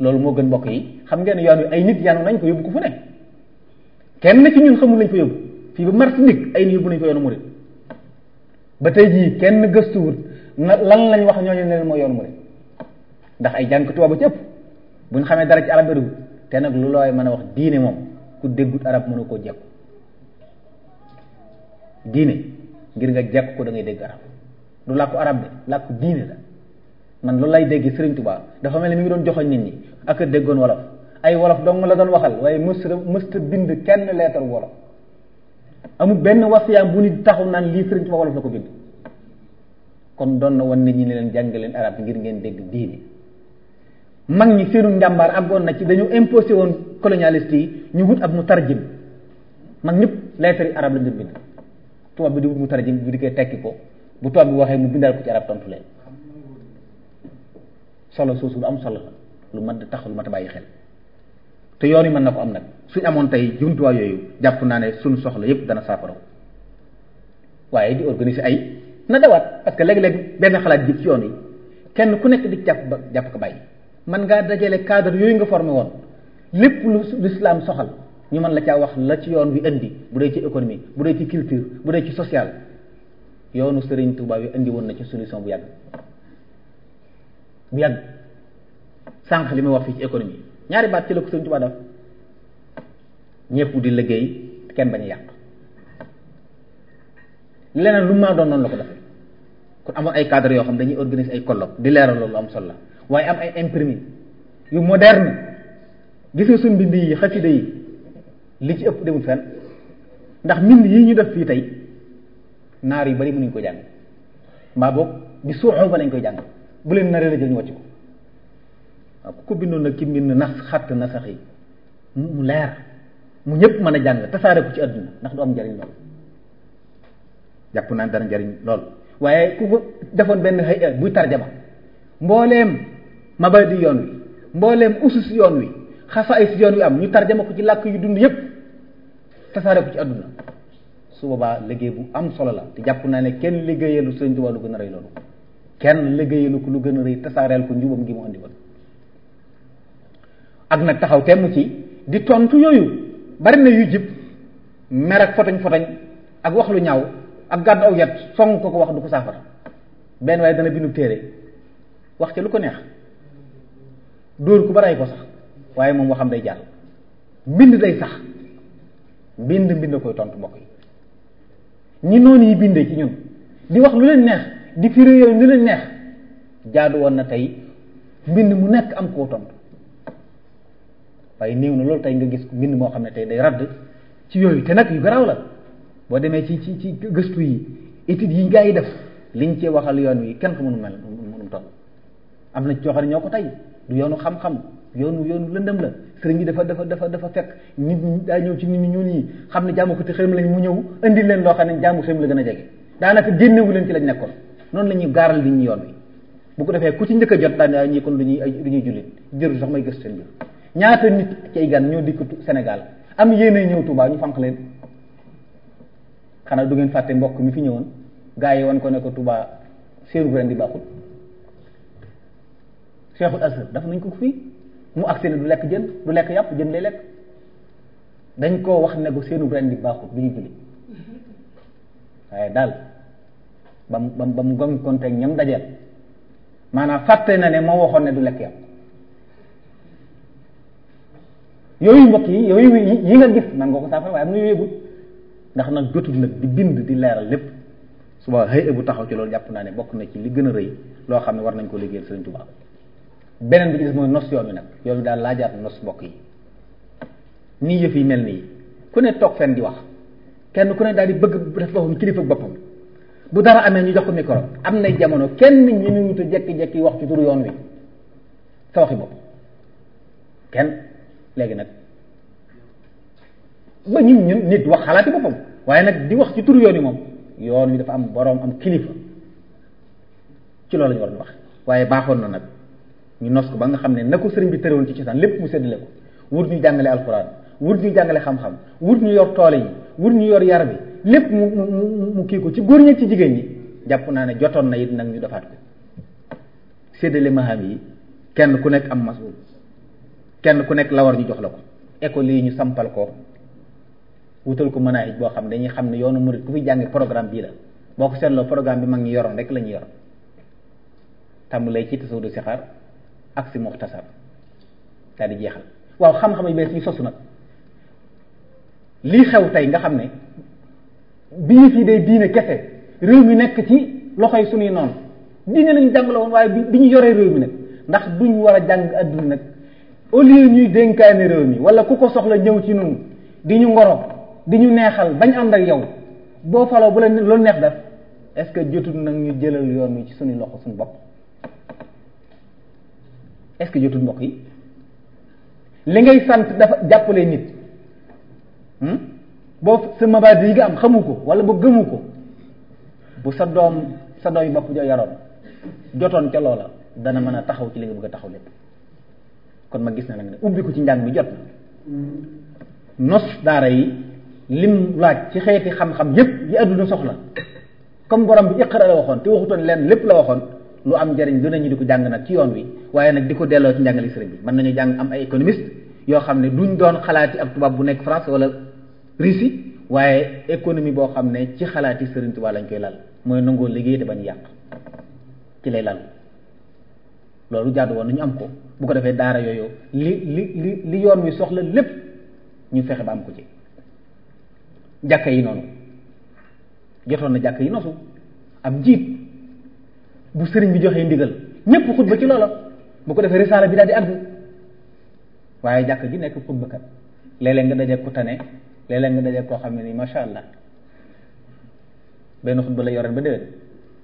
loolu moo gën mbokk yi xam ngeen yoon wi ay nit yaanu nañ ko yóbbu ko fu ne kenn ci ñun xamul lañ fa yóbbu fii ba Martinique ay nit yóbbu nañ fa yoonu murid ba tey kenn gëstuwut na lan lañu wax ñooñu ne leen mooy yoonu murid ndax ay jànk tubaab ba ci ëpp buñ xamee dara ci arab te nag lu looy mën a wax diine moom ku déggut arab mënu koo jekku diine ngir nga jekk ko da ngay dégg arab du làkku arab de làkku diine la man loolu lay dégg Sëriñ Tuubaa dafa mel ni mu ngi doon joxoñ nit ñi ak déggoon wolof ay wolof dong la doon waxal waaye mësta mësta bind kenn leetar wolof amul benn wasiyaam bu nit taxaw naan lii Sëriñ Tuubaa wolof la ko bind kon doon na wan nit ñi ne leen jàng leen arab ngir ngeen dégg diine mag ñi seenu njàmbaar àggoon na ci dañu imposé woon colonialiste yi ñu wut ab mu tarjim mag ñëpp lettre yi arab la ñu bind tubaab bi di wut mu tarjim bu dikkee tekki ko bu tubaab bi waxee mu bindal ko ci arab tontu leen solo soosu lu am solo lu mat a tax lu mat a bàyyi xel te yoon yi mën na ko am nag suñ amoon tey jumtuwaay yooyu jàpp naa ne suñu soxla yëpp dana saafaraw waaye di organiser ay na dawaat parce que léeg-léeg benn xalaat jib ci yoon yi kenn ku nekk di jàpp ba jàpp man ngaa dajale cadre yooyu nga formé woon lépp lu l'islam soxal ñu man la caa wax la ci yoon wi indi bu dee ci économie bu dee ci culture bu dee ci sociale yoonu Serigne Touba wi indi woon na ci solution bu yàgg bu yàgg sànq li muy wax fii ci économie ñaari baat ci la ko Serigne Touba def ñëpp di liggéey kenn bañ yàq leneen lu ma doon noonu la ko defee kon amoon ay cadre yoo xam dañuy organiser ay colloque di leeral loolu am solo la waaye am ay imprimé yu moderne gis su suñ mbind yi xasida yi li ci ëpp demul fenn ndax mbind yi ñu def fii tey naar yu bari mënuñ ko jàng mbaa boog bi suuxoo ba lañ koy jàng bu leen naree la jël ñu wàcc ko nag ci mbind nas na sax mu leer mu ñëpp mën a jàng tasaare ko ci adduna ndax du am njariñ lool jàpp naa dana njariñ lool waaye ku ko defoon benn xëy buy tarjama mbooleem di yoon wi mbooleem si yoon wi xasaay si yoon wi am ñu tarjama ko ci làkk yu dund yépp tasaare ko ci àdduna su boobaa liggéey bu am solo la te jàpp naa ne kenn liggéeyalu Sëriñ Tuubaa lu gën a rëy loolu kenn liggéeyalu ko lu gën a rëy tasaareel ko njubam gi mu andi woon ak nag taxaw temm ci di tontu yooyu bari na yu jib mer ak fotoñ fotoñ ak wax lu ñaaw ak gàddu aw yat song ko ko wax du ko saafara benn waaye dana bindu téere wax ca lu ko neex dóor ku ba rey ko sax waaye moom waxam day jàll mbind day sax mbind mbind koy tontu mbokk yi ñi noonu yi bindee ci ñun di wax lu leen neex di firi yooyu lu leen neex jaadu woon na tey mbind mu nekk am koo tontu waaye néew na loolu tey nga gis mbind moo xam ne tey day radd ci yooyu te nag yu garaaw la boo demee ci ci ci gëstu yi études yi gaa def def liñ cee waxal yoon wi kenn ko mënu mel mënu toll am na ci ne ñoo ko tey du yoonu xam-xam yoonu yoonu lëndëm la sëriñ bi dafa dafa dafa dafa fekk nit ñi daa ñëw ci nit ñu ñuul yi xam ne jaamu ko ci xërëm lañ mu ñëw indi leen doo xam ne jaamu xërëm la gën a jege daanaka génnewu leen ci lañ nekkoon noonu la ñuy gaaral li ñu yoon bi ko defee ku ci njëkk jot daan ñi kon du ñuy du ñuy jullit jëru sox may gëstu seen biir ñaata nit ci ay gan ñoo dikk senegal am yéene ñëw Touba ñu fànq leen xanaa du ngeen fàtte mbokk mi fi ñëwoon gaa yi wan ko ne tubaa Touba séeru ren di baaxul cheikhul azhar def nañ ko ko fii mu agsi ne du lekk jën du lekk yàpp jën lay lekk dañ koo wax ne ko seenu ren di baaxut du ñu julli waaye daal ba mu ba mu ba mu gom konte ñam dajeel maanaam fàtte na ne ma waxoon ne du lekk yàpp yooyu mbokk yi yooyu yi nga gis man ko saafara waaye am na yooyu ndax nag jotul nag di bind di leeral lépp suba xëy bu taxaw ci loolu jàpp naa ne bokk na ci li gën a rëy loo xam ne war nañ ko liggéeyal Sëriñ Tuubaa beneen bi ci des nos yoon wi nag yoon wi daal laajaat nos mbokk yi nii yëf yi mel nii ku ne toog fenn di wax kenn ku ne daal di bëgg kilifa boppam bu dara amee ñu jox ko micro am na jamono kenn ñi mu wutu jekki wax ci turu yoon wi sa waxi kenn léegi nag ba ñun nit wax xalaati boppam waaye nag di wax ci turu yoon yi moom yoon wi dafa am boroom am kilifa ci loolu la ñu war wax waaye baaxoon na nag ñu nos ko ba nga xam ne na ko sëriñ bi tëréwoon ci cosaan lépp mu séddale ko wut ñu jàngale alxuraan wut ñu jàngale xam-xam wut ñu yor toole yi wut ñu yor yar bi lépp mu mu mu kii ko ci góor ñi ci jigéen ñi jàpp naa ne jotoon na it nag ñu defaat ko séddale maham yi kenn ku nekk am masul kenn ku nekk la war ñu jox la ko école yi ñu sampal ko wutal ko mën a boo xam dañuy xam ne yoonu murid ku fi jàngi programme bii la boo ko seetloo programme bi mag ñi yoroon rek la ñu yoroon tàmbalee ci ak si muxtasar daal di jeexal waaw xam-xam yu bees yi sosu nag lii xew tey nga xam ne bi ñu fii day diine kese réew mi nekk ci loxoy suñuy noonu diine lañu jàngale woon waaye bi ñu yoree réew mi nag ndax duñ war a jàng adduna nag au lieu ñuy dénkaane réew mi wala ku ko soxla ñëw ci nun di ñu ngoro di ñu neexal bañ ànd ak yow boo faloo bu la loolu neex def est-ce que jotul nag ñu jëlal yoon wi ci suñu loxo suñu bopp est-ce que mbokk yi li ngay sant dafa jàppale nit hmm? boo sa mabaadi yi nga am xamu ko wala ba gëmu ko bu sa doom sa doom yi bopp ja yaroon jotoon ca loola dana mën a taxaw ci li nga bëgg a taxaw lépp kon ma gis na nag ne ubbi ko ci njàng mi jot na nos daara yi lim laaj ci xeeti xam-xam yépp yi àdduna soxla comme borom bi iqra la waxoon te waxutoon leen lépp la waxoon lu am njariñ lu ne ñu di ko jàng nag ci yoon wi waaye nag di ko delloo ci njàngale sëriñ bi mën nañu jàng am ay économiste yoo xam ne duñ doon xalaati ab tubaab bu nekk France wala Russie waaye économie boo xam ne ci xalaati sëriñ Tuubaa lañ koy lal mooy nangoo liggéey te bañ yàq ci lay lal loolu jaadu woon nañu am ko bu ko defee daara yooyu li li li li yoon wi soxla lépp ñu fexe ba am ko ci jàkka yi noonu jotoon na jàkka yi nosu am jiit bu sëriñ bi joxee ndigal ñëpp xutba ci loola bu ko defee risaala bi daal di àgg waaye jàkk ji nekk xutbakat léeg-léeg nga dajee ku tane léeg-léeg nga dajee koo xam ne nii macha allah benn xutba la yoroon ba déwén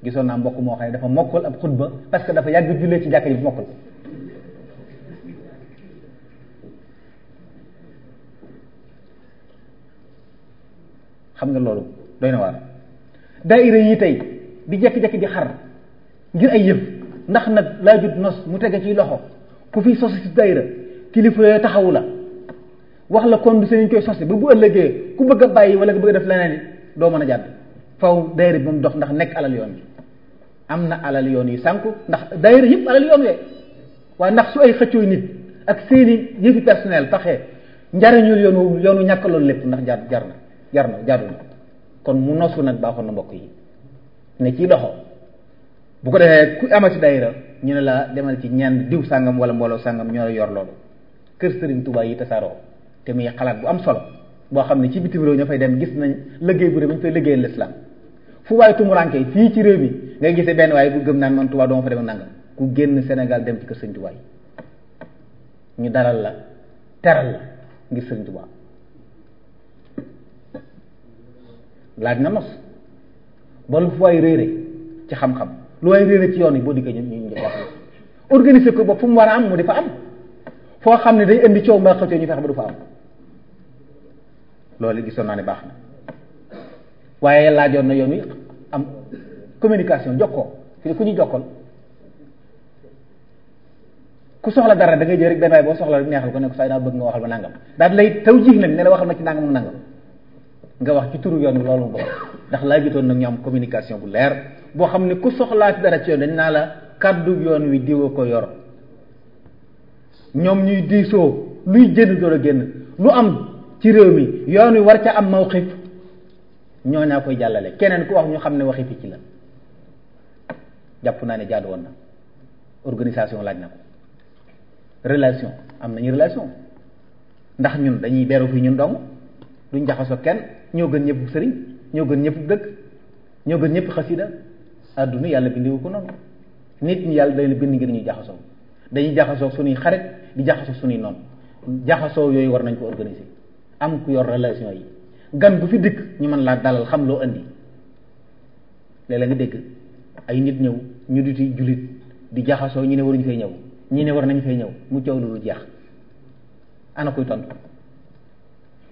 gisoon naa mbokk ne dafa mokkul ab xutba parce que dafa yàgg jullee ci jàkk ji mokkul xam nga loolu doy na waar daayira yi tey di jekki-jekki di xar ngir ay yëf ndax nag laa jut nos mu tege ci loxo ku fi sos si dayra kilifa yooyu taxawu la wax la kon du seen koy sosi ba bu ëllëgee ku bëgg a bàyyi wala ku bëgg a def leneen it doo mën a jàdd faw dayra bi moom dox ndax nekk alal yoon bi am na alal yoon yu sànku ndax dayra yëpp alal yoon wee waaye ndax su ay xëccooy nit ak seeni yëfi personnel taxee njariñul yoonu yoonu ñàkk loolu lépp ndax jar jar na jar na jarul kon mu nosu nag baaxoon na mbokk yi ne ci loxo bu ko defee ku amati dayra ñu ne laa demal ci ñenn diw sàngam wala mbooloo sàngam ñoo yor loolu kër sëriñ Tuubaa yi tasaaroo te muy xalaat bu am solo boo xam ne ci bitim réew fay dem gis nañ liggéey bu rëy ñu fay liggéeyal l'islam fu waaye tumuranke fii ci réew mi ngay benn waaye bu gëm naan man Tuubaa ku génn Sénégal dem kër sëriñ ñu dalal la teral la ngir sëriñ Tuubaa laaj na nos bon fu waay réere ci xam-xam looy réer ci yoon yi boo dikkee ñun ñu wax organiser ko bopp fu mu war a am mu di am foo xam ne day indi coow mbaa xëccoo ñu feex ba du fa am loolu gisoon naa ne baax na waaye laajoon na yoon wi am communication jokkoo fi ku ñu jokkoon ku soxla dara da ngay jël rek benn waay boo soxla rek neexal ko ne saa yi naa bëgg nga waxal ma nangam daal lay jiix nag ne la waxal ma ci nangam nangam nga wax ci turu yoon bi loolu mu bokk ndax laajatoon nag ñu am communication bu leer boo xam ne ku soxlaati dara ci yoon dañ naa la kaddu yoon wi diwa ko yor ñoom ñuy diisoo luy jënd door a génn lu am ci réew mi yoon wi war ca am mawqif ñoo naa koy jàllale keneen ku wax ñu xam ne waxi fi ci la jàpp naa ne jaadu woon na organisation laaj na ko relation am nañu relation ndax ñun dañuy beru fi ñun dong duñ jaxasoo kenn ñoo gën ñëpp sëriñ ñoo gën ñëpp dëkk ñoo gën ñëpp xasida àdduna yàlla bindiwu ko noonu nit ñi yàlla day la bind ngir ñuy jaxasoo dañuy jaxasoo suñuy xarit di jaxasoo suñuy noon jaxasoo yooyu war nañ ko organiser am ku yor relation yi gan bu fi dikk ñu man laa dalal xam loo indi léeg-léeg nga dégg ay nit ñëw ñu duti jullit di jaxasoo ñu ne war waruñu fay ñëw ñi ne war nañ fay ñëw mu coow lu jeex ana koy tontu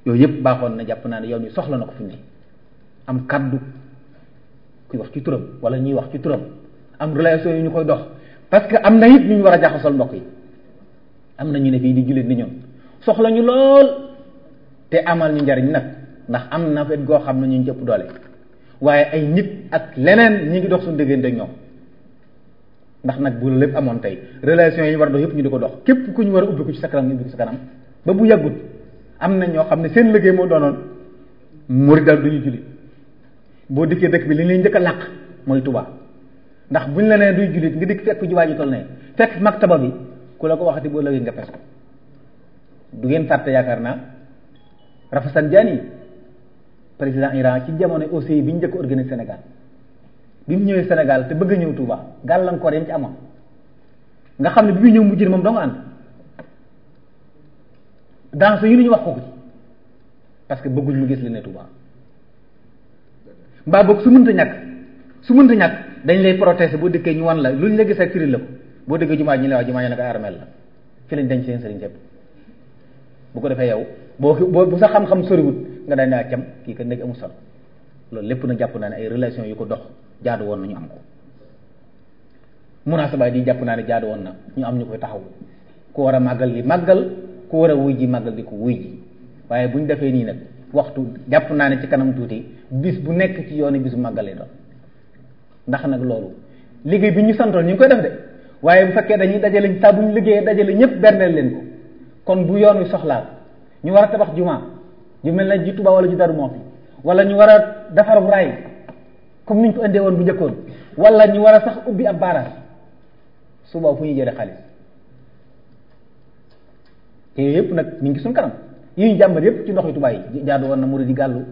yooyu yëpp baaxoon na jàpp naa ne yoon wi soxla na ko fi ne am kaddu kuy wax ci turam wala ñuy wax ci turam am relation yu ñu koy dox parce que am na it ñu a jaxasal mbokk yi am na ñu ne fii di jullit ni ñoom soxla ñu lool te amal ñu njariñ nag ndax am na wet goo xam ne ñu jëpp doole waaye ay nit ak leneen ñi ngi dox suñu diggante ak ñoom ndax nag bu lépp amoon tey relation yi ñu war a dox yëpp ñu di ko dox képp ku ñu war a ubbi ko ci ubbi ko ci sa kanam ba bu yàggut am na ñoo xam ne seen liggéey moo doonoon murid daal duñu julli boo dikkee dëkk bi li ñuy njëkk a làq mooy Tuubaa ndax buñ la nee duy jullit nga dikk fekk jumaa ji toll ne fekk maktaba bi ku la ko waxati boo lëgee nga pes du ngeen fàtte yaakaar naa Rafsanjani yi président Iran ci jamono OCI bi ñu njëkk organise Sénégal bi mu ñëwee Sénégal te bëgg a ñëw Touba gàllankoor yam ci amoon nga xam ne bi mu ñëw mujj moom doo nga ànd dans ce yi lu ñu wax ko ci parce que bëgguñu mu gis li ne Touba mbaa boog su mënta ñàkk su mënta ñàkk dañ lay protester boo dëkkee ñu wan la luñ la gis ak firi la ko boo dëggee jumaa ñu ne waaw jumaa ñu ne ko armel la fi lañ denc ko defee yow boo boo bu sa xam-xam soriwut nga daan naa cam kii ko nekk amul solo loolu lépp na jàpp naa ne ay relation yu ko dox jaadu woon na ñu am ko munaasabaay di jàpp naa ne jaadu woon na ñu am ñu koy taxaw ku war a màggal yi màggal ku war a wuy ji màggal di ko wuy waaye bu ñu defee nii nag waxtu jàpp naa ne ci kanam tuuti bis bu nekk ci yoon bisu màggal lay doon ndax nag loolu liggéey bi ñu santoon ñu ngi koy def de waaye bu fekkee dañuy dajale saa bu ñu liggéeyee dajale ñëpp berneel leen ko kon bu yoon wi soxlaa ñu war a tabax jumaa ju mel na ji Tuubaa wala ju Daaru Muxti wala ñu war a defaru raay comme niñ ko indee woon bu njëkkoon wala ñu war a sax ubbi ab baaraas suba ñuy jëlee xaalis yooyu yëpp nag ñu ngi suñ kanam yi ñu jàmbar yëpp ci ndox yi tubaay yi jaadu woon na mu di gàllu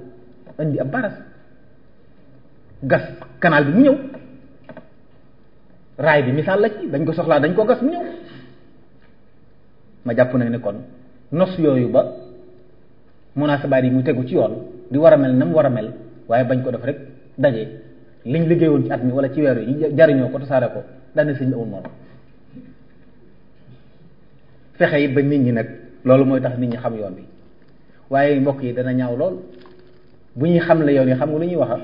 indi ab baras gas canal bi mu ñëw raay bi misaal la ci dañ ko soxlaa dañ koo gas mu ñëw ma jàpp nag ne kon nos yooyu ba naa munaasabaat yi mu tegu ci yoon di war a mel na mu war a mel waaye bañ ko def rek daje liñ liggéeyoon ci at mi wala ci weer yi jariñoo ko tasaare ko daane sëñ amul moom fexe yi ba nit ñi nag loolu mooy tax nit ñi xam yoon bi waaye mbokk yi dana ñaaw lool bu ñuy xam la yoon yi xam nga lu ñuy waxa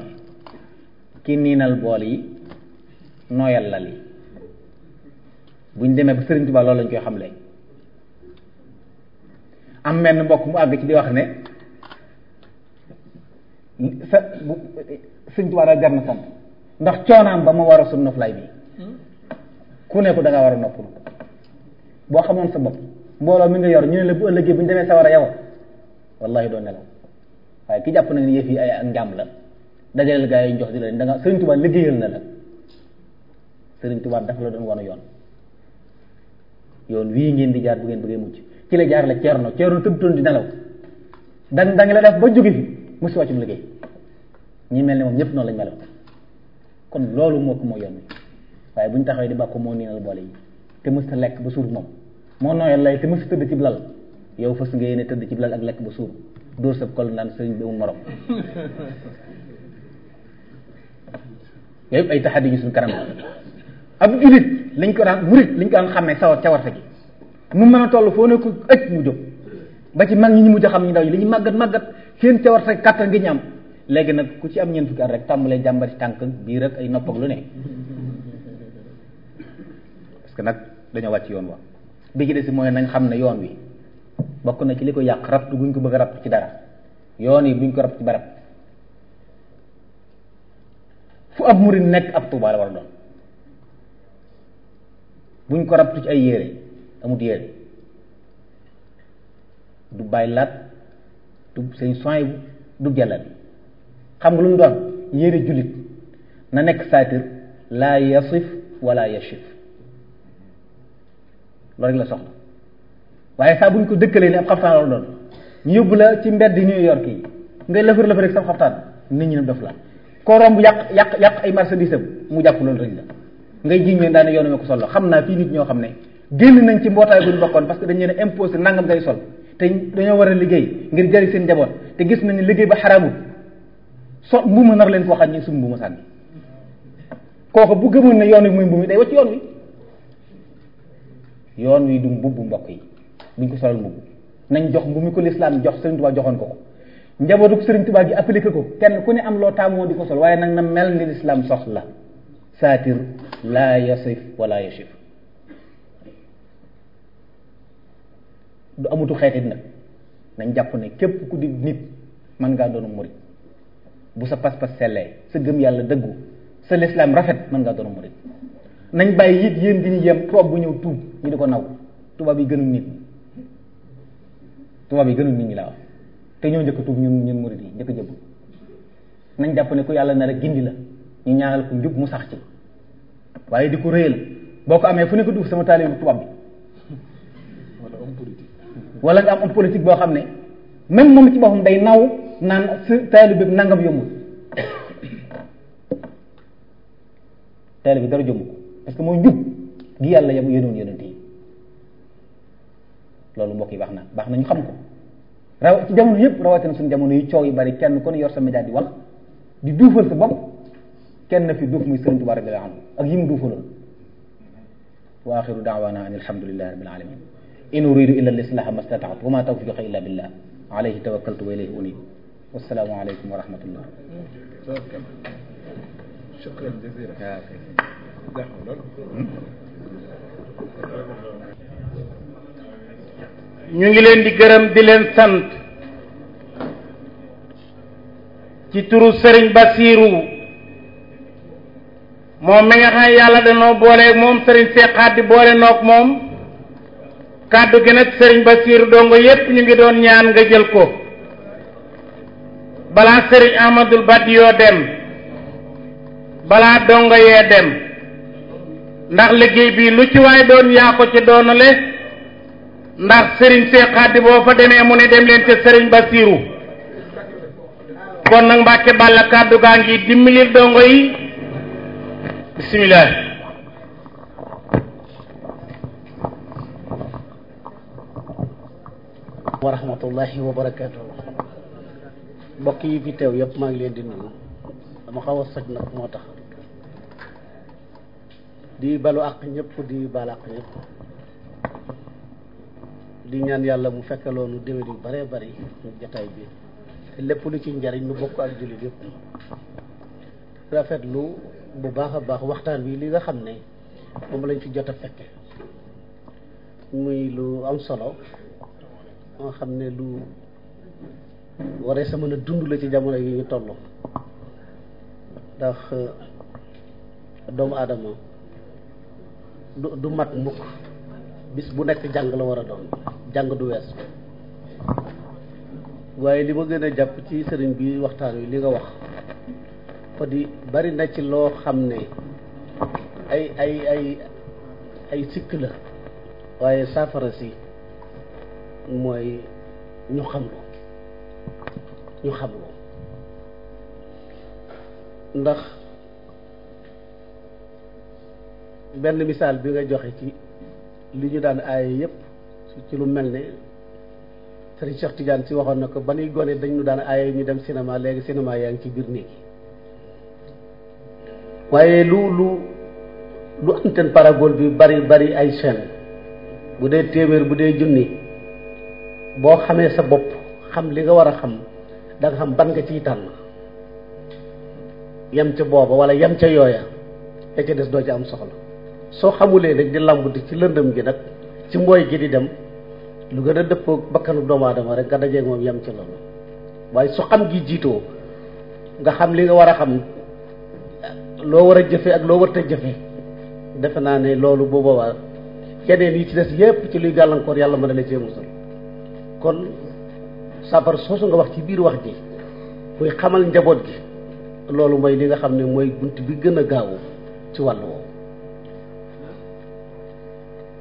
ki niinal bool yi nooyal lal yi buñ demee ba Sëriñ Tuubaa loolu lañ koy xamle am menn mbokk mu àgg ci di wax ne sa bu Sëriñ Tuubaa daal jar na ndax coonaam ba ma war a sunu noflaay bi ku nekku da war a noppalu boo xamoon sa bopp mbooloo mi nga yor ñu ne la bu ëllëgee bu ñu demee a yow wallahi doo nelaw waaye ki jàpp nag ne yëf yi ay ak la dajaleel gaa yi jox di da nga Sëriñ Tuubaa liggéeyal na la Sëriñ Tuubaa dafa la doon wanu yoon yoon wii ngeen di jaar bu ngeen bëggee mucc ci la jaar la ceerno ceerno tëddutoon di nelaw dan da la def ba jóge fi mu si wàccum liggéey ñi mel ne moom ñëpp noonu lañ meloon kon loolu moo ko moo yoon wi waaye bu ñu taxawee di bàkku moo niinal boole yi te mës ta lekk ba suur moom moo nooyal lay te mësu tëdd ci lal yow fas nga yéene tëdd ci lal ak lekk bu suur dóor sa kol naan sëriñ bi mu morom ay taxadi yu suñu kanam ab julit lañ ko daan murit lañ ko daan xàmmee sawar cawarte gi mu mën a toll foo ne ko ëj mu jóg ba ci mag ñi ñu mujj a xam ñu ndaw ñi li ñu màggat màggat seen cawarte kàttan gi ñu am léegi nag ku ci am ñeent fukki at rek tàmbalee jàmbar ci tànk biir ak ay nopp ak lu ne parce que nag dañoo wàcc yoon wa bi ci des mooy nañ xam ne yoon wi bokk na ci li ko yàq rabt guñ ko bëgg a ci dara yoon yi buñ ko rabt ci barab fu ab murid nekk ab tuuba la war a doon buñ ko rabt ci ay yére amut yére du bàyyi laat du seen soin du jàllal xam nga lu mu doon yére jullit na nekk saatir laa yasif wala yashif loolu rek la soxla waaye saa buñ ko dëkkalee ni ab xaftaan la doon ñu yóbbu la ci mbedd New York yi ngay lëfër lëfër rek sa xaftaan nit ñi ne def la koo romb yàq yàq yàq ay marchandise am mu jàpp loolu rek la ngay jiñ leen daane yoonu ma ko sol la xam naa fii ñoo xam ne génn nañ ci mbootaay buñ bokkoon parce que dañ leen imposé nangam ngay sol te dañoo war a liggéey ngir jëriñ seen njaboot te gis nañu liggéey ba xaraamul so mbuuma nar leen koo xam ñi suñ mbuuma sànni kooku bu gëmoon ne yoon wi muy mbuum yi day wacc yoon wi yoon wi du mbubbu mbokk yi buñ ko solal mbubb nañ jox bu ko lislaam jox Sëriñ Tuubaa joxoon ko ko njabootu Sëriñ Tuubaa gi appliqué ko kenn ku ne am loo taamoo di ko sol waaye nag na mel ni lislaam soxla saatir laa yasif wala yasif du amutu xeetit nag nañ jàpp ne képp ku di nit mën ngaa doonu murit bu sa pas-pas sellee sa gëm yàlla dëggu sa lislaam rafet mën ngaa doonu murit nañ bàyyi it yéen di yem toog bu ñëw tuub ñu di ko naw tubaab yi gënuñ nit ñi yi gënuñ nit ñi laa wax te ñoo njëkk tuub ñun ñun murid yi njëkk jëbb nañ jàpp ne ku yàlla na rek gindi la ñu ñaaral ko njub mu sax ci waaye di ko réyal boo ko amee fu ne ko duuf sama taalibu tubaab bi wala homme politique nga am homme politique boo xam ne même moom ci boppam day naw naan sa taalibu bi nangam yombul taalibu bi dara jomb ko parce que mooy njub gi yàlla yam yenoon yonente yi loolu mbokk yi baax na baax na xam ko raw ci jamono yëpp rawatina suñu jamono yi coow yu bari kenn kon yor sa média di wax di duufal sa bopp kenn fi duuf muy Sëriñ Tuubaa radiyallaahu anhu ak yi mu duufaloon wa axiru daawaana an alhamdulillahi rabbil alamin in uridu illa lislaha ma stataatu wa ma tawfiqa illa billah alayhi tawakkaltu wa ilayhi unib wassalaamu aleykum wa ñu ngi leen di gërëm di leen sant ci turu sëriñ Bassirou moom mi nga yàlla danoo booleeg moom Serigne Seexaat di boole noog moom kàddu gi nag Serigne dongo yépp ñu ngi doon ñaan nga jël ko balaa Serigne Amadou Badiyoo dem balaa dongo yee dem ndax liggéey bi lu ci waay doon yaa ko ci doonale ndax sëriñ see xaddi boo fa demee mu ne dem leen ca sëriñ Basiiru kon nag Mbàkke Balla kàddu gaa ngi dimbali dongo yi bisimilah. wa rahmatullahi wa yi fi teew maa ngi leen di nuyu dama xaw a soj nag moo tax di balu àq ñëpp di bal àq ñëpp di ñaan yàlla mu fekkaloonu déwén yu bare bari ñu jataay bi lépp lu ci njariñ nu bokk ak jullit yëpp lu bu baax a baax waxtaan wi li nga xam ne moom lañ ci jot a fekke muy lu am solo moo xam ne lu waree sa mën a dund la ci jamono yi ñu toll ndax doomu aadama du du mat mukk bis bu nekk jàng la war a doon jàng du wees waaye li ma gën a jàpp ci sëriñ bi waxtaan wi li nga wax fa bari na ci loo xam ne ay ay ay ay sikk la waaye saafara si mooy ñu xam ko ñu xam ko ndax benn misaal bi nga joxe ci li ñu daan aye yépp ci lu mel ne Serigne Cheikh Tidiane si waxoon na ko ba nuy gone dañu daan aaye ñu dem cinéma léegi cinéma yaa ngi ci biir néeg waaye lu lu lu antenne parabole bi bari bari ay chaîne bu dee téeméer bu dee junni boo xamee sa bopp xam li nga war a xam danga xam ban nga ciy tànn yem ca booba wala yem ca yooya da ca des doo ca am soxla soo xamulee nag di làmb di ci lëndam gi nag ci mbooy gi di dem lu gën a dëppoo bakkanu doomu aadama rek nga dajeeg moom yem ci loolu waaye su xam gi jiitoo nga xam li nga war a xam loo war a jëfe ak loo warte a jëfe defe naa ne loolu bu boobaa keneen yi ci des yépp ci luy gàllankoor yàlla mën na la cee musal kon safar soosu nga wax ci biir wax ji muy xamal njaboot gi loolu mooy li nga xam ne mooy bunt bi gën a gaawu ci wàll woowu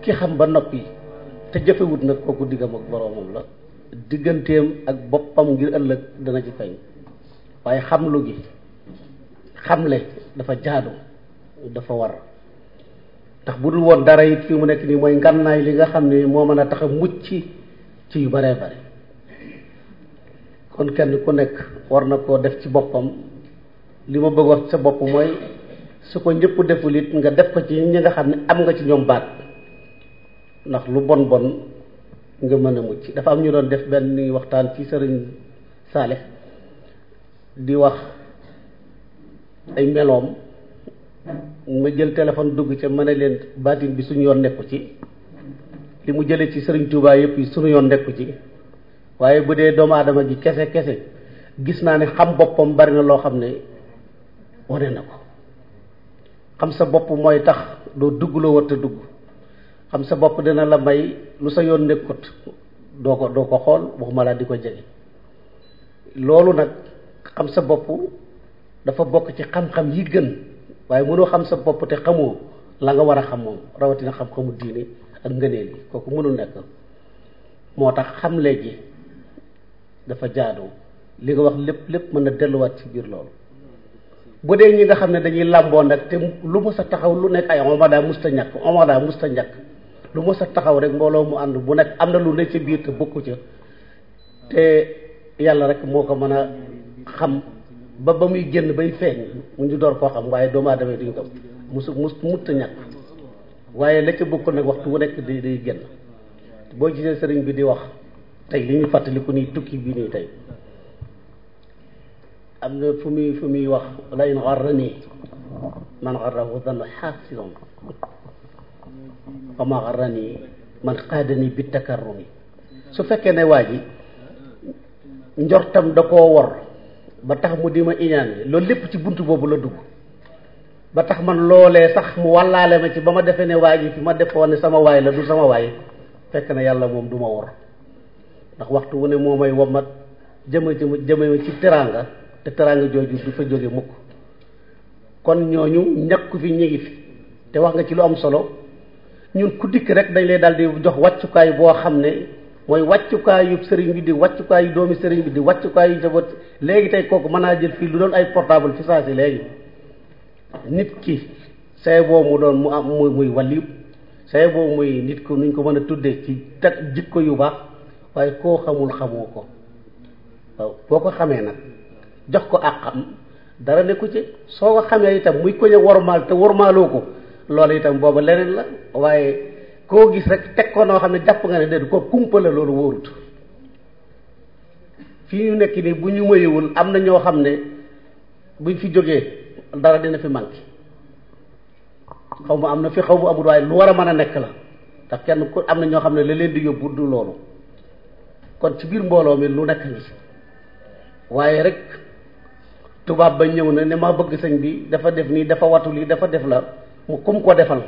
ki xam ba noppi te jëfewut nag kooku diggam ak boroomam la digganteem ak boppam ngir ëllëg dana ci feeñ waaye xamlu gi xamle dafa jaadu dafa war ndax bu dul woon dara it fi mu nekk nii mooy ngànnaay li nga xam ne moo mën a tax a mucc ci yu baree bare kon kenn ku nekk war na koo def ci boppam li ma bëgg wax sa bopp mooy su ko ñëpp deful it nga def ko ci ñi nga xam ne am nga ci ñoom baat ndax lu bon bon nga mën a mucc dafa am ñu doon def benn waxtaan ci sëriñ Saalix di wax ay meloom ma jël téléphone dugg ci mën a leen baatin bi suñu yoon nekku ci li mu jëlee ci sëriñ Touba yëpp yi suñu yoon nekku ci waaye bu dee doomu aadama ji kese kese gis naa ne xam boppam bari na loo xam ne wane na ko xam sa bopp mooy tax doo dugg loo war a dugg xam sa bopp dina la may lu sa yoon nekkut doo ko doo ko xool waxuma laa di ko jege loolu nag xam sa bopp dafa bokk ci xam-xam yi gën waaye mënoo xam sa bopp te xamoo la nga war a xam moom rawatina xam-xamu diine ak ngëneel yi kooku mënul nekk moo tax xam léegi dafa jaadoo li nga wax lépp lépp mën na delluwaat ci biir loolu bu dee ñi nga xam ne dañuy làmboo nag te lu mës sa taxaw lu nekk ay omada musta ñàkk omada musta ñàkk lu mos sa taxaw rek mbooloo mu ànd bu nekk am na lu ne ca biir te bokku ca te yàlla rek moo ko mën a xam ba ba muy génn bay feeñ mu ñu door koo xam waaye doomu aadama duñ ko musu mus mutta ñàkk waaye la ca bokkul wax waxtu wu nekk di day génn boo gisee sëriñ bi di wax tey li ñu fàttaliku nii tukki bi nii tey am na fu muy fu muy wax lay in garranii man garrahu dan xaasiron wa ma garrani man qaadani bi takarrumi su fekkee ne waay ji njortam da koo wor ba tax mu di ma iñaan loolu lépp ci bunt boobu la dugg ba tax man loolee sax mu wàllaale ma ci ba ma defee ne waay ji fi ma defoon ne sama waay la du sama waay fekk na yàlla moom du ma wor ndax waxtu wu ne moo may womat jëme ci jëm ci teraanga te teraanga jooju du fa jóge mukk kon ñooñu ñàkku fi ñi fi te wax nga ci lu am solo ñun ku dikk rek dañ lay daal di jox wàccukaay boo xam ne mooy wàccukaayu sëriñ bi di wàccukaayu doomi sëriñ bi di wàccukaayu njaboot léegi tey kooku mën naa jël fii lu doon ay portable fi saa si léegi nit ki say boo mu doon mu am muy muy wàllu say boo muy nit ko nuñ ko mën a tuddee ci tag jikko yu baax waaye koo xamul xamoo ko waaw boo ko xamee nag jox ko ak xam dara nekku ci soo ko xamee itam muy ko ñu wormaal te wormaaloo ko loolu itam boobu leneen la waaye koo gis rek teg ko noo xam ne jàpp nga ne déet ko kumpa loolu wóorut fii ñu nekk nii bu ñu mayewul am na ñoo xam ne buñ fi jógee dara dina fi manqué xaw ma am na fi xaw ma amul waaye lu war a mën a nekk la ndax kenn ku am na ñoo xam ne la leen di yóbbu du loolu kon ci biir mbooloo mi lu nekk ngi waaye rek tubaab ba ñëw na ne ma bëgg sëñ bi dafa def nii dafa watu lii dafa def la mu kum ko defal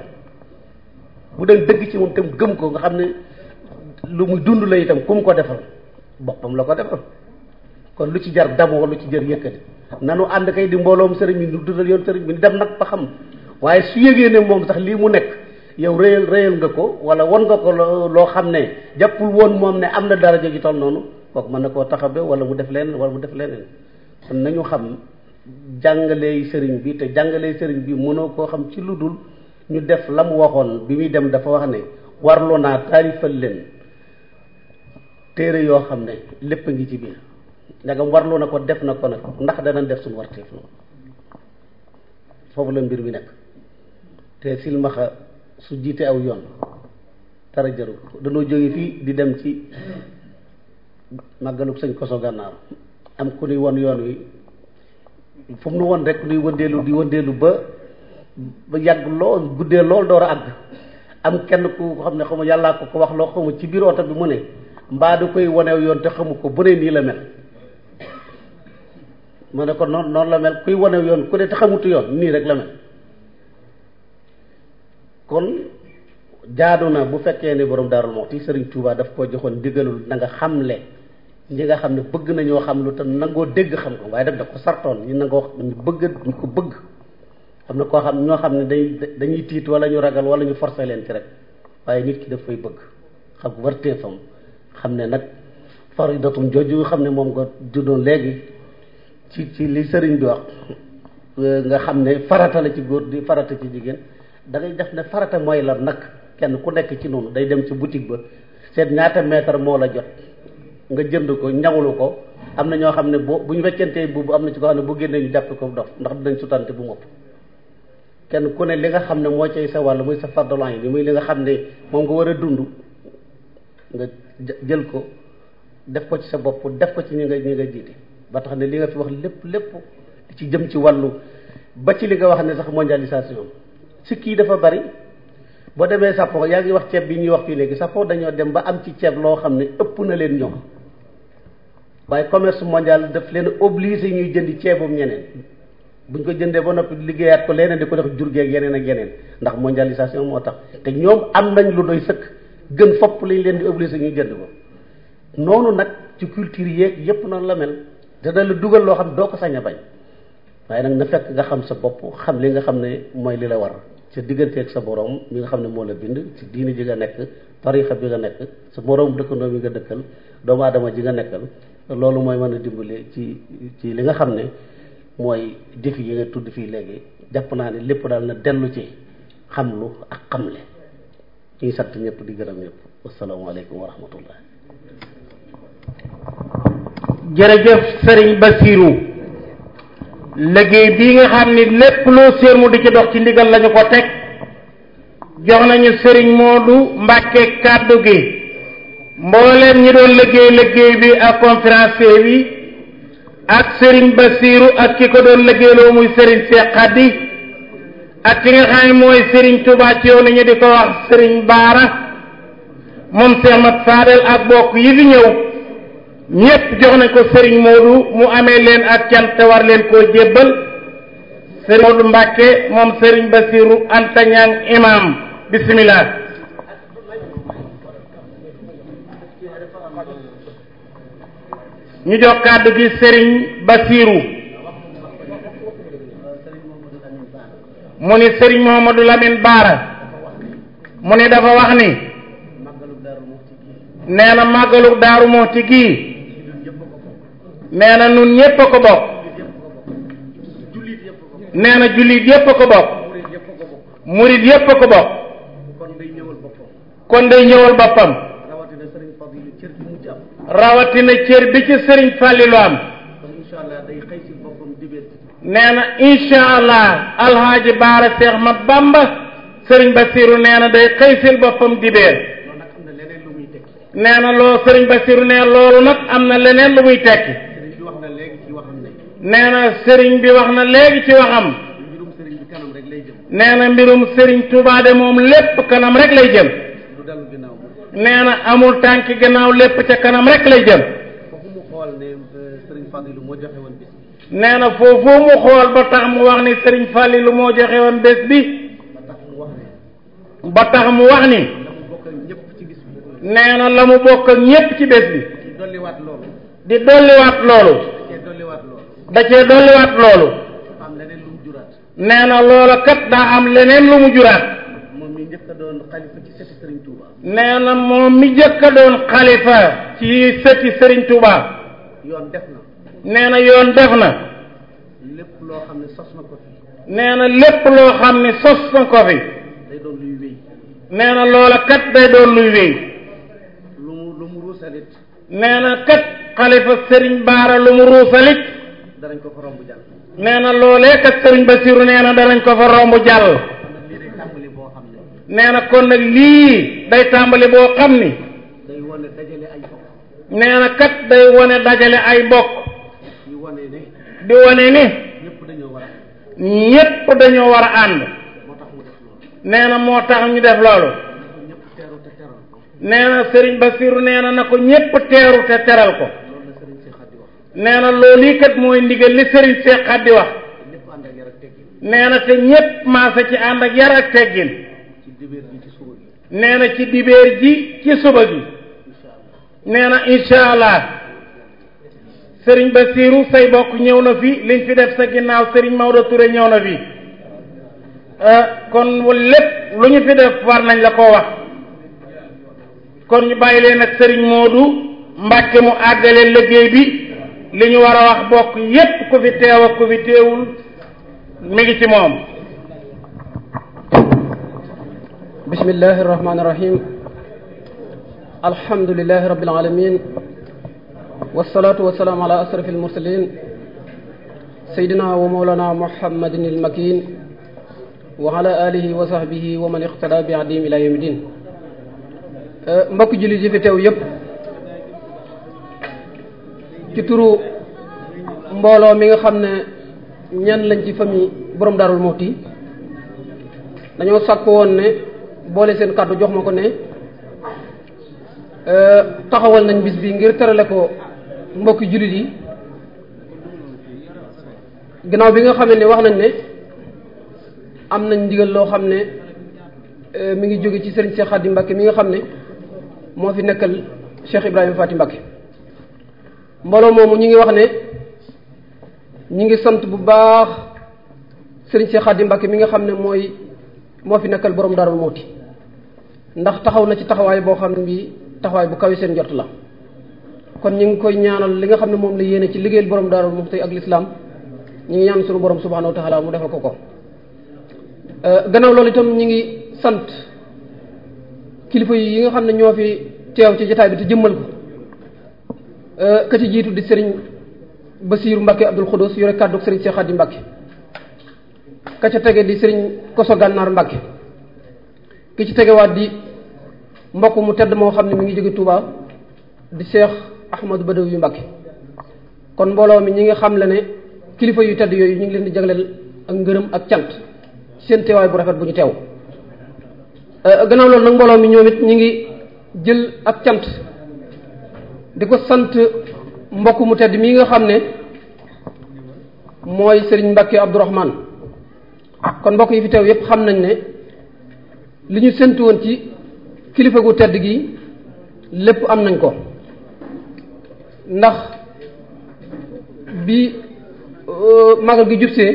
bu doon dëgg ci moom itam gëm ko nga xam ne lu muy dund la itam kum ko defal boppam la ko defal kon lu ci jar damoo lu ci jar yëkkati nu ànd kay di mbooloom sëriñ bi nu dundal yoon sëriñ bi dem nag ba xam waaye su yëgee ne moom sax lii mu nekk yow réyal réyal nga ko wala won nga ko loo xam ne jàppul woon moom ne am na daraja ji toll noonu kooku mën na koo taxabe wala mu def leneen wala mu def leneen kon nañu xam jàngalee sëriñ bi te jàngalee sëriñ bi mënoo koo xam ci lu dul ñu def la mu waxoon bi muy dem dafa wax ne warlu naa taarifal leen téere yoo xam ne lépp a ngi ci biir ndegam warloo na ko def na ko nag ndax danañ def suñu warteef noonu foofu la mbir mi nekk te silmaxa su jiite aw yoon dara jarul danoo jóge fii di dem ci màggalub sëñ koso gànnaaw am ku ni won yoon wi fu mu nu woon rek nuy wëndeelu di wëndeelu ba ba yàgg lool guddee lool doo a am kenn ku xam ne xamul yàllaa ko ko wax loo xamul ci biir oto bi mu ne mbaa da koy wanew yoon te xamu ko bu ne nii la mel ma ne ko yoon ku yoon nii rek la mel kon jaadu na bu fekkee ne borom daarul moxti Sëriñ Tuubaa daf koo joxoon digalul na nga xamle ñi nga xam ne bëgg nañoo xam lu te nangoo dégg xam nga waaye daf da ko sartoon ne nangoo ñu bëgg ñu ko bëgg am na koo xam ñoo xam ne dañuy dañuy tiit wala ñu ragal wala ñu forcé leen ci rek waaye nit ki daf fay bëgg xam warteefam xam ne nag faridatum jooju xam ne moom nga juddoon léegi ci ci li sëriñ bi wax nga xam ne farata la ci góor di farata ci jigéen da ngay def ne farata mooy lan nag kenn ku nekk ci noonu day dem ci boutique ba seet ñaata mètre moo la jot nga jënd ko ñawlu ko am na ñoo xam ne boo bu ñu weccantee buubu am na ci ko xam ne bu génnee ñu jàpp ko dof ndax dinañ sutante bu mopp kenn ku ne li nga xam ne moo cay sa wàll muy sa fardolan yi bi muy li nga xam ne moom nga war a dund nga jël ko def ko ci sa bopp def ko ci ñi nga ñi nga jiite ba tax ne li nga fi wax lépp lépp ci jëm ci wàllu ba ci li nga wax ne sax mondialisation sikk yi dafa bari boo demee sapon yaa ngi wax ceeb bi ñuy wax fii léegi Sappo dañoo dem ba am ci ceeb loo xam ne ëpp na leen ñoom waaye commerce mondial def leen obligé ñuy jënd ceebum ñeneen bu ñu ko jëndee ba noppi liggéeyaat ko leneen di ko def jurgeeg yeneen ak yeneen ndax mondialisation moo tax te ñoom am nañ lu doy sëkk gën fopp lañ leen di obligé ñuy jënd ko noonu nag ci culture yeeg yépp noonu la mel dana la dugal loo xam doo ko sañ a bañ waaye nag na fekk nga xam sa bopp xam li nga xam ne mooy li la war sa digganteeg sa borom mi nga xam ne moo la bind ci diini ji nga nekk tarixa bi nga nekk sa borom dëkkandoo bi nga dëkkal doomu aadama ji nga nekkal loolu mooy mën a dimbale ci ci li nga xam ne mooy défi yi nga tudd fii léegi jàpp naa ne lépp daal na dellu ci xamlu ak xam xamle ci sant ñëpp di gërëm ñëpp wasalaamaaleykum wa rahmatullah jërëjëf Serigne Bassirou liggéey bii nga xam ni lépp loo séer mu di ci dox ci ndigal lañu ko teg jox nañu sëriñ Modou Mbacke kàddu gi mbooleem ñi doon liggéey liggéey bi ak conférencier bi ak sëriñ Basiiru ak ki ko doon liggéeyloo muy sëriñ Cheikh Khady ak ki nga xam ne mooy sëriñ Touba ci yow ñu di ko wax sëriñ Baara moom Cheikh Mat Fadel ak bokk yi fi ñëw ñépp jox nañ ko Serigne Modou mu amee leen ak cant te war leen koo jébbal Serigne Modou Mbacke moom Serigne Bassirou Anta Niang imam ñu jox kàddu gi Serigne Bassirou mu ni Serigne Mohamadou Lamine Baara mu ni dafa wax ni nee na màggalu Daaru Muxti nee na nun ñépp a ko bokk nee na jullit yépp a ko bokk murit yépp a ko bokk kon day ñëwal boppam rawatina cër bi ci sëriñ Fàllilu am nee na incha allah alhaaji baara seex ma bamba sëriñ Basiru nee na day xëysil boppam dibéer nee na loo sëriñ Basiru nee loolu nag am na leneen lu muy tekki neena sëriñ bi wax na léegi ci waxam nee na mbirum sëriñ Tuubaa moom lépp kanam rek lay jëm nee na amul tànk gannaaw lépp ca kanam rek lay jëm euh, nee na foofu mu xool ba tax mu wax ni sëriñ Fàllilu moo joxe woon bés bi ba tax mu wax ni nee na la mu bokk ak ñépp ci bés bi di dolliwaat loolu da cee dolliwaat loolu nee na loola kat daa am leneen lu mu juraat nee na moom mi njëkk a doon xalifa ci sëti Serigne Touba yoon def na nee na yoon def na lépp loo xam ne sos nee na lépp loo xam ne sos na ko fi day nee na loola kat day doon luy wéy lu lu mu ruusalit nee na kat xalifa sëriñ Baara lu mu ruusalit danañ ko fa romb jàll. nee na loolee kat sëriñ Basiru nee na danañ ko fa romb jàll. nee na kon nag lii day tàmbali boo xam ni. day wane dajale ay bokk. na kat day wane dajale ay bokk. di wane ne. di wane ne. dañoo war a ànd. ñëpp dañoo war a nee na moo tax ñu def loolu. nee na sëriñ Basiru nee na na ko ñëpp teeru te teral ko. nee na loolu yi kat mooy ndigal li sëriñ Seex di wax nee na te ñépp maasa ci ànd ak yar ak teggin nee na ci dibeer ji ci suba gi nee na incha allah sëriñ Basiiru say bokk ñëw na fi liñ fi def sa ginnaaw sëriñ Maodo Touré ñëw na fi euh, kon lépp lu ñu fi def war nañ la ko wax kon ñu bàyyi leen ak sëriñ Moodu Mbàkke mu àggale liggéey bi li ñu war a wax bokk yépp ku fi teew ak ku fi teewul mi ngi ci moom bismillahi irrahmani irrahim alhamdulilahi rabbil alamin wasalaatu wasalaamu ala asraf almursalin sayidina wa mawlana muhammadin almakin wa ala alihi wa sahbihi wa man ixtada bi adim ila yawmi din eh, mbokk jullit yi fi teew yépp ci turu mbooloo mi nga xam ne ñan lañ ci famille borom Darou Mouhty dañoo sàkk woon ne boole seen kàddu jox ma ko ne euh, taxawal nañ bis bi ngir terale ko mbokki jullit yi ginnaaw bi nga xam ne wax nañ ne am nañ ndigal loo xam ne euh, mu ngi jóge ci seen Cheikh Khadim Mbacké mi nga xam ne moo fi nekkal Cheikh Ibrahima Faty Mbacké mbooloo moom ñu ngi wax ne ñu ngi sant bu baax sëriñ Cheikh Khadim Mbacké mi nga xam ne mooy moo fi nekkal borom Darou Moukhty ndax taxaw na ci taxawaay boo xam ne bii taxawaay bu kawe seen jot la kon ñu ngi koy ñaanal li nga xam ne moom la yéene ci liggéeyal borom Darou Moukhty ak l'islam ñu ngi ñaan suñu borom subhanahu wa taala mu defal ko ko euh, gannaaw loolu itam ñu ngi sant kilifa yi nga xam ne ñoo fi teew ci jotaay bi te jëmmal ko Euh, ka jiitu di sëriñ Basiiru Mbacke Abdul Xudus yore kàddu sëriñ Cheikh Xadim Mbacke ka tege di sëriñ Koso Gànnaar Mbacke ki ci tegewaat di mbokk mu tedd moo xam ne mu ngi jóge Touba di Cheikh Ahmadou yu Mbacke kon mbooloo mi ñi nga xam la ne kilifa yu tedd yooyu ñu ngi leen di jagleel ak ngërëm ak cant seen teewaay bu rafet bu ñu teew euh, gannaaw loolu nag mbooloo mi ñoom it ngi jël ak cant di ko sant mbokk mu tedd mii nga xam ne mooy sëriñ Mbacke Abdourahman kon mbokk yi fi teew yépp xam nañ ne li ñu séntu woon ci kilifa gu tedd gi lépp am nañ ko ndax bi euh, magal gi jubsee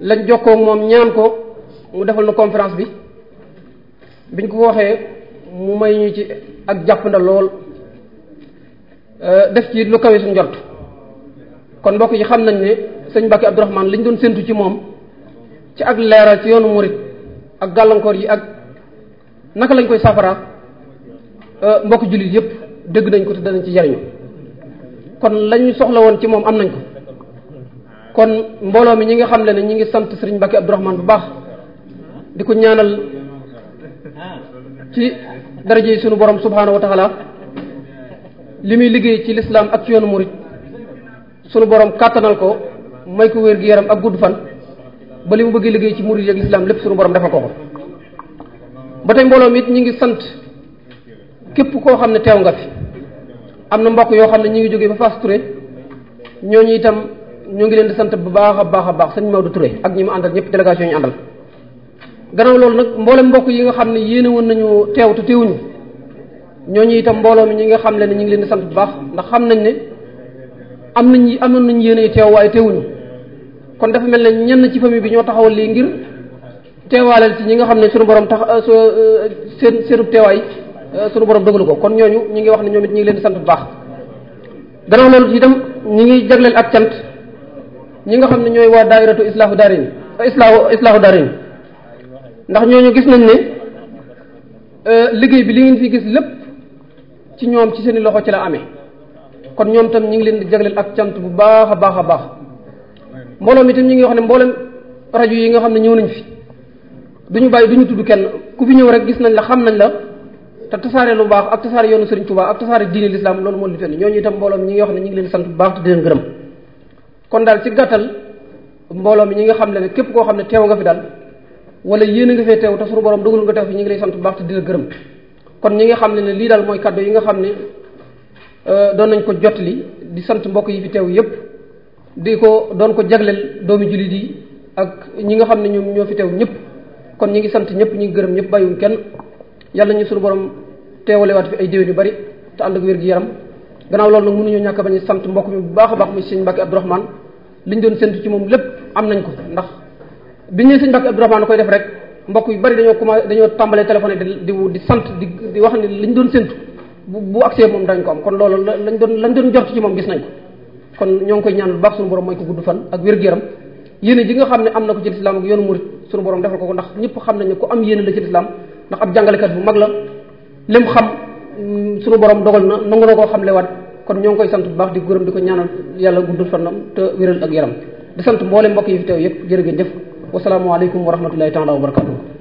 lañ jokkoo moom ñaan ko mu defal na conférence bi biñ ko waxee mu may ñu ci ak jàpp jàppandal lool Euh, def ci lu kawe suñ njort kon mbokk yi xam nañ ne sëñ Mbàkke Abdourahmane lañ doon séntu ci moom ci ak leeral ci yoonu murit ak gàllankoor yi ak naka lañ koy safara euh, mbokk jullit yépp dégg nañ ko te danañ ci jariñu kon lañu soxla woon ci moom am nañ ko kon mbooloo mi ñi nga xam ne ñu ngi sant sëriñ Mbàkke Abdourahmane bu baax di ko ñaanal ci daraje yi sunu borom subhaanahu wa li muy liggéey ci lislaam ak ci yoonu murit sunu borom kàttanal ko may ko wér gi yaram ak gudd fan ba li mu bëgg liggéey ci murit yi ak lislaam lépp sunu borom defal ko ko ba tey mbooloo mi it ñu ngi sant képp koo xam ne teew nga fi am na mbokk yoo xam ne ñu ngi jógee ba Fass Touré ñooñu itam ñoo ngi leen di sant bu baax a baax a baax sëñ du Touré ak ñi mu àndal ñëpp délégation ñu àndal gannaaw loolu nag mboolem mbokk yi nga xam ne yéene woon nañu teew te ñooñu itam mbooloo mi ñi nga xam ne ñu ngi leen di sant bu baax ndax xam nañ ne am nañ amoon nañ yéen teew waaye teewuñu kon dafa mel ne ñenn ci famille bi ñoo taxawal lii ngir teewaaleel si ñi nga xam ne suñu borom tax euh, euh, seen seenub teewaay euh, suñu borom dogalu ko kon ñooñu ñi ngi wax ne ñoom it ñu ngi leen di sant bu baax. gannaaw loolu itam ñi ngi jagleel ak cant ñi nga xam ne ñooy waa daayiratu islaahu daarin islaahu islaahu daarin ndax ñooñu gis nañ ne liggéey bi li ngeen fi gis lépp. ci ñoom ci seen loxo ci la amee kon ñoom tam ñu ngi leen di jagleel ak cant bu baax a baax a baax mbooloo mi tam ñi ngi wax ne mboolem rajo yi nga xam ne ñëw nañ fi duñu bàyyi duñu tudd kenn ku fi ñëw gis nañ la xam nañ la te tasaare lu baax ak tasaare yoonu Sëriñ Tuubaa ak moo li fenn ñooñu itam mbooloo mi ñi ngi wax ne ñu ngi leen sant bu baax te di gërëm kon daal ci gàttal mbooloo ñi nga xam ne képp koo xam ne teew nga fi daal wala yéen nga fee teew te suñu borom dugal nga teew fi ñu ngi lay sant bu baax te di gërëm kon ñi nga xam ne ne lii daal mooy kàddu yi nga xam ne euh, doon nañ ko jot li di sant mbokk yi fi teew yépp di ko doon ko jagleel doomi jullit yi ak ñi nga xam ne ñoom ñoo fi teew ñëpp kon ñi ngi sant ñëpp ñi ngi gërëm ñëpp bàyyiwuñ kenn yàlla ñu suñu borom teewalewaat fi ay déwén yu bari te ànd ak wér gi yaram gannaaw loolu nag mënuñu ñàkk bañ a sant mbokk mi bu baax a baax muy sëñ Mbàkke Abdourahmane liñ doon séntu ci moom lépp am nañ ko ndax bi ñuy sëñ Mbàkke Abdourahmane koy def rek mbokk yu bari dañoo commencé dañoo tàmbalee téléphoné di di sant di di wax ne lañ doon séntu bu bu accès moom dañ ko am kon loolu lañ doon lañ doon jort ci moom gis nañ kon ñoo ngi koy ñaan lu baax suñu mooy ko gudd fan ak wér-gu-yaram yéene ji nga xam ne am na ko ci lislaam ak yoonu murit suñu borom ko ko ndax ñëpp xam nañ ne am yéene la ci lislaam ndax jàngalekat bu mag la lim xam mm, suñu borom dogal na nangu na koo xam lewaat kon ñoo ngi koy sant bu baax di gërëm di ko ñaanal yàlla guddul fan te wéral ak yaram di sant mboolem mbokk yi fi teew yëpp jërëgéen jëf wasalaamualeykum wa rahmatullahi taala wa barakatuh